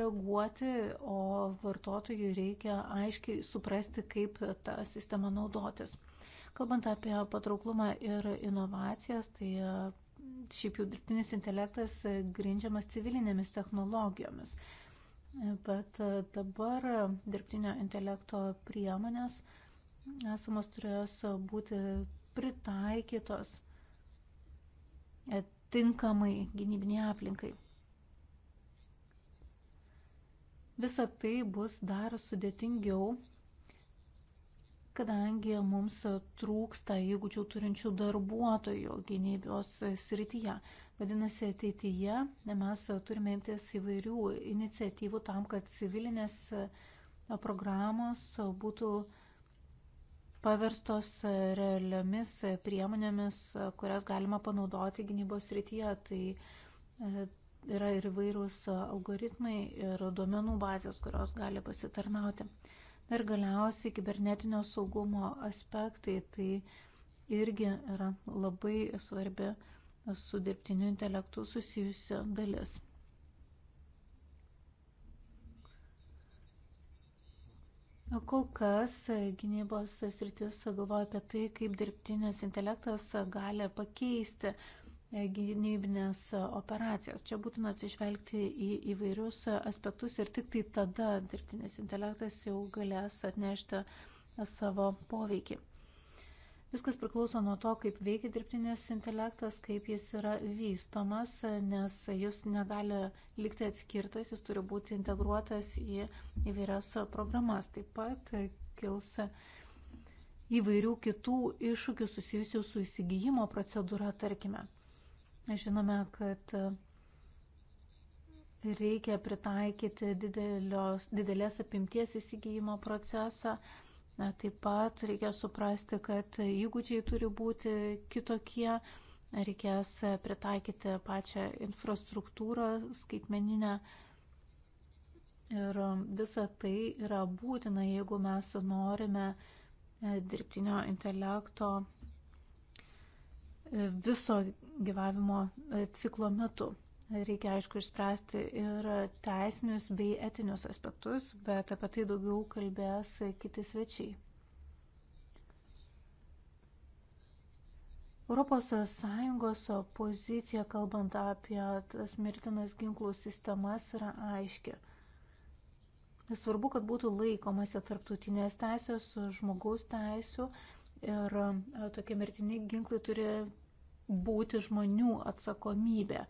reaguoti, o vartotojui reikia aiškiai suprasti, kaip tą sistemą naudotis. Kalbant apie patrauklumą ir inovacijas, tai e, Šiaip jau dirbtinis intelektas grindžiamas civilinėmis technologijomis. Bet e, dabar e, dirbtinio intelekto priemonės esamos turės būti pritaikytos e, tinkamai gynybiniai aplinkai. Visa tai bus dar sudėtingiau kadangi mums trūksta įgūdžių turinčių darbuotojų gynybos srityje. Vadinasi, ateityje mes turime imtis įvairių iniciatyvų tam, kad civilinės programos būtų paverstos realiomis priemonėmis, kurias galima panaudoti gynybos srityje. Tai e, yra ir įvairūs algoritmai ir duomenų bazės, kurios gali pasitarnauti. Ir galiausiai kibernetinio saugumo aspektai tai irgi yra labai svarbi su dirbtiniu intelektu susijusi dalis. Kol kas gynybos sritis galvoja apie tai, kaip dirbtinis intelektas gali pakeisti E, gynybinės operacijas. Čia būtina atsižvelgti į įvairius aspektus ir tik tai tada dirbtinis intelektas jau galės atnešti savo poveikį. Viskas priklauso nuo to, kaip veikia dirbtinis intelektas, kaip jis yra vystomas, nes jis negali likti atskirtas, jis turi būti integruotas į įvairias programas. Taip pat kils įvairių kitų iššūkių susijusių su įsigijimo procedūra, tarkime. Žinome, kad reikia pritaikyti didelios, didelės apimties įsigijimo procesą. Na, taip pat reikia suprasti, kad įgūdžiai turi būti kitokie, reikės pritaikyti pačią infrastruktūrą skaitmeninę. Ir visa tai yra būtina, jeigu mes norime dirbtinio intelekto viso gyvavimo e, ciklo metu. Reikia, aišku, išspręsti ir teisinius bei etinius aspektus, bet apie tai daugiau kalbės kiti svečiai. ES pozicija, kalbant apie tas mirtinas ginklų sistemas, yra aiški. Svarbu, kad būtų laikomasi tarptautinės teisės, žmogaus teisų ir tokie mirtini ginklai turi būti žmonių atsakomybė.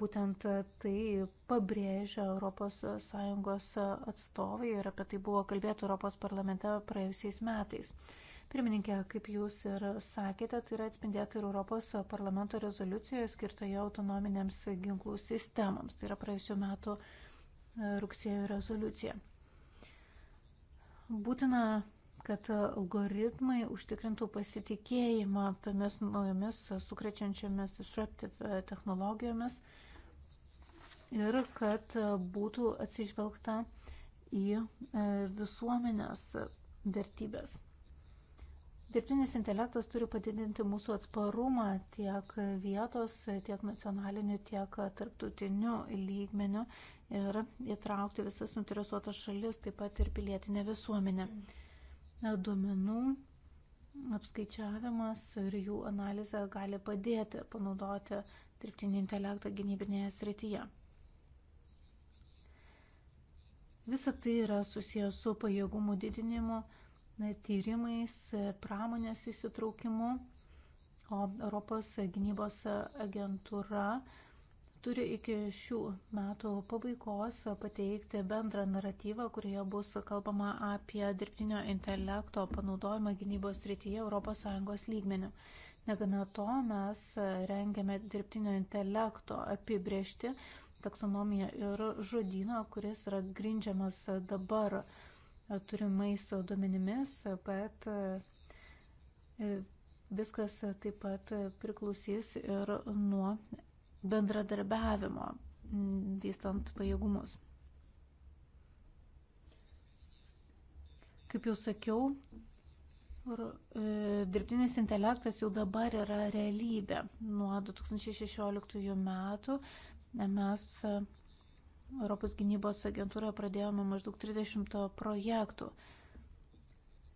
Būtent tai pabrėžia ES atstovai ir apie tai buvo kalbėta Europos parlamente praėjusiais metais. Pirmininkė, kaip jūs ir sakėte, tai yra atspindėta ir Europos parlamento rezoliucijoje skirtoje autonominėms ginklų sistemams. Tai yra praėjusiu metu rugsėjo rezoliucija. Būtina kad algoritmai užtikrintų pasitikėjimą tomis naujomis sukrečiančiomis disruptive technologijomis ir kad būtų atsižvelgta į e, visuomenės vertybės. Dirbtinis intelektas turi padidinti mūsų atsparumą tiek vietos, tiek nacionaliniu, tiek tarptautiniu lygmeniu ir įtraukti visas interesuotas šalis, taip pat ir pilietinę visuomenę. Mm duomenų apskaičiavimas ir jų analizė gali padėti panaudoti dirbtinį intelektą gynybinėje srityje. Visa tai yra susijęs su pajėgumų didinimu, tyrimais, pramonės įsitraukimu, o Europos gynybos agentūra turi iki šių metų pabaigos pateikti bendrą naratyvą, kurioje bus kalbama apie dirbtinio intelekto panaudojimą gynybos rytyje ES lygmenių. Negana to, mes rengiame dirbtinio intelekto apibriežti taksonomiją ir žodyną, kuris yra grindžiamas dabar turimais duomenimis, bet e, viskas taip pat priklausys ir nuo bendradarbiavimo, mm, vystant pajėgumus. Kaip jau sakiau, e, dirbtinis intelektas jau dabar yra realybė. Nuo 2016 metų mes e, Europos gynybos agentūroje pradėjome maždaug 30 projektų.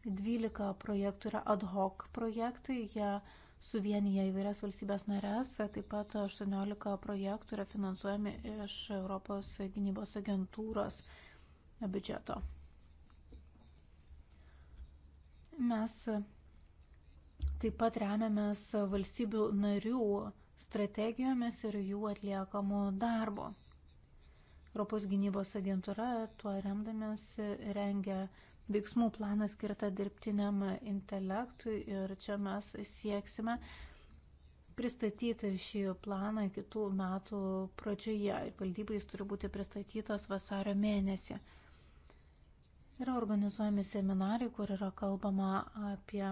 12 projektų yra ad hoc projektai, jie suvienyje įvairias valstybės narės. Taip pat 18 projektų yra finansuojami iš Europos gynybos agentūros biudžeto. Mes taip pat remiamės valstybių narių strategijomis ir jų atliekamų darbo. Europos gynybos agentūra tuo remdamės rengia veiksmų planą skirtą dirbtiniam intelektui ir čia mes sieksime pristatyti šį planą kitų metų pradžioje. Valdybai jis turi būti pristatytas vasario mėnesį. Yra organizuojami seminarai, kur yra kalbama apie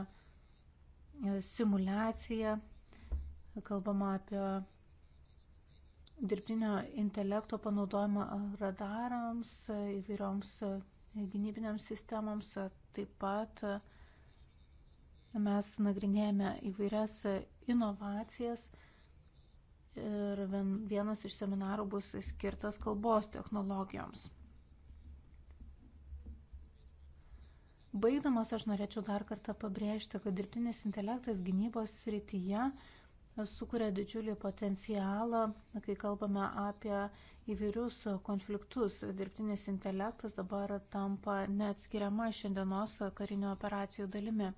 simulaciją, kalbama apie dirbtinio intelekto panaudojimą radarams, įvairioms gynybinėms sistemoms. Taip pat mes nagrinėjame įvairias inovacijas ir vienas iš seminarų bus skirtas kalbos technologijoms. Baigdamas aš norėčiau dar kartą pabrėžti, kad dirbtinis intelektas gynybos srityje sukuria didžiulį potencialą, kai kalbame apie įvairius konfliktus. Dirbtinis intelektas dabar tampa neatskiriama šiandienos karinių operacijų dalimi.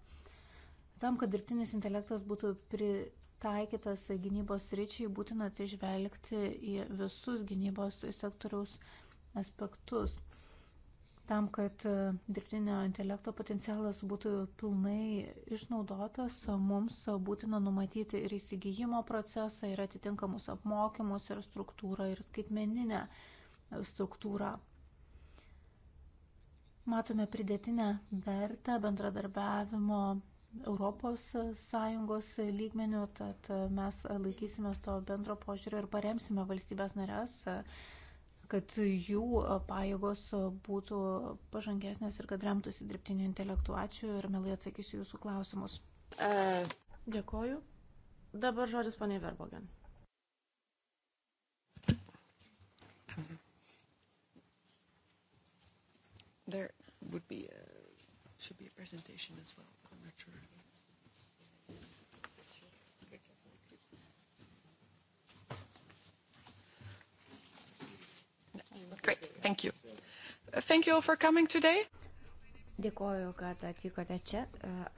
Tam, kad dirbtinis intelektas būtų pritaikytas gynybos ryčiai, būtina atsižvelgti į visus gynybos sektoriaus aspektus tam, kad e, dirbtinio intelekto potencialas būtų pilnai išnaudotas, mums būtina numatyti ir įsigijimo procesą, ir atitinkamus apmokymus, ir struktūrą, ir skaitmeninę struktūrą. Matome pridėtinę vertę bendradarbiavimo ES lygmenių, tad mes laikysimės to bendro požiūrio ir paremsime valstybės narės kad jų pajėgos būtų pažangesnės ir kad remtųsi dirbtiniu intelektu. Ačiū ir mielai atsakysiu jūsų klausimus. E... Dėkoju. Dabar žodis poniai Verbogen. There would be a, should be a presentation as well, but I'm not sure. Great, thank you. Thank you all for coming today. Dėkoju, kad atvykote čia.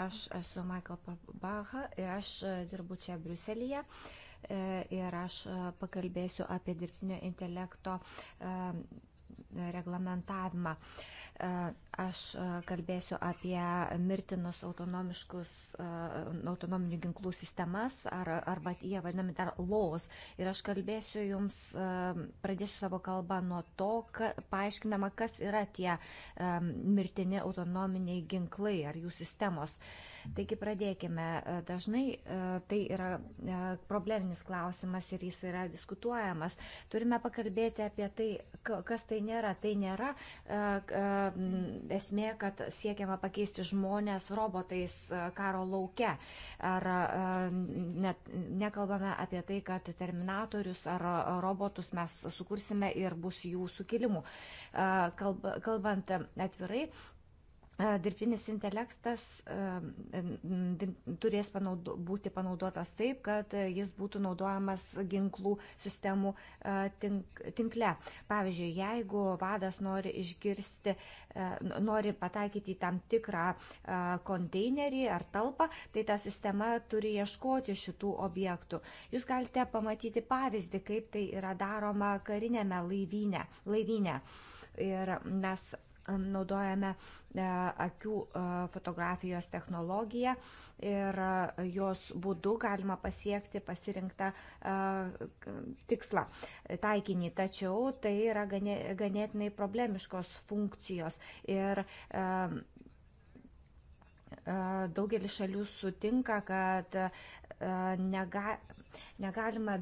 Aš esu Michael Baha ir aš e, dirbu čia Briuselėje. E, ir aš e, pakalbėsiu apie dirbtinio intelekto reglamentavimą. E, aš e, kalbėsiu apie mirtinus autonomiškus, e, autonominių ginklų sistemas, ar, arba jie vadinami dar laws. Ir aš kalbėsiu jums, pradėsiu savo kalbą nuo to, ka, paaiškinama, kas yra tie mirtini autonominiai ginklai ar jų sistemos. Uh, Taigi pradėkime. E, dažnai e, tai yra e, probleminis klausimas ir jis yra diskutuojamas. Turime pakalbėti apie tai, kas tai nėra. Tai nėra esmė, kad siekiama pakeisti žmonės robotais karo lauke. Ar net nekalbame apie tai, kad terminatorius ar robotus mes sukursime ir bus jų sukilimų. Kalbant atvirai, dirbtinis intelektas turės panaudo, būti panaudotas taip, kad jis būtų naudojamas ginklų sistemų tink, tinkle. Pavyzdžiui, jeigu vadas nori išgirsti, nori pataikyti į tam tikrą konteinerį ar talpą, tai ta sistema turi ieškoti šitų objektų. Jūs galite pamatyti pavyzdį, kaip tai yra daroma karinėme laivyne. laivyne. Ir mes naudojame e, akių e, fotografijos technologiją ir e, jos būdu galima pasiekti pasirinktą tikslą, taikinį. Tačiau tai yra ganėtinai problemiškos funkcijos ir daugelis šalių sutinka, kad nega, negalima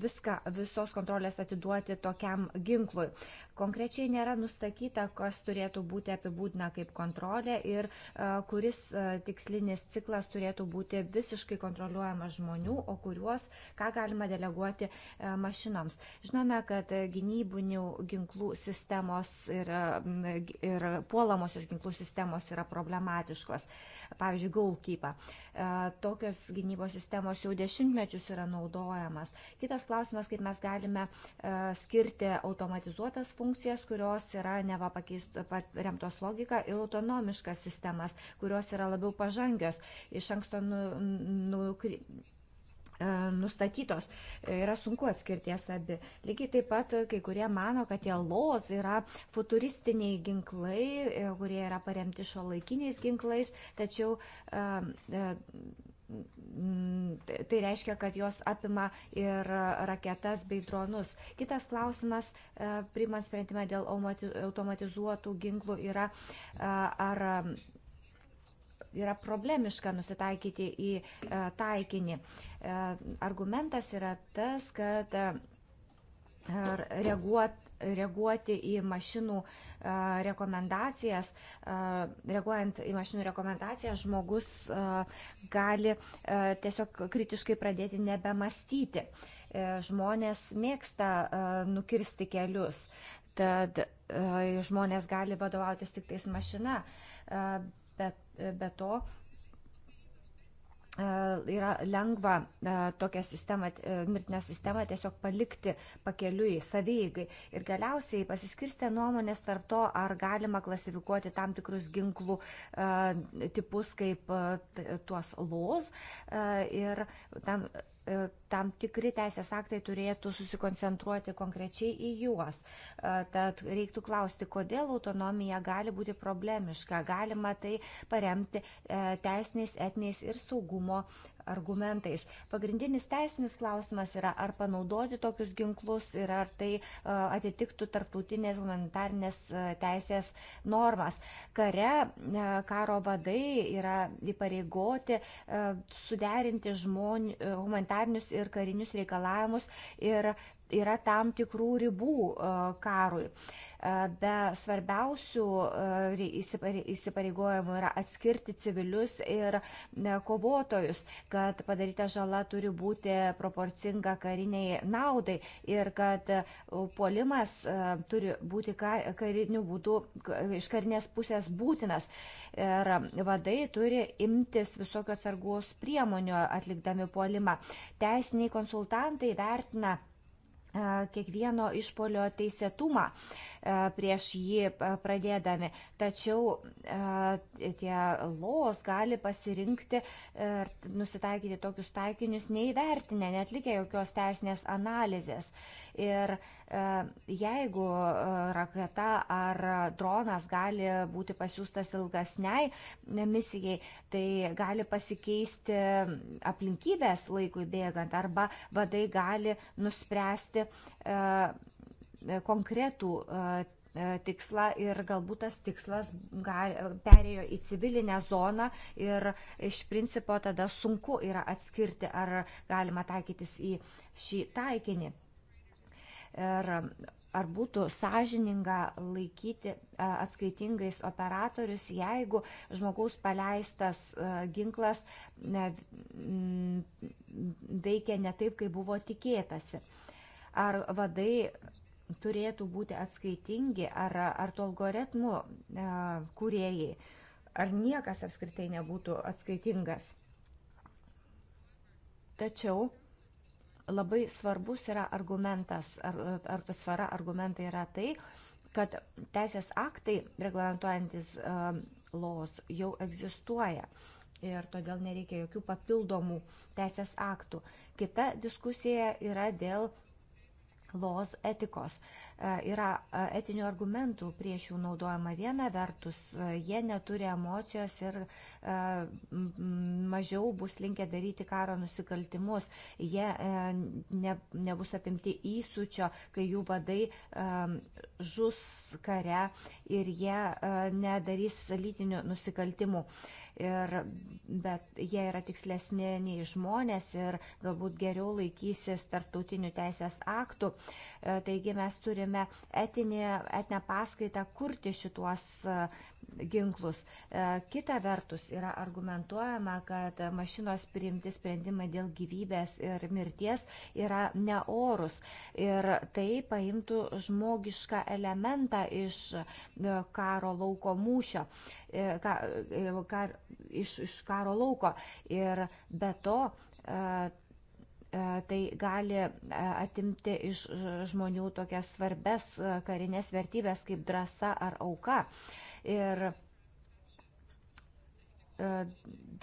viską, visos kontrolės atiduoti tokiam ginklui. Konkrečiai nėra nustatyta, kas turėtų būti apibūdina kaip kontrolė ir e, kuris e, tikslinis ciklas turėtų būti visiškai kontroliuojamas žmonių, o kuriuos, ką galima deleguoti e, mašinoms. Žinome, kad gynybinių ginklų sistemos ir, ir puolamosios ginklų sistemos yra problematiškos. Pavyzdžiui, gaulkypa. Tokios gynybos sistemos jau dešimtmečius yra naudojamas. Kitas klausimas, kaip mes galime skirti automatizuotas funkcijas funkcijas, kurios yra neva remtos logika ir autonomiškas sistemas, kurios yra labiau pažangios. Iš anksto nu, nu, kri e, nustatytos. E, yra sunku atskirti jas abi. Lygiai taip pat kai kurie mano, kad tie los yra futuristiniai ginklai, e, kurie yra paremti šio laikiniais ginklais, tačiau Mm, tai, tai reiškia, kad jos apima ir raketas bei dronus. Kitas klausimas, e, priimant sprendimą dėl automatizuotų ginklų, yra e, ar yra problemiška nusitaikyti į e, taikinį. Argumentas yra tas, kad reaguot, reaguoti į mašinų e, rekomendacijas. E, reaguojant į mašinų rekomendacijas, žmogus e, gali tiesiog kritiškai pradėti nebemastyti. Žmonės mėgsta nukirsti kelius, tad žmonės gali vadovautis tik tais mašina. Bet be to E, yra lengva e, tokią sistemą, e, mirtinę sistemą tiesiog palikti pakeliui savygai. Ir galiausiai pasiskirstė nuomonės tarp to, ar galima klasifikuoti tam tikrus ginklų tipus kaip tuos los ir tam E, tam tikri teisės aktai turėtų susikoncentruoti konkrečiai į juos. E, tad reiktų klausti, kodėl autonomija gali būti problemiška. Galima tai paremti e, teisiniais, etiniais ir saugumo argumentais. Pagrindinis teisinis klausimas yra, ar panaudoti tokius ginklus ir ar tai atitiktų tarptautinės humanitarnės teisės normas. Kare karo vadai yra įpareigoti suderinti žmonių humanitarnius ir karinius reikalavimus ir yra tam tikrų ribų karui be svarbiausių įsipareigojimų yra atskirti civilius ir kovotojus, kad padaryta žala turi būti proporcinga kariniai naudai ir kad puolimas turi būti kariniu būdu iš karinės pusės būtinas. Ir vadai turi imtis visokio atsargos priemonių atlikdami puolimą. Teisiniai konsultantai vertina, E, kiekvieno išpolio teisėtumą e, prieš jį e, pradėdami. Tačiau tie los gali pasirinkti ir nusitaikyti tokius taikinius neįvertinę, netlikę jokios teisinės analizės. Ir uh, E, jeigu e, raketa ar dronas gali būti pasiūstas ilgesniai misijai, tai gali pasikeisti aplinkybės laikui bėgant arba vadai gali nuspręsti e, konkretų tikslą ir galbūt tas tikslas gal, perėjo į civilinę zoną ir iš principo tada sunku yra atskirti, ar galima taikytis į šį taikinį. Ir um, ar būtų sąžininga laikyti atskaitingais operatorius, jeigu žmogaus paleistas ginklas mm, veikia ne taip, kaip buvo tikėtasi. Ar vadai turėtų būti atskaitingi, ar, ar tų algoritmų kuriejai, ar niekas apskritai nebūtų atskaitingas. Tačiau labai svarbus yra argumentas, ar, ar svara argumentai yra tai, kad teisės aktai reglamentuojantis um, los jau egzistuoja ir todėl nereikia jokių papildomų teisės aktų. Kita diskusija yra dėl los etikos. Uh, E, yra e, etinių argumentų prieš jų naudojimą. Viena vertus, e, jie neturi emocijos ir mažiau bus linkę daryti karo nusikaltimus. Jie ne, nebus apimti įsūčio, kai jų vadai žus kare ir jie nedarys lytinių nusikaltimų. Ir, bet jie yra tikslesni nei žmonės ir galbūt geriau laikysis tarptautinių teisės aktų. Taigi mes turime rengiame etinį, etinę paskaitą kurti šituos e, ginklus. E, kita vertus yra argumentuojama, kad mašinos priimti sprendimai dėl gyvybės ir mirties yra neorus. Ir tai paimtų žmogišką elementą iš e, karo lauko mūšio, ka, ka, iš, iš karo lauko. Ir be to E, tai gali e, atimti iš žmonių tokias svarbes e, karinės vertybės kaip drąsa ar auka. Ir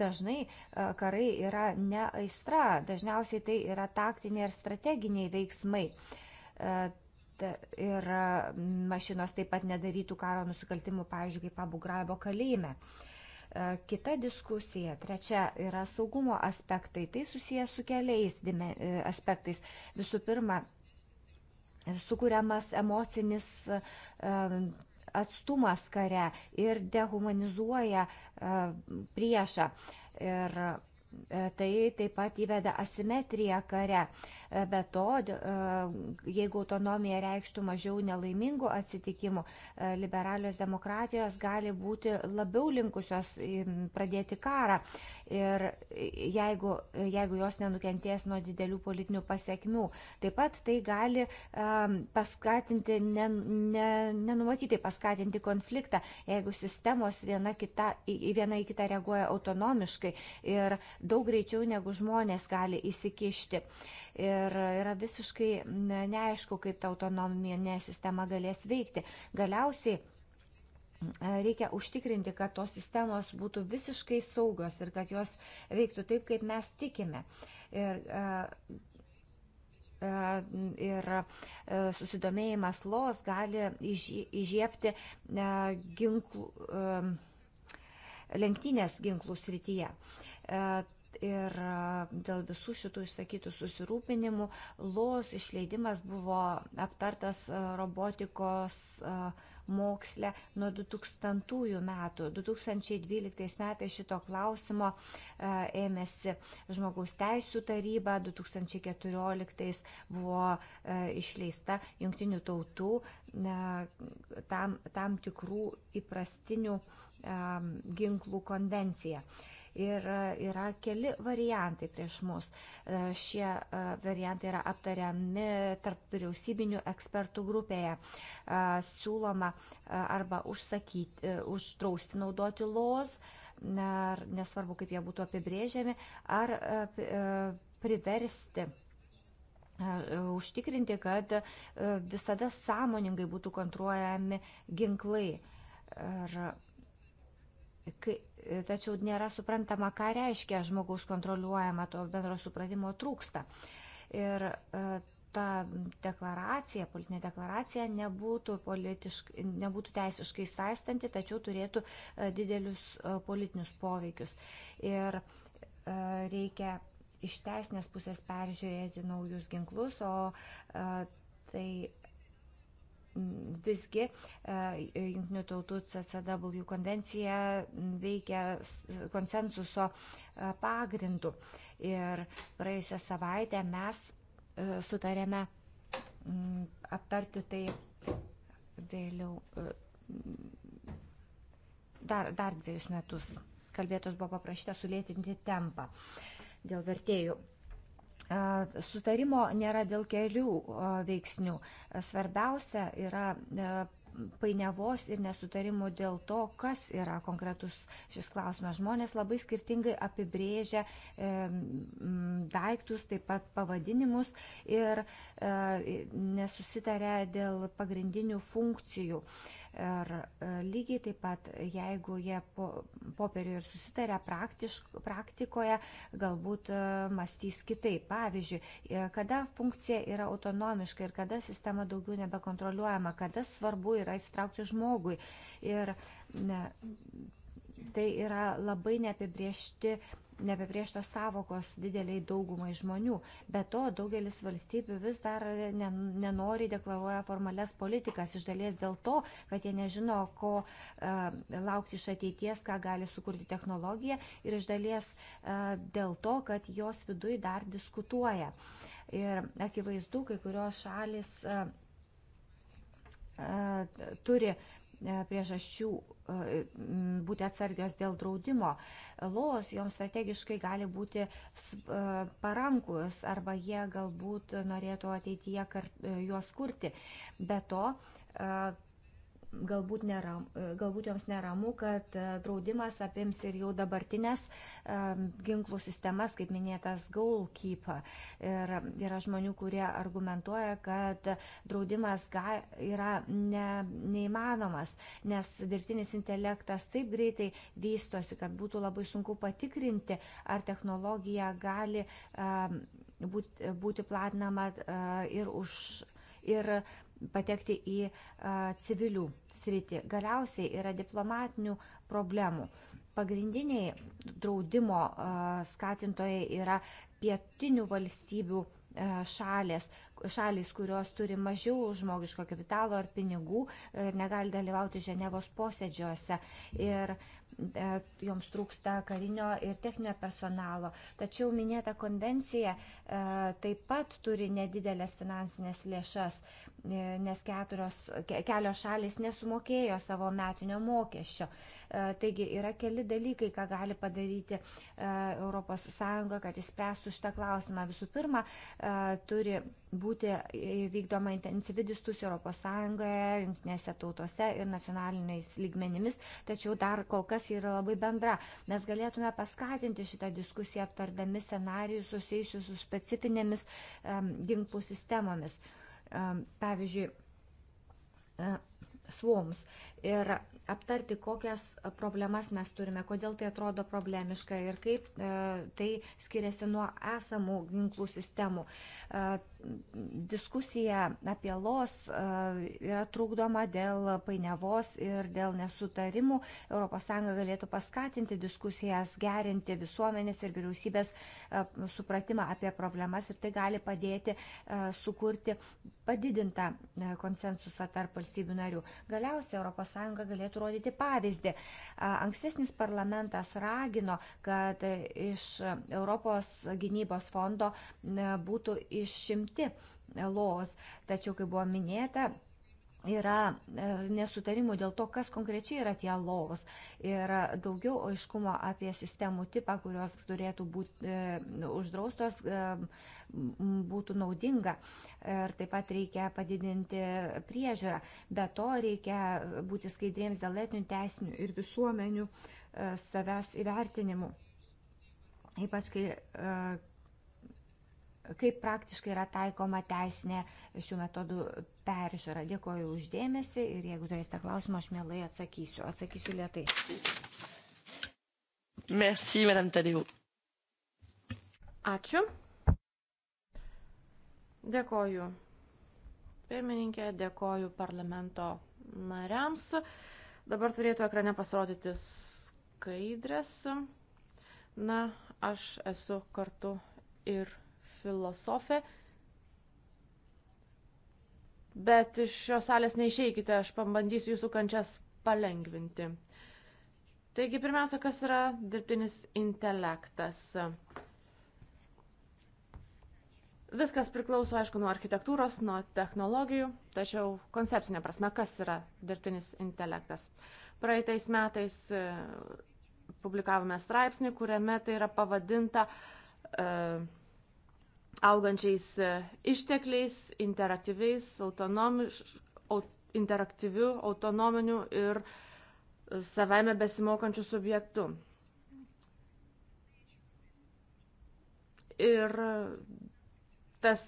dažnai karai yra ne aistra, dažniausiai tai yra taktiniai ir strateginiai veiksmai. Ir mašinos taip pat nedarytų karo nusikaltimų, pavyzdžiui, kaip abugraibo kalėjime. Uh, E, kita diskusija, trečia, yra saugumo aspektai. Tai susijęs su keliais e, aspektais. Visų pirma, sukūriamas emocinis e, atstumas kare ir dehumanizuoja priešą. Ir E, tai taip pat įveda asimetriją kare. E, be to, e, jeigu autonomija reikštų mažiau nelaimingų atsitikimų, liberalios demokratijos gali būti labiau linkusios pradėti karą. Ir jeigu, jeigu jos nenukentės nuo didelių politinių pasiekmių, taip pat tai gali paskatinti, nenumatytai paskatinti konfliktą, jeigu sistemos viena, kita, viena į kitą reaguoja autonomiškai. Ir daug greičiau, negu žmonės gali įsikišti. Ir yra visiškai neaišku, kaip ta autonominė sistema galės veikti. Galiausiai reikia užtikrinti, kad tos sistemos būtų visiškai saugios ir kad jos veiktų taip, kaip mes tikime. Ir, ir susidomėjimas los gali įžiepti ginklų, lenktynės ginklų srityje. Ir e, dėl visų šitų išsakytų susirūpinimų los išleidimas buvo aptartas e, robotikos e, moksle nuo 2000 metų. 2012 metais šito klausimo ėmėsi žmogaus teisų taryba, 2014 buvo išleista jungtinių tautų tam, tam tikrų įprastinių ginklų konvencija. Ir e, yra keli variantai prieš mus. E, šie e, variantai yra aptariami tarp vyriausybinių ekspertų grupėje. Siūloma arba užsakyti, uždrausti naudoti los, ar nesvarbu, kaip jie būtų apibrėžiami, ar priversti užtikrinti, kad visada sąmoningai būtų kontruojami ginklai. Ir Kai, tačiau nėra suprantama, ką reiškia žmogaus kontroliuojama, to bendro supratimo trūksta. Ir e, ta deklaracija, politinė deklaracija nebūtų, politiškai, nebūtų teisiškai saistanti, tačiau turėtų e, didelius e, politinius poveikius. Ir reikia iš teisinės pusės peržiūrėti naujus ginklus, o tai Visgi e, Junktinių tautų CCW konvencija veikia konsensuso e, pagrindu. Ir praėjusią savaitę mes e, sutarėme aptarti tai vėliau dar, dar dviejus metus. Kalbėtos buvo paprašyta sulėtinti tempą dėl vertėjų. Sutarimo nėra dėl kelių veiksnių. Svarbiausia yra e, painiavos ir nesutarimų dėl to, kas yra konkretus šis klausimas. Žmonės labai skirtingai apibrėžia e, daiktus, taip pat pavadinimus ir e, nesusitarė dėl pagrindinių funkcijų. E, Ir e, lygiai taip pat, jeigu jie po, popieriuje ir susitarė praktikoje, galbūt e, mąstys kitaip. Pavyzdžiui, e, kada funkcija yra autonomiška ir kada sistema daugiau nebekontroliuojama, kada svarbu yra įsitraukti žmogui. Ir ne, tai yra labai neapibriešti neapibrieštos savokos dideliai daugumai žmonių. Be to, daugelis valstybių vis dar nenori deklaruoja formales politikas iš dalies dėl to, kad jie nežino, ko e, laukti iš ateities, ką gali sukurti technologija ir iš dalies e, dėl to, kad jos viduj dar diskutuoja. Ir akivaizdu, kai kurios šalis e, e turi E, priežasčių e, būti atsargios dėl draudimo. Los joms strategiškai gali būti e, parankus arba jie galbūt norėtų ateityje juos kurti. Be to, galbūt, neram, e, galbūt joms neramu, kad e, draudimas apims ir jau dabartinės e, ginklų sistemas, kaip minėtas Gaulkeep. Ir yra žmonių, kurie argumentuoja, kad draudimas yra ne, neįmanomas, nes dirbtinis intelektas taip greitai vystosi, kad būtų labai sunku patikrinti, ar technologija gali būti platinama ir už ir patekti į civilių sritį. Galiausiai yra diplomatinių problemų. Pagrindiniai draudimo skatintojai yra pietinių valstybių šalės, šalys, kurios turi mažiau žmogiško kapitalo ar pinigų ir negali dalyvauti Ženevos posėdžiuose. Ir joms trūksta karinio ir techninio personalo. Tačiau minėta konvencija taip pat turi nedidelės finansinės lėšas. E, nes keturios, kelios šalis nesumokėjo savo metinio mokesčio. E, taigi yra keli dalykai, ką gali padaryti ES, kad išspręstų šitą klausimą. Visų pirma, e, turi būti vykdoma intensyvi diskusija ES, jungtinėse tautose ir nacionaliniais lygmenimis, tačiau dar kol kas yra labai bendra. Mes galėtume paskatinti šitą diskusiją aptardami scenarijus susijusius su specifinėmis um, ginklų sistemomis. Uh, pavyzdžiui, e, suoms ir aptarti, kokias problemas mes turime, kodėl tai atrodo problemiška ir kaip e, tai skiriasi nuo esamų ginklų sistemų. E, diskusija apie los e, yra trukdoma dėl painiavos ir dėl nesutarimų. ES galėtų paskatinti diskusijas, gerinti visuomenės ir vyriausybės e, supratimą apie problemas ir tai gali padėti e, sukurti padidintą e, konsensusą tarp valstybių narių. Galiausiai ES ES galėtų rodyti pavyzdį. Ankstesnis parlamentas ragino, kad iš Europos gynybos fondo būtų išimti los, tačiau, kaip buvo minėta, yra e, nesutarimų dėl to, kas konkrečiai yra tie lovos ir daugiau aiškumo apie sistemų tipą, kurios turėtų būti e, uždraustos, e, būtų naudinga. Ir taip pat reikia padidinti priežiūrą. Be to reikia būti skaidriems dėl etinių teisinių ir visuomenių savęs įvertinimų. Ypač kai kaip praktiškai yra taikoma teisinė šių metodų peržiūra. Dėkoju uždėmesi ir jeigu turėsite klausimą, aš mielai atsakysiu. Atsakysiu lietai. Merci, Madame Tadeu. Ačiū. Dėkoju pirmininkė, dėkoju parlamento nariams. Dabar turėtų ekrane pasirodyti skaidrės. Na, aš esu kartu ir filosofė. Bet iš šios salės neišeikite, aš pabandysiu jūsų kančias palengvinti. Taigi, pirmiausia, kas yra dirbtinis intelektas? Viskas priklauso, aišku, nuo architektūros, nuo technologijų, tačiau koncepcinė prasme, kas yra dirbtinis intelektas. Praeitais metais e, publikavome straipsnį, kuriame tai yra pavadinta uh, augančiais e, ištekliais, interaktyviais, autonomiš, aut, interaktyvių, autonominių ir savaime besimokančių subjektų. Ir tas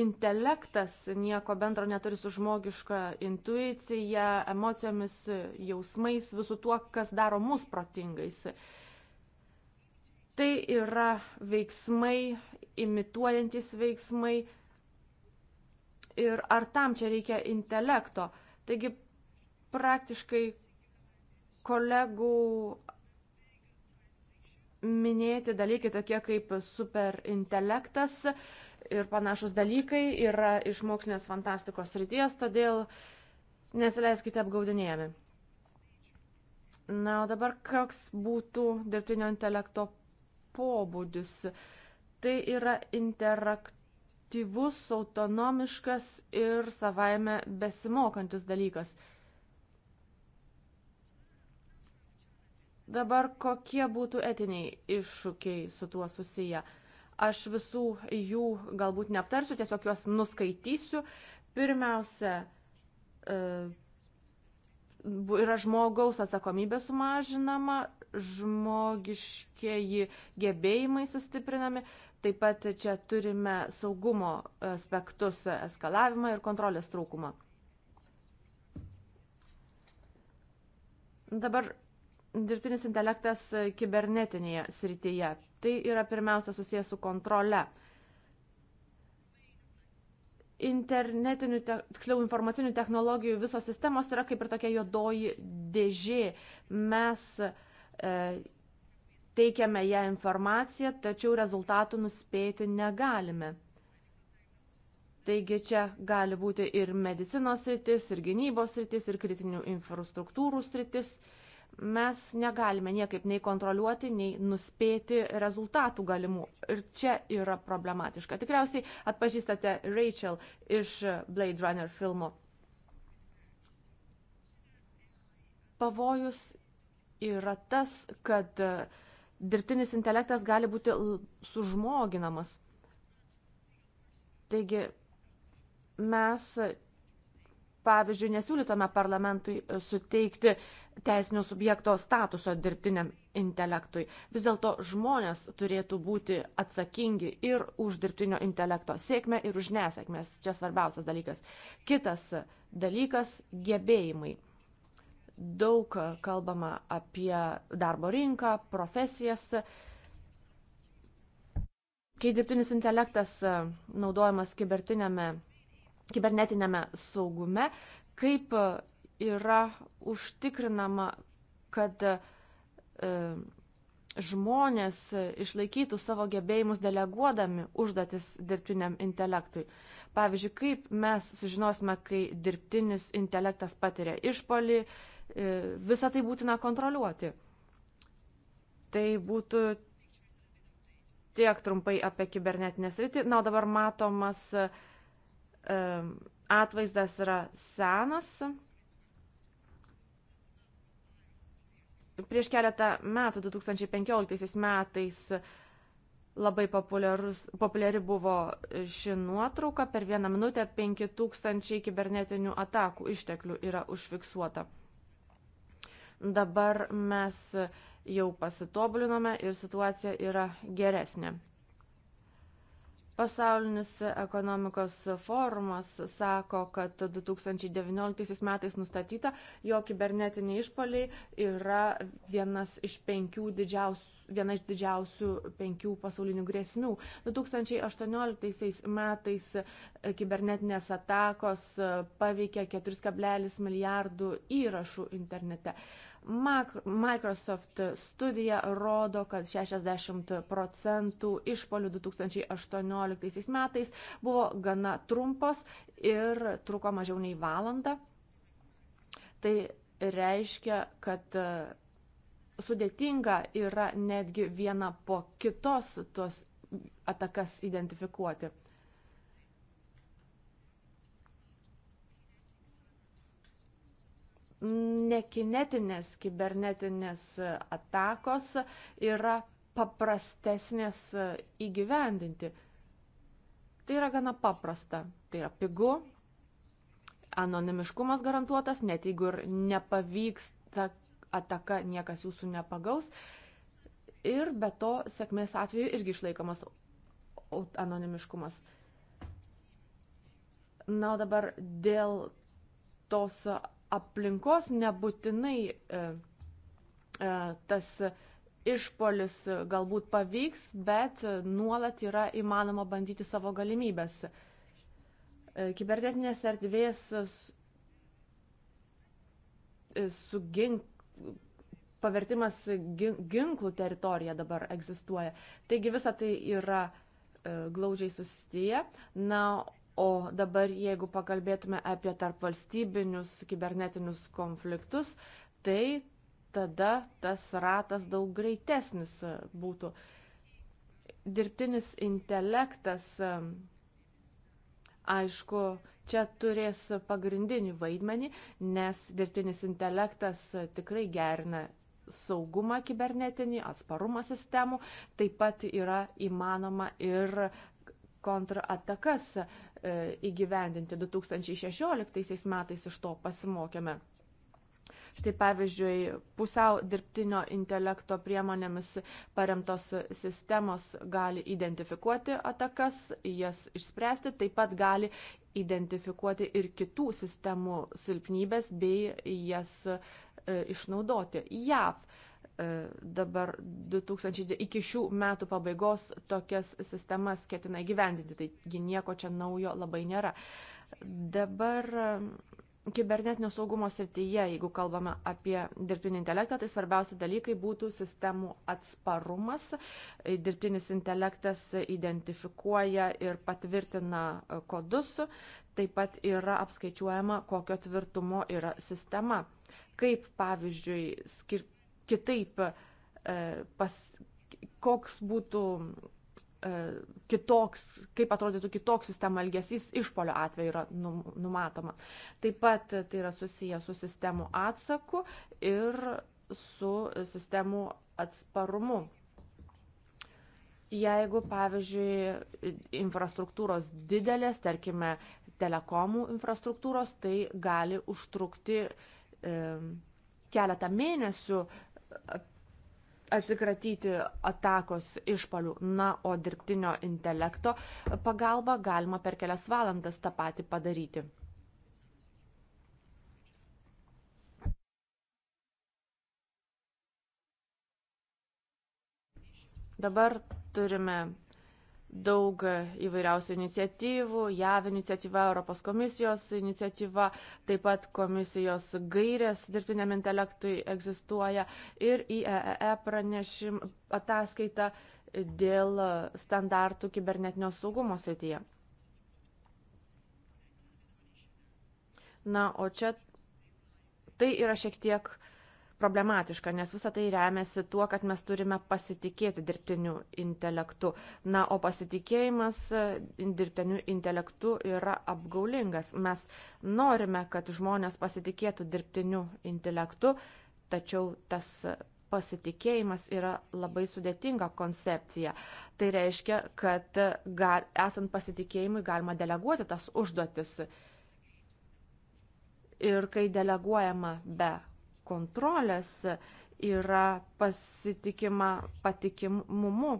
intelektas nieko bendro neturi su žmogiška intuicija, emocijomis, jausmais, visų tuo, kas daro mus protingais. Tai yra veiksmai imituojantis veiksmai ir ar tam čia reikia intelekto. Taigi praktiškai kolegų minėti dalykai tokie kaip superintelektas ir panašus dalykai yra iš mokslinės fantastikos ryties, todėl nesileiskite apgaudinėjami. Na, o dabar koks būtų dirbtinio intelekto pobūdis? Uh, Tai yra interaktyvus, autonomiškas ir savaime besimokantis dalykas. Dabar kokie būtų etiniai iššūkiai su tuo susiję? Aš visų jų galbūt neaptarsiu, tiesiog juos nuskaitysiu. Pirmiausia, e, yra žmogaus atsakomybė sumažinama, žmogiškieji gebėjimai sustiprinami, Taip pat čia turime saugumo aspektus eskalavimą ir kontrolės trūkumą. Dabar dirbtinis intelektas kibernetinėje srityje. Tai yra pirmiausia susijęs su kontrole internetinių, te, tiksliau informacinių technologijų visos sistemos yra kaip ir tokia juodoji dėžė. Mes e, teikiame ją informaciją, tačiau rezultatų nuspėti negalime. Taigi čia gali būti ir medicinos sritis, ir gynybos sritis, ir kritinių infrastruktūrų sritis. Mes negalime niekaip nei kontroliuoti, nei nuspėti rezultatų galimų. Ir čia yra problematiška. Tikriausiai atpažįstate Rachel iš Blade Runner filmo. Pavojus yra tas, kad uh, dirbtinis intelektas gali būti sužmoginamas. Taigi mes, pavyzdžiui, nesiūlytume parlamentui e, suteikti teisinio subjekto statuso dirbtiniam intelektui. Vis dėlto žmonės turėtų būti atsakingi ir už dirbtinio intelekto sėkmę, ir už nesėkmės. Čia svarbiausias dalykas. Kitas dalykas - gebėjimai. Daug kalbama apie darbo rinką, profesijas. Kai dirbtinis intelektas naudojamas kibernetinėme saugume, kaip yra užtikrinama, kad e, žmonės išlaikytų savo gebėjimus deleguodami užduotis dirbtiniam intelektui. Pavyzdžiui, kaip mes sužinosime, kai dirbtinis intelektas patiria išpolį, uh, E, Visą tai būtina kontroliuoti. Tai būtų tiek trumpai apie kibernetinę sritį. Na, o dabar matomas e, atvaizdas yra senas. Prieš keletą metų, 2015 metais, labai populiari buvo ši nuotrauka. Per vieną minutę 5000 kibernetinių atakų išteklių yra užfiksuota. Dabar mes jau pasitobulinome ir situacija yra geresnė. Pasaulinis ekonomikos forumas sako, kad 2019 metais nustatyta, jog kibernetiniai išpoliai yra vienas iš penkių didžiausių viena iš didžiausių penkių pasaulinių grėsmių. 2018 metais kibernetinės atakos paveikė 4,1 milijardų įrašų internete. Microsoft studija rodo, kad 60 procentų išpolių 2018 metais buvo gana trumpos ir truko mažiau nei valandą. Tai reiškia, kad e, sudėtinga yra netgi viena po kitos tuos atakas identifikuoti. nekinetinės kibernetinės atakos yra paprastesnės įgyvendinti. Tai yra gana paprasta, tai yra pigu, anonimiškumas garantuotas, net jeigu ir nepavyksta ataka, niekas jūsų nepagaus. Ir be to sėkmės atveju irgi išlaikomas anonimiškumas. Na, o dabar dėl tos aplinkos nebūtinai e, e, tas išpolis galbūt pavyks, bet nuolat yra įmanoma bandyti savo galimybės. E, kibernetinės erdvės e, su gink, pavertimas ginklų teritorija dabar egzistuoja. Taigi visa tai yra e, glaudžiai susiję. Na, O dabar, jeigu pakalbėtume apie tarpvalstybinius kibernetinius konfliktus, tai tada tas ratas daug greitesnis e, būtų. Dirbtinis intelektas, e, aišku, čia turės pagrindinį vaidmenį, nes dirbtinis intelektas e, tikrai gerina saugumą kibernetinį, atsparumą sistemų, taip pat yra įmanoma ir kontratakas E, įgyvendinti. 2016 metais iš to pasimokėme. Štai pavyzdžiui, pusiau dirbtinio intelekto priemonėmis paremtos sistemos gali identifikuoti atakas, jas išspręsti, taip pat gali identifikuoti ir kitų sistemų silpnybės bei jas e, išnaudoti. JAV E, dabar 2000, iki šių metų pabaigos tokias sistemas ketina įgyvendinti, taigi nieko čia naujo labai nėra. Dabar e, kibernetinio saugumo srityje, jeigu kalbame apie dirbtinį intelektą, tai svarbiausia dalykai būtų sistemų atsparumas. Dirbtinis intelektas identifikuoja ir patvirtina e, kodus, taip pat yra apskaičiuojama, kokio tvirtumo yra sistema. Kaip pavyzdžiui, skir kitaip, e, pas, koks būtų e, kitoks, kaip atrodytų kitoks sistemų elgesys išpolio atveju yra numatoma. Taip pat tai yra susiję su sistemų atsaku ir su sistemų atsparumu. Jeigu, pavyzdžiui, infrastruktūros didelės, tarkime, telekomų infrastruktūros, tai gali užtrukti e, keletą mėnesių atsikratyti atakos išpalių. Na, o dirbtinio intelekto pagalba galima per kelias valandas tą patį padaryti. Dabar turime daug įvairiausių iniciatyvų, JAV iniciatyva, Europos komisijos iniciatyva, taip pat komisijos gairės dirbtiniam intelektui egzistuoja ir IEEE e e pranešim ataskaita dėl standartų kibernetinio saugumo srityje. Na, o čia tai yra šiek tiek uh, problematiška, nes visa tai remiasi tuo, kad mes turime pasitikėti dirbtiniu intelektu. Na, o pasitikėjimas e, dirbtiniu intelektu yra apgaulingas. Mes norime, kad žmonės pasitikėtų dirbtiniu intelektu, tačiau tas pasitikėjimas yra labai sudėtinga koncepcija. Tai reiškia, kad gal, esant pasitikėjimui galima deleguoti tas užduotis. Ir kai deleguojama be kontrolės yra pasitikima patikimumu.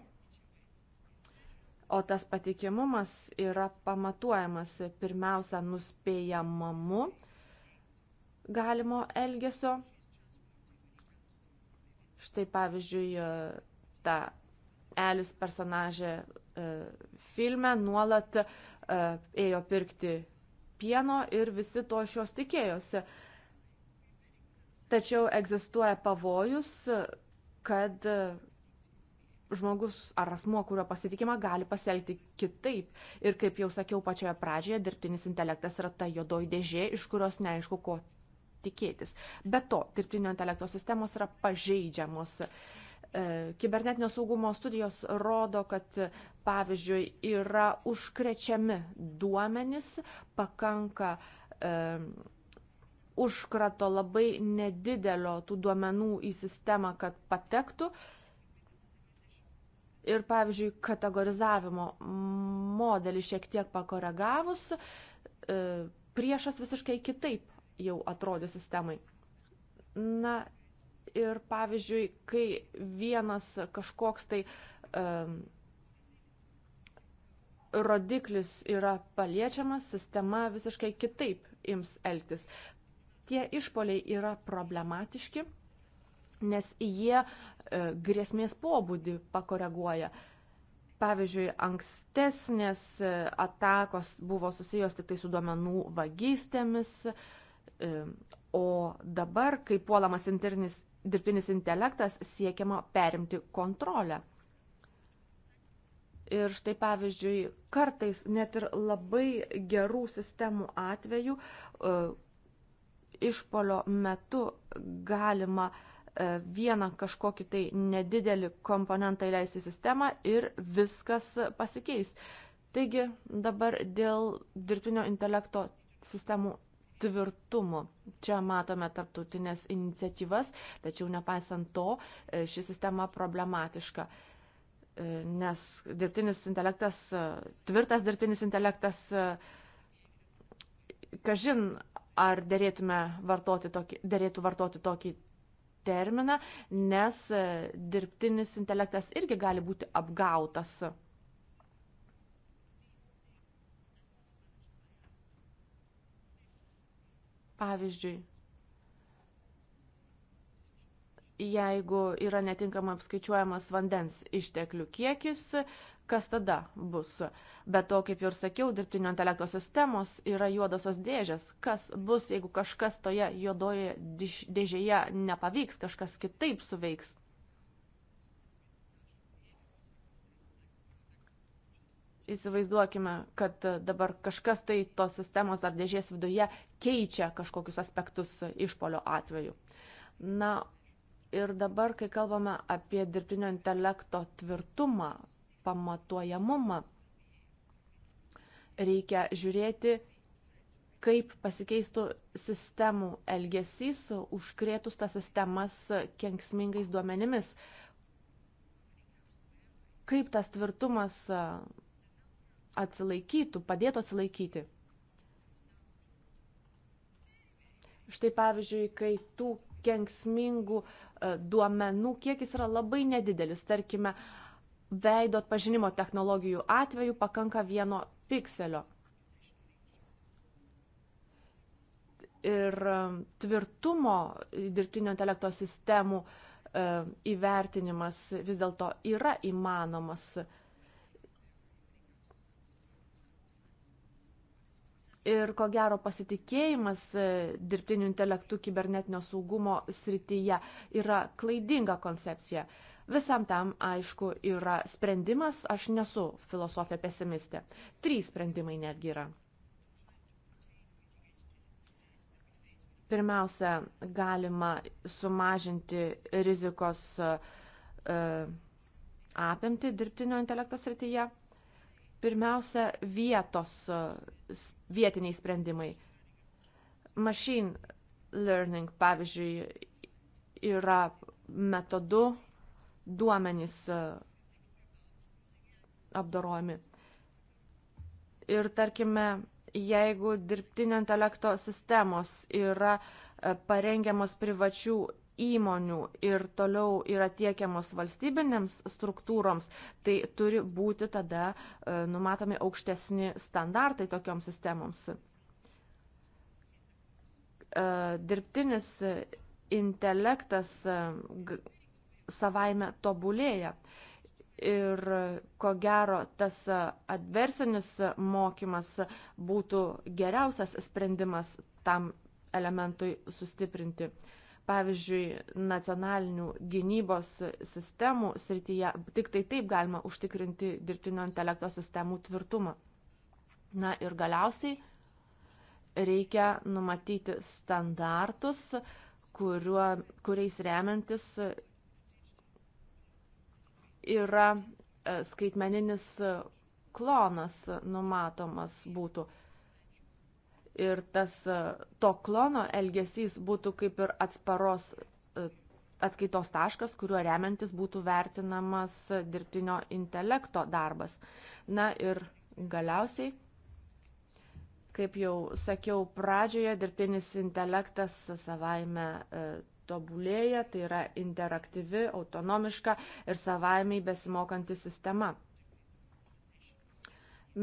O tas patikimumas yra pamatuojamas pirmiausia nuspėjamamu galimo elgesio. Štai pavyzdžiui, ta Elis personažė e, filme nuolat e, ėjo pirkti pieno ir visi to iš jos tikėjosi. Tačiau egzistuoja pavojus, kad žmogus ar asmuo, kurio pasitikima, gali pasielgti kitaip. Ir kaip jau sakiau pačioje pradžioje, dirbtinis intelektas yra ta jodoji dėžė, iš kurios neaišku, ko tikėtis. Be to, dirbtinio intelekto sistemos yra pažeidžiamos. E, kibernetinio saugumo studijos rodo, kad pavyzdžiui yra užkrečiami duomenys, pakanka e, užkrato labai nedidelio tų duomenų į sistemą, kad patektų. Ir pavyzdžiui, kategorizavimo modelį šiek tiek pakoregavus, e, priešas visiškai kitaip jau atrodė sistemai. Na ir pavyzdžiui, kai vienas kažkoks tai um, rodiklis yra paliečiamas, sistema visiškai kitaip ims elgtis. Tie išpoliai yra problematiški, nes jie e, grėsmės pobūdį pakoreguoja. Pavyzdžiui, ankstesnės e, atakos buvo susijęs tik tai su duomenų vagystėmis, e, o dabar, kai puolamas internis, dirbtinis intelektas, siekiama perimti kontrolę. Ir štai pavyzdžiui, kartais net ir labai gerų sistemų atveju, e, išpolio metu galima e, vieną kažkokį tai nedidelį komponentą įleisti į sistemą ir viskas pasikeis. Taigi dabar dėl dirbtinio intelekto sistemų tvirtumu. Čia matome tarptautinės iniciatyvas, tačiau nepaisant to, e, ši sistema problematiška, e, nes dirbtinis intelektas, tvirtas dirbtinis intelektas, kažin ar dėrėtume vartoti tokį, dėrėtų vartoti tokį terminą, nes e, dirbtinis intelektas irgi gali būti apgautas. Pavyzdžiui, jeigu yra netinkamai apskaičiuojamas vandens išteklių kiekis, kas tada bus. Bet to, kaip jau ir sakiau, dirbtinio intelekto sistemos yra juodosios dėžės. Kas bus, jeigu kažkas toje juodoje dėžėje nepavyks, kažkas kitaip suveiks. Įsivaizduokime, kad dabar kažkas tai tos sistemos ar dėžės viduje keičia kažkokius aspektus išpolio atveju. Na, ir dabar, kai kalbame apie dirbtinio intelekto tvirtumą, pamatuojamumą. Reikia žiūrėti, kaip pasikeistų sistemų elgesys, užkrėtus tas sistemas kenksmingais duomenimis. Kaip tas tvirtumas atsilaikytų, padėtų atsilaikyti. Štai pavyzdžiui, kai tų kenksmingų e, duomenų kiekis yra labai nedidelis, tarkime, uh, veido atpažinimo technologijų atveju pakanka vieno pikselio. Ir um, tvirtumo dirbtinio intelekto sistemų um, įvertinimas vis dėlto yra įmanomas. ir ko gero pasitikėjimas uh, dirbtiniu intelektu kibernetinio saugumo srityje yra klaidinga koncepcija. Visam tam, aišku, yra sprendimas, aš nesu filosofė pesimistė. Trys sprendimai netgi yra. Pirmiausia, galima sumažinti rizikos e, apimti dirbtinio intelekto srityje. Pirmiausia, vietos e, vietiniai sprendimai. Machine learning, pavyzdžiui, yra metodu duomenys e, apdorojami. Ir tarkime, jeigu dirbtinio intelekto sistemos yra e, parengiamos privačių įmonių ir toliau yra tiekiamos valstybinėms struktūroms, tai turi būti tada e, numatomi aukštesni standartai tokioms sistemoms. Dirbtinis intelektas savaime tobulėja. Ir ko gero tas adversinis mokymas būtų geriausias sprendimas tam elementui sustiprinti. Pavyzdžiui, nacionalinių gynybos sistemų srityje tik tai taip galima užtikrinti dirbtinio intelekto sistemų tvirtumą. Na ir galiausiai reikia numatyti standartus, kuriuo, kuriais remiantis yra e, skaitmeninis e, klonas numatomas būtų. Ir tas e, to klono elgesys būtų kaip ir atsparos atskaitos taškas, kuriuo remiantis būtų vertinamas dirbtinio intelekto darbas. Na ir galiausiai, kaip jau sakiau pradžioje, dirbtinis intelektas savaime tobulėja, tai yra interaktyvi, autonomiška ir savaimiai besimokanti sistema.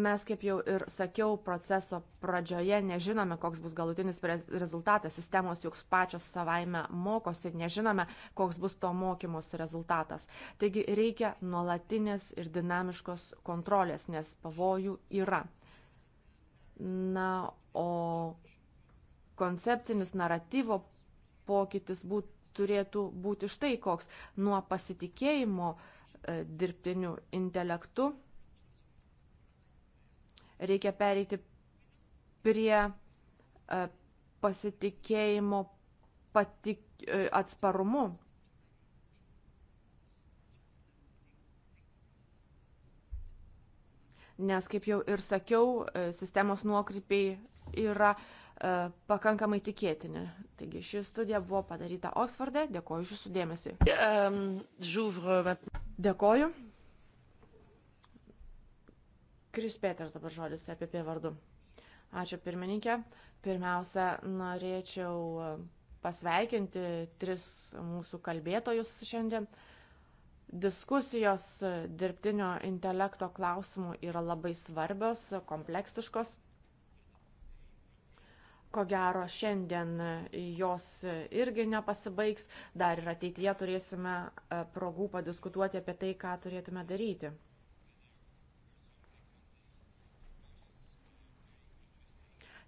Mes, kaip jau ir sakiau, proceso pradžioje nežinome, koks bus galutinis rezultatas. Sistemos juk pačios savaime mokosi, nežinome, koks bus to mokymos rezultatas. Taigi reikia nuolatinės ir dinamiškos kontrolės, nes pavojų yra. Na, o konceptinis naratyvo pokytis būt, turėtų būti štai koks - nuo pasitikėjimo e, dirbtiniu intelektu reikia pereiti prie e, pasitikėjimo patik, e, atsparumu. Nes, kaip jau ir sakiau, e, sistemos nuokrypiai yra e, E, pakankamai tikėtini. Taigi ši studija buvo padaryta Oksforde. Dėkoju iš jūsų dėmesį. Dėkoju. Kris Peters dabar žodis apie pievardu. Ačiū pirmininkė. Pirmiausia, norėčiau e, pasveikinti tris mūsų kalbėtojus šiandien. Diskusijos dirbtinio intelekto klausimų yra labai svarbios, kompleksiškos ko gero šiandien jos irgi nepasibaigs, dar ir ateityje turėsime e, progų padiskutuoti apie tai, ką turėtume daryti.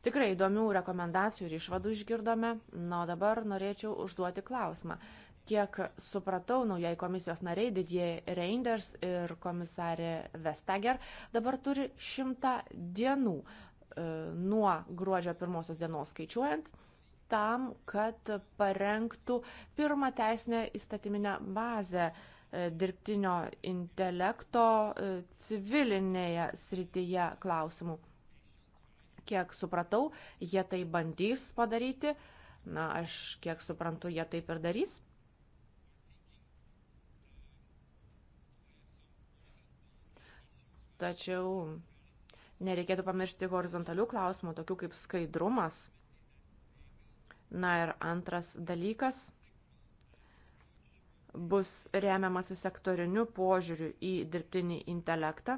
Tikrai įdomių rekomendacijų ir išvadų išgirdome, na o dabar norėčiau užduoti klausimą. Kiek supratau, naujai komisijos nariai Didieji Reinders ir komisarė Vestager dabar turi šimtą dienų E, nuo gruodžio pirmosios dienos skaičiuojant, tam, kad parengtų pirmą teisinę įstatyminę bazę e, dirbtinio intelekto e, civilinėje srityje klausimų. Kiek supratau, jie tai bandys padaryti. Na, aš kiek suprantu, jie taip ir darys. Tačiau Nereikėtų pamiršti horizontalių klausimų, tokių kaip skaidrumas. Na ir antras dalykas bus remiamasi sektoriniu požiūriu į dirbtinį intelektą,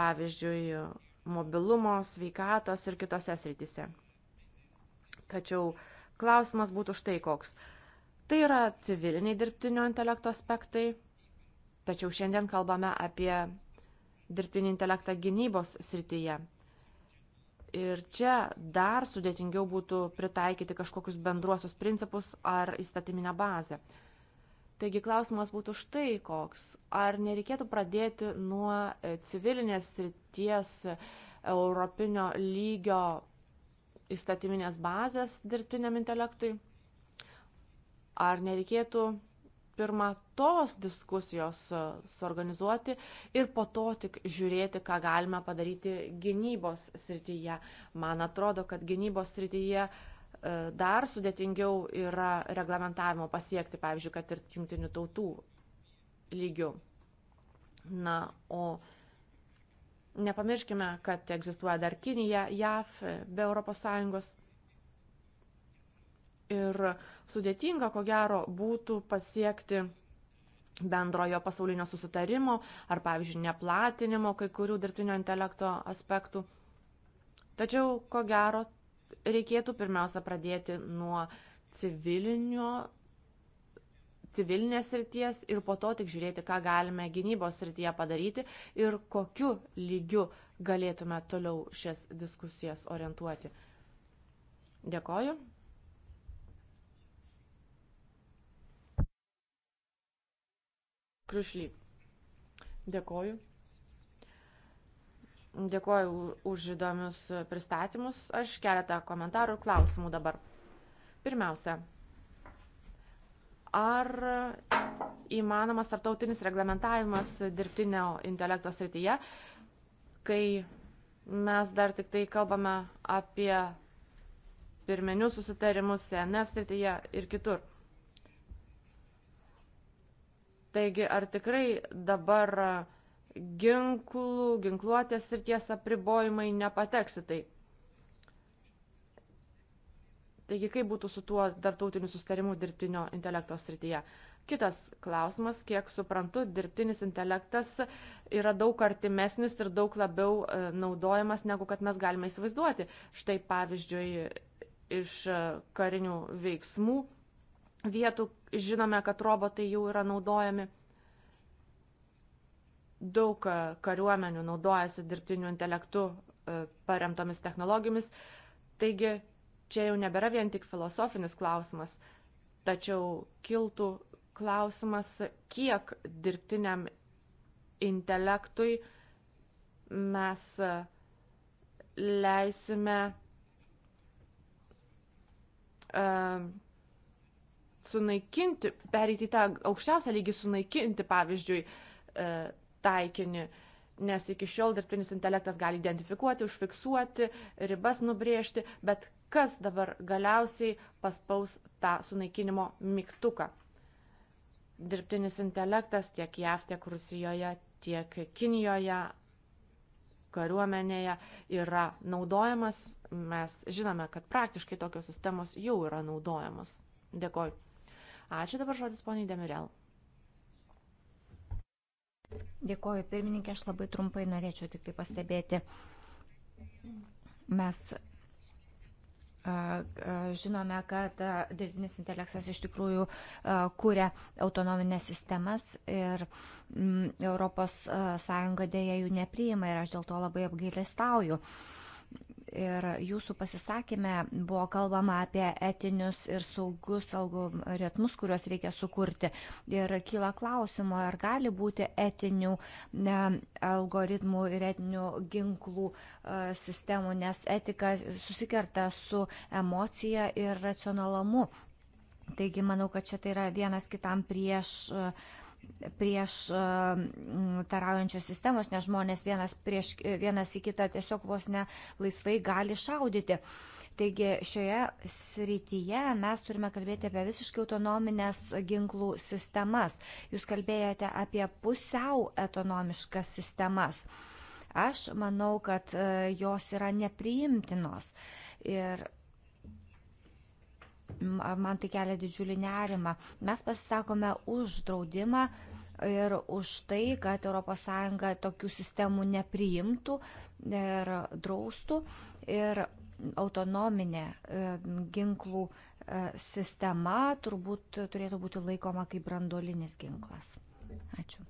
pavyzdžiui, mobilumo, sveikatos ir kitose srityse. Tačiau klausimas būtų štai koks. Tai yra civiliniai dirbtinio intelekto aspektai, tačiau šiandien kalbame apie dirbtinį intelektą gynybos srityje. Ir čia dar sudėtingiau būtų pritaikyti kažkokius bendruosius principus ar įstatyminę bazę. Taigi klausimas būtų štai koks. Ar nereikėtų pradėti nuo e, civilinės srities e, europinio lygio įstatyminės bazės dirbtiniam intelektui? Ar nereikėtų pirmą tos diskusijos e, suorganizuoti ir po to tik žiūrėti, ką galime padaryti gynybos srityje. Man atrodo, kad gynybos srityje e, dar sudėtingiau yra reglamentavimo pasiekti, pavyzdžiui, kad ir jungtinių tautų lygių. Na, o nepamirškime, kad egzistuoja dar Kinija, JAV, be ES ir sudėtinga, ko gero, būtų pasiekti bendrojo pasaulinio susitarimo ar, pavyzdžiui, neplatinimo kai kurių dirbtinio intelekto aspektų. Tačiau, ko gero, reikėtų pirmiausia pradėti nuo civilinio civilinės srities ir po to tik žiūrėti, ką galime gynybos srityje padaryti ir kokiu lygiu galėtume toliau šias diskusijas orientuoti. Dėkoju. Kriušly. Dėkoju. Dėkoju už įdomius pristatymus. Aš keletą komentarų ir klausimų dabar. Pirmiausia, ar įmanomas tarptautinis reglamentavimas dirbtinio intelekto srityje, kai mes dar tik tai kalbame apie pirminius susitarimus CNF srityje ir kitur? Taigi, ar tikrai dabar ginklų, ginkluotės ir ties apribojimai nepateks į tai? Taigi, kaip būtų su tuo tarptautiniu sustarimu dirbtinio intelekto srityje? Kitas klausimas, kiek suprantu, dirbtinis intelektas yra daug artimesnis ir daug labiau e, naudojamas, negu kad mes galime įsivaizduoti. Štai pavyzdžiui, iš e, karinių veiksmų vietų žinome, kad robotai jau yra naudojami. Daug e, kariuomenių naudojasi dirbtiniu intelektu e, paremtomis technologijomis. Taigi čia jau nebėra vien tik filosofinis klausimas, tačiau kiltų klausimas, kiek dirbtiniam intelektui mes e, leisime uh, sunaikinti, pereiti tą aukščiausią lygį sunaikinti, pavyzdžiui, e, taikinį, nes iki šiol dirbtinis intelektas gali identifikuoti, užfiksuoti, ribas nubrėžti, bet kas dabar galiausiai paspaus tą sunaikinimo mygtuką. Dirbtinis intelektas tiek JAV, tiek Rusijoje, tiek Kinijoje, kariuomenėje yra naudojamas. Mes žinome, kad praktiškai tokios sistemos jau yra naudojamos. Dėkoju. Ačiū dabar žodis poniai Demirel. Dėkoju, pirmininkė, aš labai trumpai norėčiau tik tai pastebėti. Mes žinome, kad dirbtinis intelektas iš tikrųjų kūrė autonominės sistemas ir mm, ES dėja jų nepriima ir aš dėl to labai apgailestauju ir jūsų pasisakymė buvo kalbama apie etinius ir saugus algoritmus, kuriuos reikia sukurti. Ir kyla klausimo, ar gali būti etinių ne, algoritmų ir etinių ginklų e, sistemų, nes etika susikerta su emocija ir racionalumu. Taigi manau, kad čia tai yra vienas kitam prieš. E, prieš e, taraujančios sistemos, nes žmonės vienas, prieš, e, vienas į kitą tiesiog vos ne laisvai gali šaudyti. Taigi šioje srityje mes turime kalbėti apie visiškai autonominės ginklų sistemas. Jūs kalbėjote apie pusiau autonomiškas sistemas. Aš manau, kad e, jos yra nepriimtinos. Ir man tai kelia didžiulį nerimą. Mes pasisakome už draudimą ir už tai, kad ES tokių sistemų nepriimtų ir draustų. Ir autonominė e, ginklų e, sistema turbūt turėtų būti laikoma kaip brandolinis ginklas. Ačiū.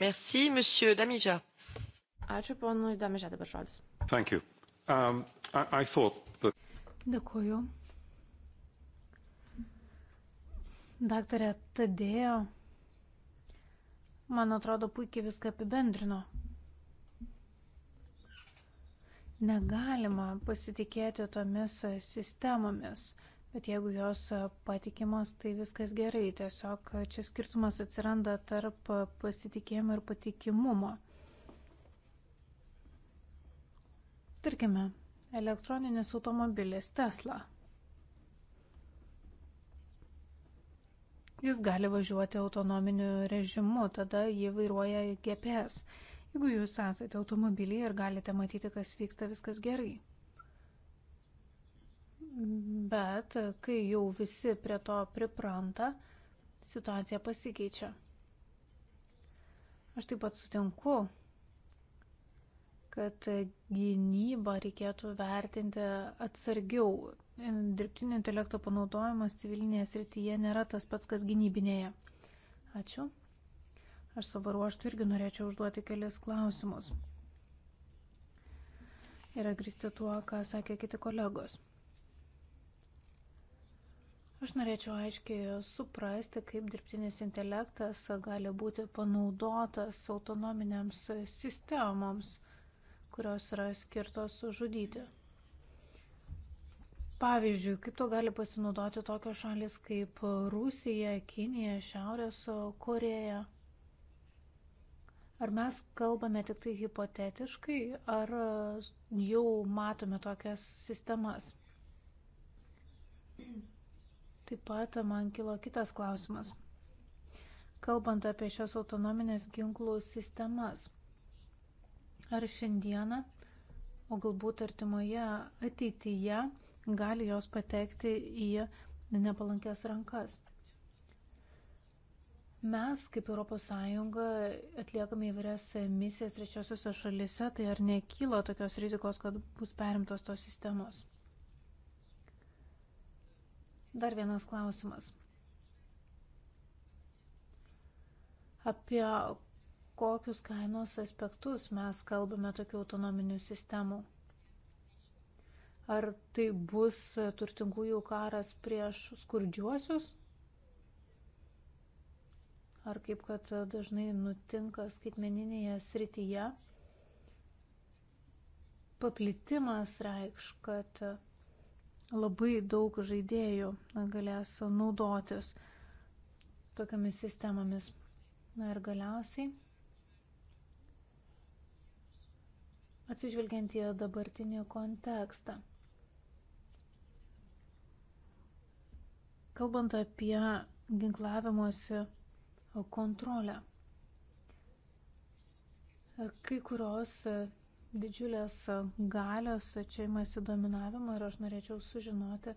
Merci, monsieur Damija. Ačiū, ponui Damija, dabar žodis. Thank you. Um, I, I thought that... Dėkuoju. Daktarė Tadėjo, man atrodo, puikiai viską apibendrino. Negalima pasitikėti tomis sistemomis, bet jeigu jos patikimos, tai viskas gerai. Tiesiog čia skirtumas atsiranda tarp pasitikėjimo ir patikimumo. Tarkime, elektroninis automobilis Tesla – jis gali važiuoti autonominiu režimu, tada jį vairuoja GPS. Jeigu jūs esate automobilyje ir galite matyti, kas vyksta, viskas gerai. Bet kai jau visi prie to pripranta, situacija pasikeičia. Aš taip pat sutinku, kad gynybą reikėtų vertinti atsargiau, dirbtinio intelekto panaudojimas civilinėje srityje nėra tas pats, kas gynybinėje. Ačiū. Aš savo ruoštų irgi norėčiau užduoti kelias klausimus. Yra grįsti tuo, ką sakė kiti kolegos. Aš norėčiau aiškiai suprasti, kaip dirbtinis intelektas gali būti panaudotas autonominiams sistemoms, kurios yra skirtos žudyti. Pavyzdžiui, kaip to gali pasinaudoti tokios šalis kaip Rusija, Kinija, Šiaurės Koreja? Ar mes kalbame tik tai hipotetiškai, ar jau matome tokias sistemas? Taip pat man kilo kitas klausimas. Kalbant apie šias autonominės ginklų sistemas, ar šiandieną, o galbūt artimoje ateityje, gali jos patekti į nepalankės rankas. Mes, kaip ES, atliekame įvairias misijas trečiosiuose šalise, tai ar nekyla tokios rizikos, kad bus perimtos tos sistemos? Dar vienas klausimas. Apie kokius kainos aspektus mes kalbame tokių autonominių sistemų? Ar tai bus turtingųjų karas prieš skurdžiuosius? Ar kaip kad dažnai nutinka skaitmeninėje srityje, paplitimas reikš, kad labai daug žaidėjų galės naudotis tokiamis sistemomis. Na ir galiausiai, atsižvelgiant į dabartinį kontekstą. Kalbant apie ginklavimuose kontrolę. Kai kurios didžiulės galios čia įmasi dominavimo ir aš norėčiau sužinoti,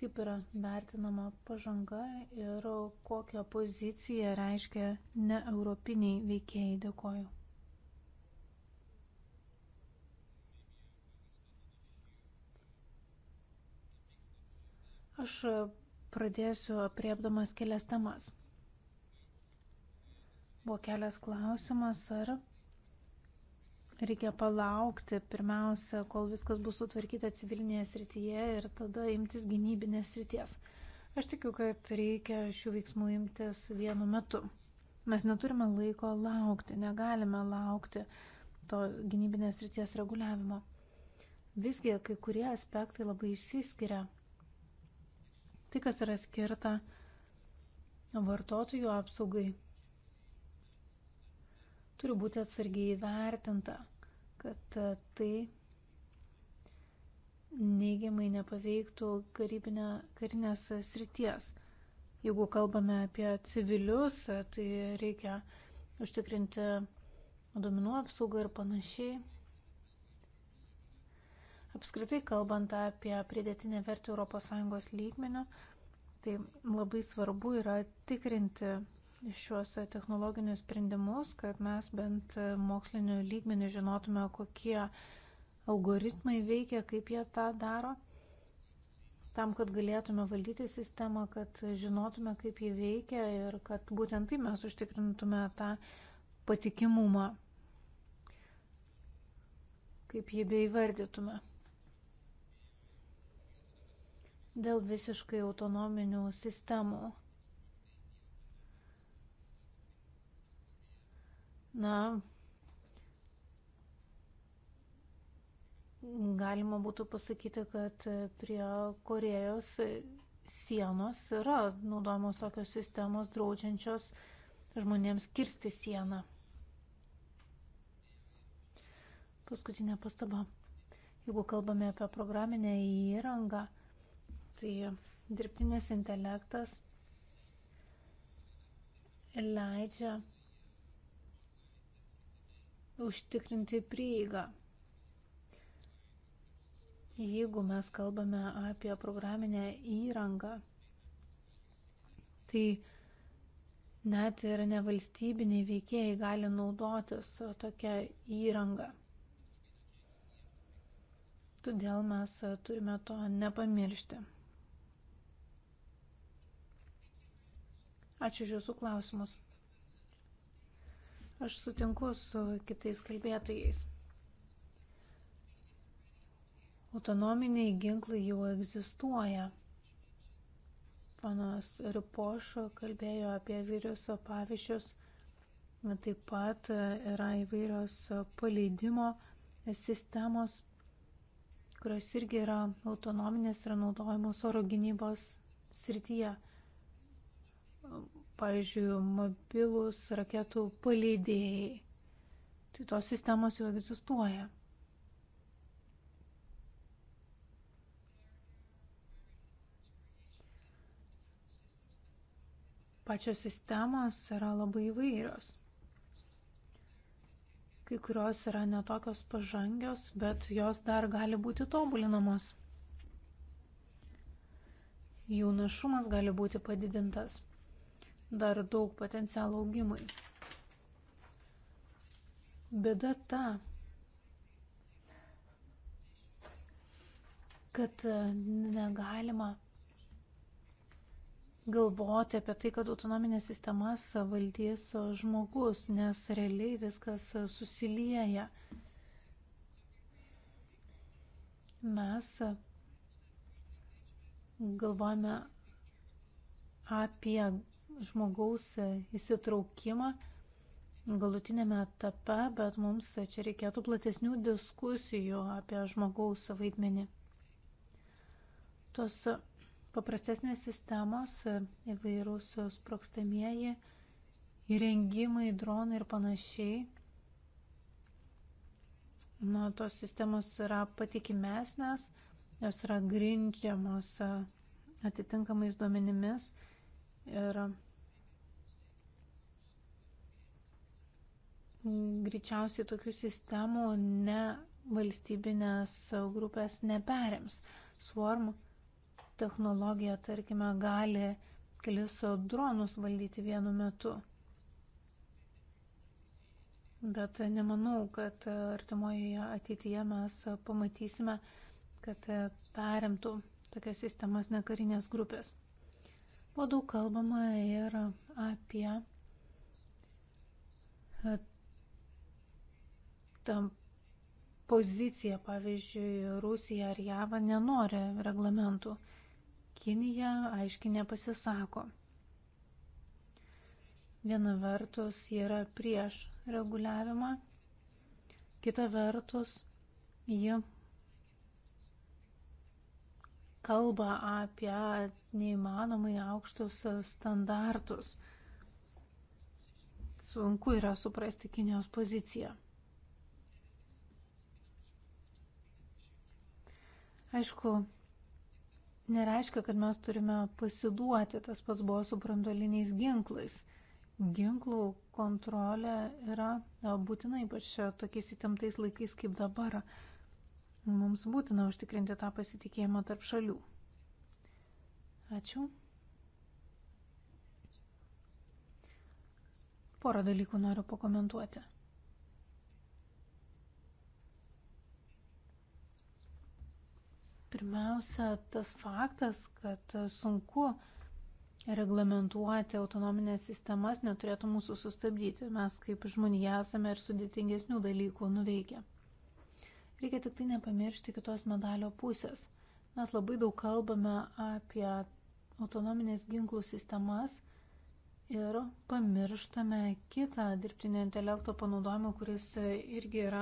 kaip yra vertinama pažanga ir kokią poziciją reiškia neeuropiniai veikėjai. Dėkoju. Aš Pradėsiu priepdamas kelias temas. Buvo kelias klausimas, ar reikia palaukti pirmiausia, kol viskas bus sutvarkyta civilinėje srityje ir tada imtis gynybinės srities. Aš tikiu, kad reikia šių veiksmų imtis vienu metu. Mes neturime laiko laukti, negalime laukti to gynybinės ryties reguliavimo. Visgi kai kurie aspektai labai išsiskiria tai, kas yra skirta vartotojų apsaugai, turi būti atsargiai įvertinta, kad e, tai neigiamai nepaveiktų karybinė, karinės srities. Jeigu kalbame apie civilius, e, tai reikia užtikrinti duomenų apsaugą ir panašiai. Apskritai kalbant apie pridėtinę vertę ES lygmenio, tai labai svarbu yra tikrinti šiuos technologinius sprendimus, kad mes bent mokslinio lygmenį žinotume, kokie algoritmai veikia, kaip jie tą daro, tam, kad galėtume valdyti sistemą, kad žinotume, kaip jie veikia ir kad būtent tai mes užtikrintume tą patikimumą, kaip jį beivardytume dėl visiškai autonominių sistemų. Na, galima būtų pasakyti, kad prie Korejos sienos yra naudojamos tokios sistemos draudžiančios žmonėms kirsti sieną. Paskutinė pastaba. Jeigu kalbame apie programinę įrangą, Tai dirbtinis intelektas leidžia užtikrinti prieigą. Jeigu mes kalbame apie programinę įrangą, tai net ir nevalstybiniai veikėjai gali naudotis tokia įranga. Todėl mes turime to nepamiršti. Ačiū už Jūsų klausimus. Aš sutinku su kitais kalbėtojais. Autonominiai ginklai jau egzistuoja. Panas Ripošo kalbėjo apie viruso pavyzdžius. Taip pat yra įvairios paleidimo sistemos, kurios irgi yra autonominės ir naudojamos oro gynybos srityje pavyzdžiui, mobilus raketų palydėjai. Tai tos sistemos jau egzistuoja. Pačios sistemos yra labai įvairios. Kai kurios yra netokios pažangios, bet jos dar gali būti tobulinamos. Jų našumas gali būti padidintas dar daug potencialo augimui. Bėda ta, kad e, negalima galvoti apie tai, kad autonominės sistemas valdys žmogus, nes realiai viskas susilieja. Mes galvojame apie žmogaus e, įsitraukimą galutinėme etape, bet mums čia reikėtų platesnių diskusijų apie žmogaus vaidmenį. Tos paprastesnės sistemos, e, įvairūs sprokstamieji įrengimai, dronai ir panašiai. Na, tos sistemos yra patikimesnės, jos yra grindžiamos e, atitinkamais duomenimis Ir greičiausiai tokių sistemų ne valstybinės grupės neperims. Swarm technologija, tarkime, gali kelis dronus valdyti vienu metu. Bet nemanau, kad artimoje ateityje mes pamatysime, kad perimtų tokias sistemas nekarinės grupės. Buvo daug kalbama ir apie e, tam poziciją, pavyzdžiui, Rusija ar JAV nenori reglamentų. Kinija aiškiai nepasisako. Viena vertus jie yra prieš reguliavimą, kita vertus jie kalba apie neįmanomai aukštus standartus. Sunku yra suprasti Kinijos poziciją. Aišku, nereiškia, kad mes turime pasiduoti, tas pats buvo su brandoliniais ginklais. Ginklų kontrolė yra būtina, ypač tokiais įtemptais laikais kaip dabar. Mums būtina užtikrinti tą pasitikėjimą tarp šalių. Ačiū. Porą dalykų noriu pakomentuoti. Pirmiausia, tas faktas, kad sunku reglamentuoti autonominės sistemas neturėtų mūsų sustabdyti. Mes kaip žmonija esame ir sudėtingesnių dalykų nuveikę. Reikia tik tai nepamiršti kitos medalio pusės. Mes labai daug kalbame apie autonominės ginklų sistemas ir pamirštame kitą dirbtinio intelekto panaudojimą, kuris irgi yra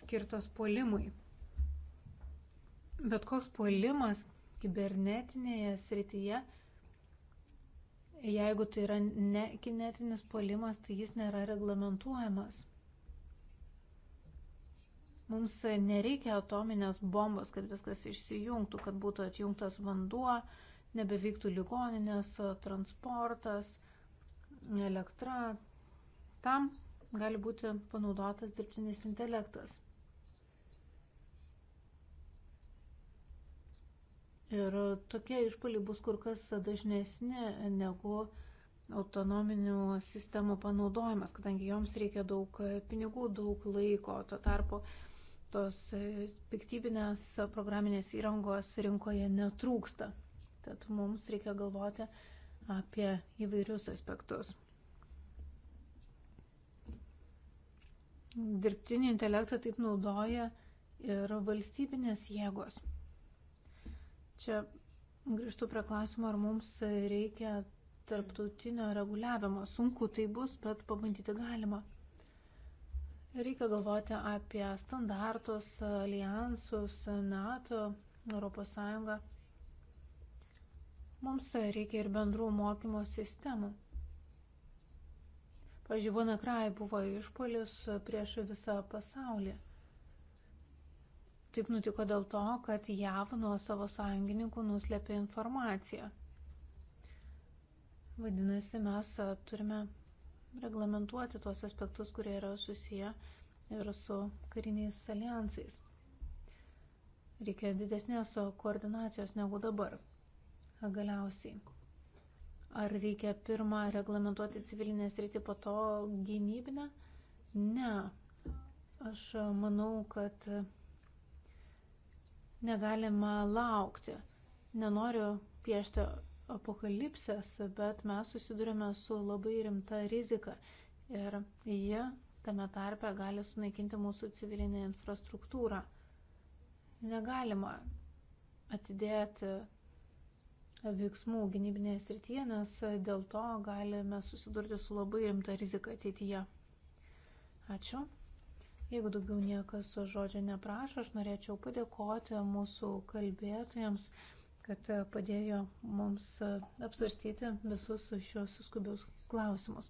skirtas puolimui. Bet koks puolimas kibernetinėje srityje, jeigu tai yra ne kinetinis puolimas, tai jis nėra reglamentuojamas. Mums nereikia atominės bombos, kad viskas išsijungtų, kad būtų atjungtas vanduo, nebevyktų ligoninės, transportas, elektra. Tam gali būti panaudotas dirbtinis intelektas. Ir tokie išpoliai bus kur kas dažnesni negu autonominių sistemų panaudojimas, kadangi joms reikia daug pinigų, daug laiko. Tuo tarpu tos e, piktybinės programinės įrangos rinkoje netrūksta. Tad mums reikia galvoti apie įvairius aspektus. Dirbtinį intelektą taip naudoja ir valstybinės jėgos. Čia grįžtu prie klausimo, ar mums reikia tarptautinio reguliavimo. Sunku tai bus, bet pabandyti galima. Reikia galvoti apie standartus, alijansus, NATO, ES. Mums reikia ir bendrų mokymo sistemų. Pavyzdžiui, Vonakrai buvo išpolis prieš visą pasaulį. Taip nutiko dėl to, kad JAV nuo savo sąjungininkų nuslėpė informaciją. Vadinasi, mes turime reglamentuoti tuos aspektus, kurie yra susiję ir su kariniais alijansais. Reikia didesnės koordinacijos negu dabar. Galiausiai. Ar reikia pirmą reglamentuoti civilinę sritį, po to gynybinę? Ne. Aš manau, kad negalima laukti. Nenoriu piešti apokalipsės, bet mes susidurime su labai rimta rizika ir jie tame tarpe gali sunaikinti mūsų civilinę infrastruktūrą. Negalima atidėti veiksmų gynybinėje srityje, nes dėl to galime susidurti su labai rimta rizika ateityje. Ačiū. Jeigu daugiau niekas žodžio neprašo, aš norėčiau padėkoti mūsų kalbėtojams kad e, padėjo mums e, apsvarstyti visus šios skubius klausimus.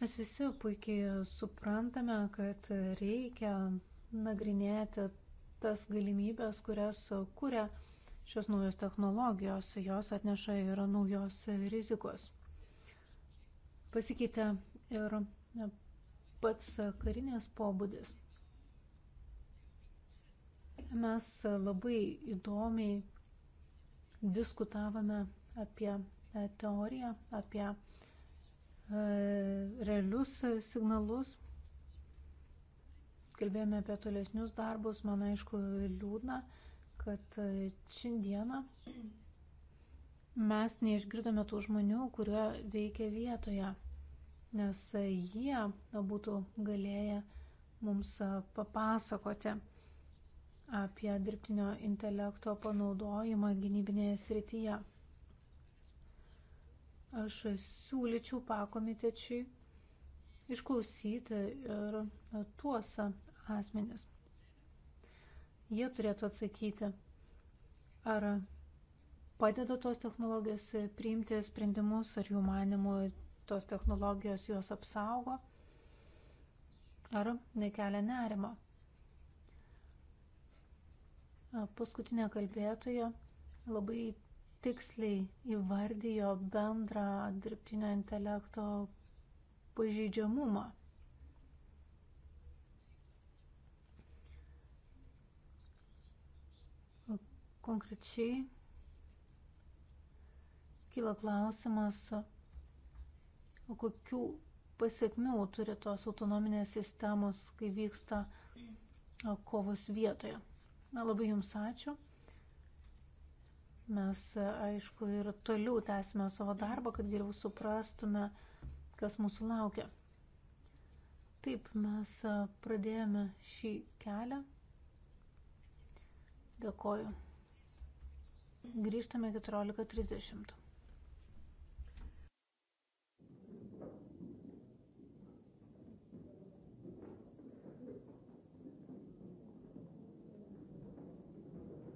Mes visi puikiai suprantame, kad reikia nagrinėti tas galimybės, kurias kūrė šios naujos technologijos, jos atneša ir naujos rizikos. Pasikeitė ir e, pats karinės pobūdis. Mes labai įdomiai diskutavome apie e, teoriją, apie e, realius signalus. Kalbėjome apie tolesnius darbus. Man aišku liūdna, kad e, šiandieną mes neišgirdome tų žmonių, kurie veikia vietoje, nes jie būtų galėję mums papasakoti apie dirbtinio intelekto panaudojimą gynybinėje srityje. Aš siūlyčiau pakomitečiui išklausyti ir tuos asmenis. Jie turėtų atsakyti, ar padeda tos technologijos priimti sprendimus, ar jų manimų tos technologijos juos apsaugo, ar nekelia nerimo paskutinė kalbėtoja labai tiksliai įvardijo bendrą dirbtinio intelekto pažeidžiamumą. Konkrečiai kyla klausimas, kokių pasiekmių turi tos autonominės sistemos, kai vyksta kovos vietoje. Na, labai Jums ačiū. Mes, aišku, ir toliau tęsime savo darbą, kad geriau suprastume, kas mūsų laukia. Taip, mes pradėjome šį kelią. Dėkoju. Grįžtame 14.30.